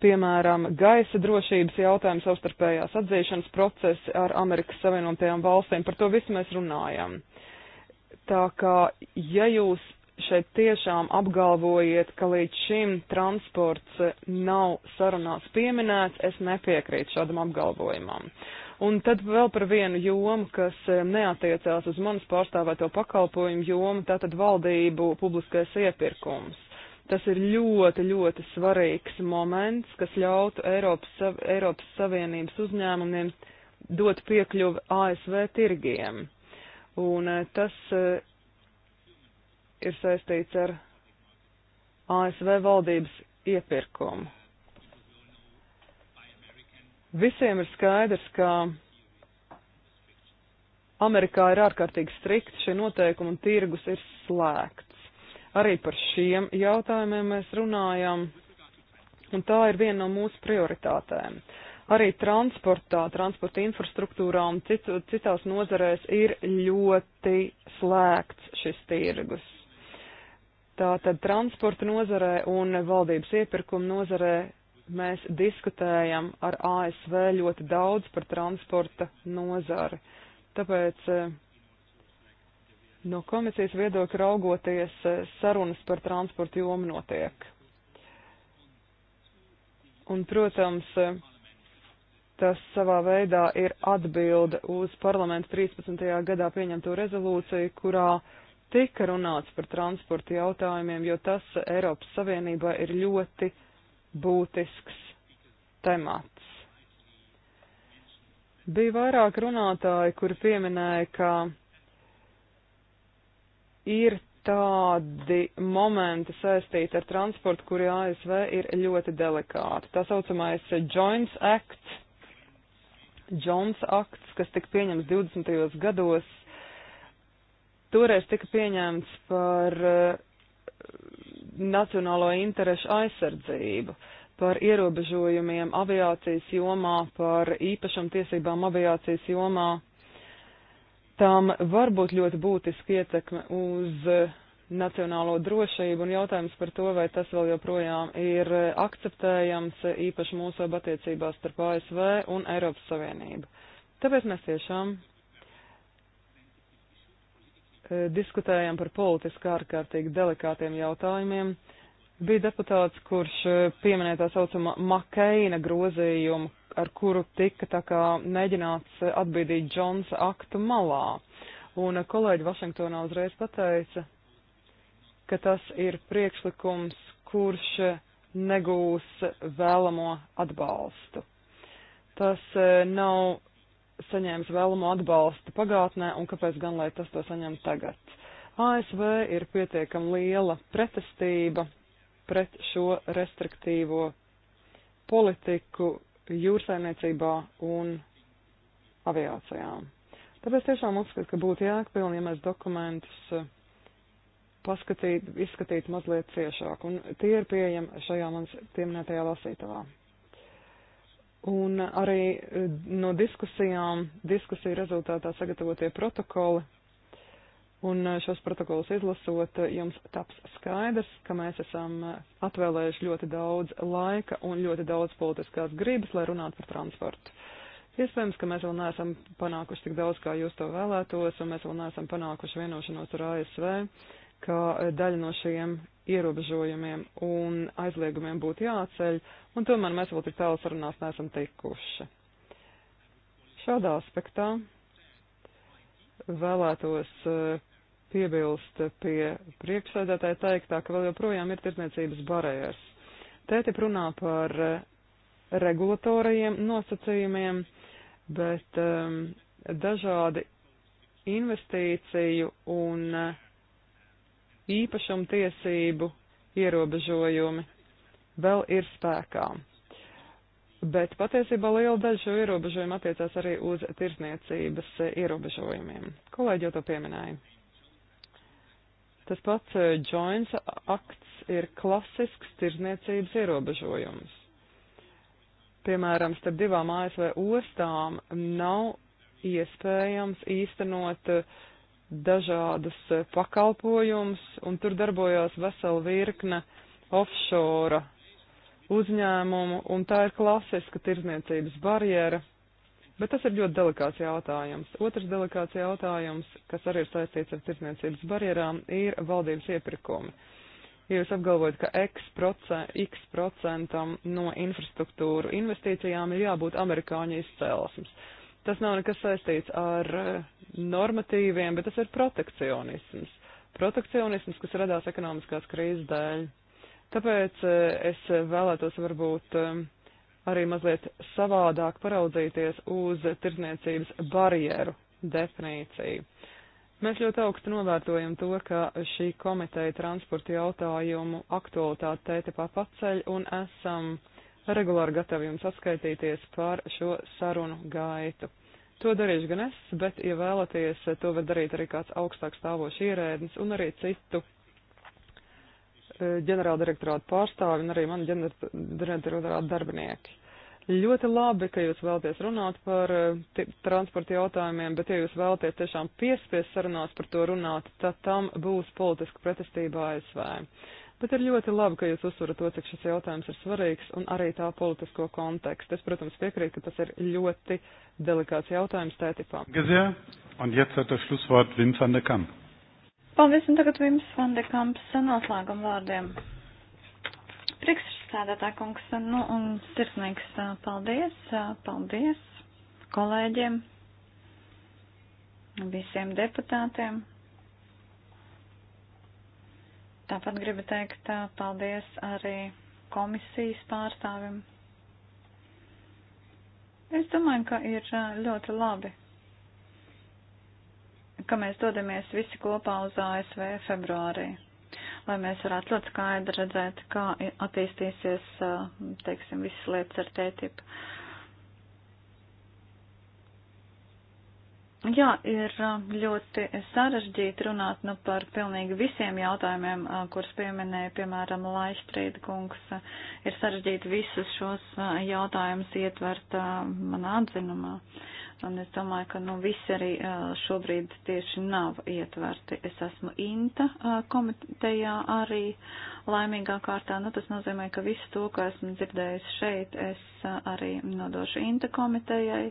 piemēram, gaisa drošības jautājums, savstarpējās atzīšanas procesi ar Amerikas Savienotajām valstīm, par to visu mēs runājam. Tā kā, ja jūs šeit tiešām apgalvojiet, ka līdz šim transports nav sarunās pieminēts, es nepiekrītu šādam apgalvojumam. Un tad vēl par vienu jomu, kas neatiecās uz manas pārstāvēto pakalpojumu jomu, tātad valdību publiskais iepirkums Tas ir ļoti, ļoti svarīgs moments, kas ļautu Eiropas, Eiropas Savienības uzņēmumiem dot piekļuvi ASV tirgiem. Un eh, tas eh, ir saistīts ar ASV valdības iepirkumu. Visiem ir skaidrs, ka Amerikā ir ārkārtīgi strikti šie noteikumi un tirgus ir slēgts. Arī par šiem jautājumiem mēs runājam, un tā ir viena no mūsu prioritātēm. Arī transportā, transporta infrastruktūrā un cit, citās nozarēs ir ļoti slēgts šis tirgus. Tātad transporta nozarē un valdības iepirkuma nozarē mēs diskutējam ar ASV ļoti daudz par transporta nozari. Tāpēc No komisijas viedokļa raugoties, sarunas par transportu jomu notiek. Un, protams, tas savā veidā ir atbilde uz parlamentu 13. gadā pieņemto rezolūciju, kurā tika runāts par transporta jautājumiem, jo tas Eiropas Savienībā ir ļoti būtisks temats. Bija vairāk runātāji, kuri pieminēja, ka ir tādi momenti saistīti ar transportu, kuri ASV ir ļoti delikāti. Tā saucamais Joints Act, Jones Acts, kas tika pieņemts 20. gados, toreiz tika pieņemts par eh, nacionālo interešu aizsardzību, par ierobežojumiem aviācijas jomā, par īpašumtiesībām aviācijas jomā tam var būt ļoti būtiski ietekme uz eh, nacionālo drošību un jautājums par to, vai tas vēl joprojām ir eh, akceptējams eh, īpaši mūsu attiecībās starp ASV un Eiropas Savienību. Tāpēc mēs tiešām diskutējam par politiski ārkārtīgi delikātiem jautājumiem. Uh, Bija deputāts, kurš e, pieminēja tā saucamā Makeina grozījumu, ar kuru tika tā kā mēģināts e, atbīdīt Džonsa aktu malā. Un e, kolēģi Vašingtonā uzreiz pateica, ka tas ir priekšlikums, kurš negūs vēlamo atbalstu. Tas nav saņēmis vēlamo atbalstu pagātnē, un kāpēc gan lai tas to saņem tagad? ASV ir pietiekami liela pretestība pret šo restriktīvo politiku jūrsaimniecībā un aviācijām. Tāpēc tiešām uzskatu, ka būtu jākpilni, ja mēs dokumentus eh, paskatīt, izskatīt mazliet ciešāk, un tie ir pieejami šajā manas pieminētajā lasītavā. Un arī eh, no diskusijām, diskusiju rezultātā sagatavotie protokoli Un eh, šos protokolus izlasot, eh, jums taps skaidrs, ka mēs esam eh, atvēlējuši ļoti daudz laika un ļoti daudz politiskās gribas, lai runātu par transportu. Iespējams, ka mēs vēl neesam panākuši tik daudz, kā jūs to vēlētos, un mēs vēl neesam panākuši vienošanos ar ASV, ka daļa no šiem ierobežojumiem un aizliegumiem būtu jāceļ, un tomēr mēs vēl tik tālu sarunās neesam tikuši. Šādā aspektā vēlētos piebilst pie priekšsēdētāja teiktā, ka vēl joprojām ir tirdzniecības barējas. Tēti runā par eh, regulatorajiem nosacījumiem, bet um, dažādi investīciju un eh, īpašumtiesību ierobežojumi vēl ir spēkā. Bet patiesībā liela daļa šo ierobežojumu attiecās arī uz tirsniecības eh, ierobežojumiem. Kolēģi jau to pieminēja. Tas pats eh, joints akts ir klasisks tirzniecības ierobežojums. Piemēram, starp divām ASV ostām nav iespējams īstenot eh, dažādas eh, pakalpojumus, un tur darbojās vesela virkne offshore uzņēmumu, un tā ir klasiska tirzniecības barjera, Bet tas ir ļoti delikāts jautājums. Otrs delikāts jautājums, kas arī ir saistīts ar tirsniecības barjerām, ir valdības iepirkumi. Ja jūs apgalvojat, ka X, procent, X procentam no infrastruktūru investīcijām ir jābūt amerikāņu izcēlesmes, tas nav nekas saistīts ar eh, normatīviem, bet tas ir protekcionisms. Protekcionisms, kas radās ekonomiskās krīzes dēļ. Tāpēc eh, es vēlētos varbūt eh, arī mazliet savādāk paraudzīties uz tirzniecības barjeru definīciju. Mēs ļoti augstu novērtojam to, ka šī komiteja transporta jautājumu aktualitāti tētepā paceļ un esam regulāri gatavi jums atskaitīties par šo sarunu gaitu. To darīšu gan es, bet, ja vēlaties, to var darīt arī kāds augstāk stāvošs ierēdnis un arī citu ģenerāldirektorāta pārstāvi un arī mani ģenerāldirektorāta darbinieki. Ļoti labi, ka jūs vēlaties runāt par eh, transporta jautājumiem, bet ja jūs vēlaties tiešām piespies sarunās par to runāt, tad tam būs politiska pretestība ASV. Bet ir ļoti labi, ka jūs uzsverat to, cik šis jautājums ir svarīgs un arī tā politisko kontekstu. Es, protams, piekrītu, ka tas ir ļoti delikāts jautājums tētipā. Gesē, un jetzt hat das Schlusswort Wim van der Kamp. Paldies, un tagad Vims Vandekamps noslēguma vārdiem. Priekšsēdētā kungs, nu, un sirsnīgs paldies, paldies kolēģiem, visiem deputātiem. Tāpat gribu teikt paldies arī komisijas pārstāvim. Es domāju, ka ir ļoti labi ka mēs dodamies visi kopā uz ASV februārī, lai mēs varētu ļoti skaidri redzēt, kā attīstīsies, teiksim, visas lietas ar tētipu. Jā, ir ļoti sarežģīti runāt nu, par pilnīgi visiem jautājumiem, kurus pieminēja, piemēram, Laištrīda kungs. Ir sarežģīti visus šos jautājumus ietvert manā atzinumā. Un es domāju, ka nu, visi arī šobrīd tieši nav ietverti. Es esmu INTA komitejā arī laimīgā kārtā. Nu, tas nozīmē, ka visu to, ko esmu dzirdējis šeit, es arī nodošu INTA komitejai.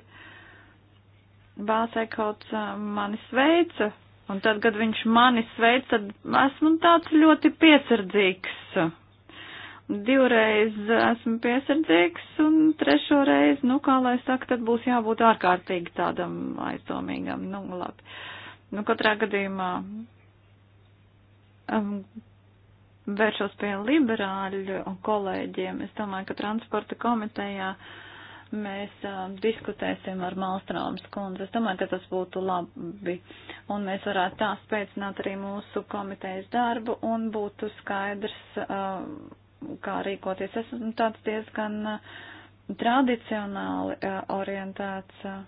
Bāzē kaut mani sveica. Un tad, kad viņš mani sveica, tad esmu tāds ļoti piesardzīgs divreiz esmu piesardzīgs, un trešo reizi, nu, kā lai saka, tad būs jābūt ārkārtīgi tādam aizdomīgam. Nu, labi. Nu, katrā gadījumā um, vēršos pie liberāļu kolēģiem. Es domāju, ka transporta komitejā mēs um, diskutēsim ar Malstrāmas kundzi. Es domāju, ka tas būtu labi. Un mēs varētu tā spēcināt arī mūsu komitejas darbu un būtu skaidrs. Um, kā rīkoties. Esmu tāds diezgan uh, tradicionāli uh, orientēts. Uh,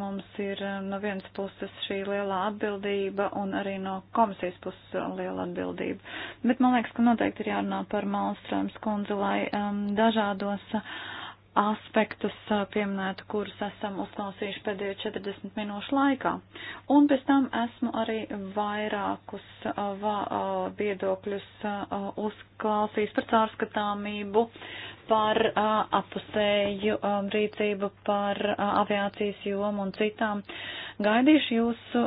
mums ir no vienas puses šī lielā atbildība un arī no komisijas puses liela atbildība. Bet man liekas, ka noteikti ir jārunā par Malstrāms kundzi, lai um, dažādos uh, aspektus pieminētu, kurus esam uzklausījuši pēdējo 40 minūšu laikā. Un pēc tam esmu arī vairākus viedokļus uzklausījis par cārskatāmību, par apusēju rīcību, par aviācijas jomu un citām. Gaidīšu jūsu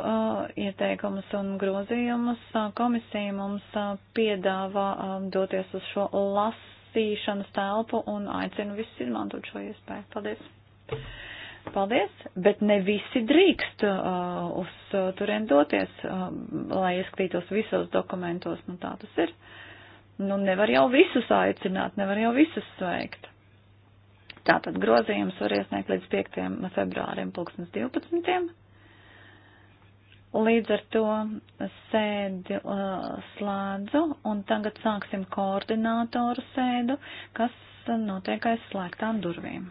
ieteikumus un grozījumus. Komisija mums piedāvā doties uz šo lasu klausīšanas telpu un aicinu visus izmantot šo iespēju. Paldies! Paldies, bet ne visi drīkst uh, uz uh, turien doties, uh, lai ieskatītos visos dokumentos, nu tā tas ir. Nu nevar jau visus aicināt, nevar jau visus sveikt. Tātad grozījums var iesniegt līdz 5. februārim 2012. Līdz ar to sēdi uh, slēdzu un tagad sāksim koordinātoru sēdu, kas notiek aiz slēgtām durvīm.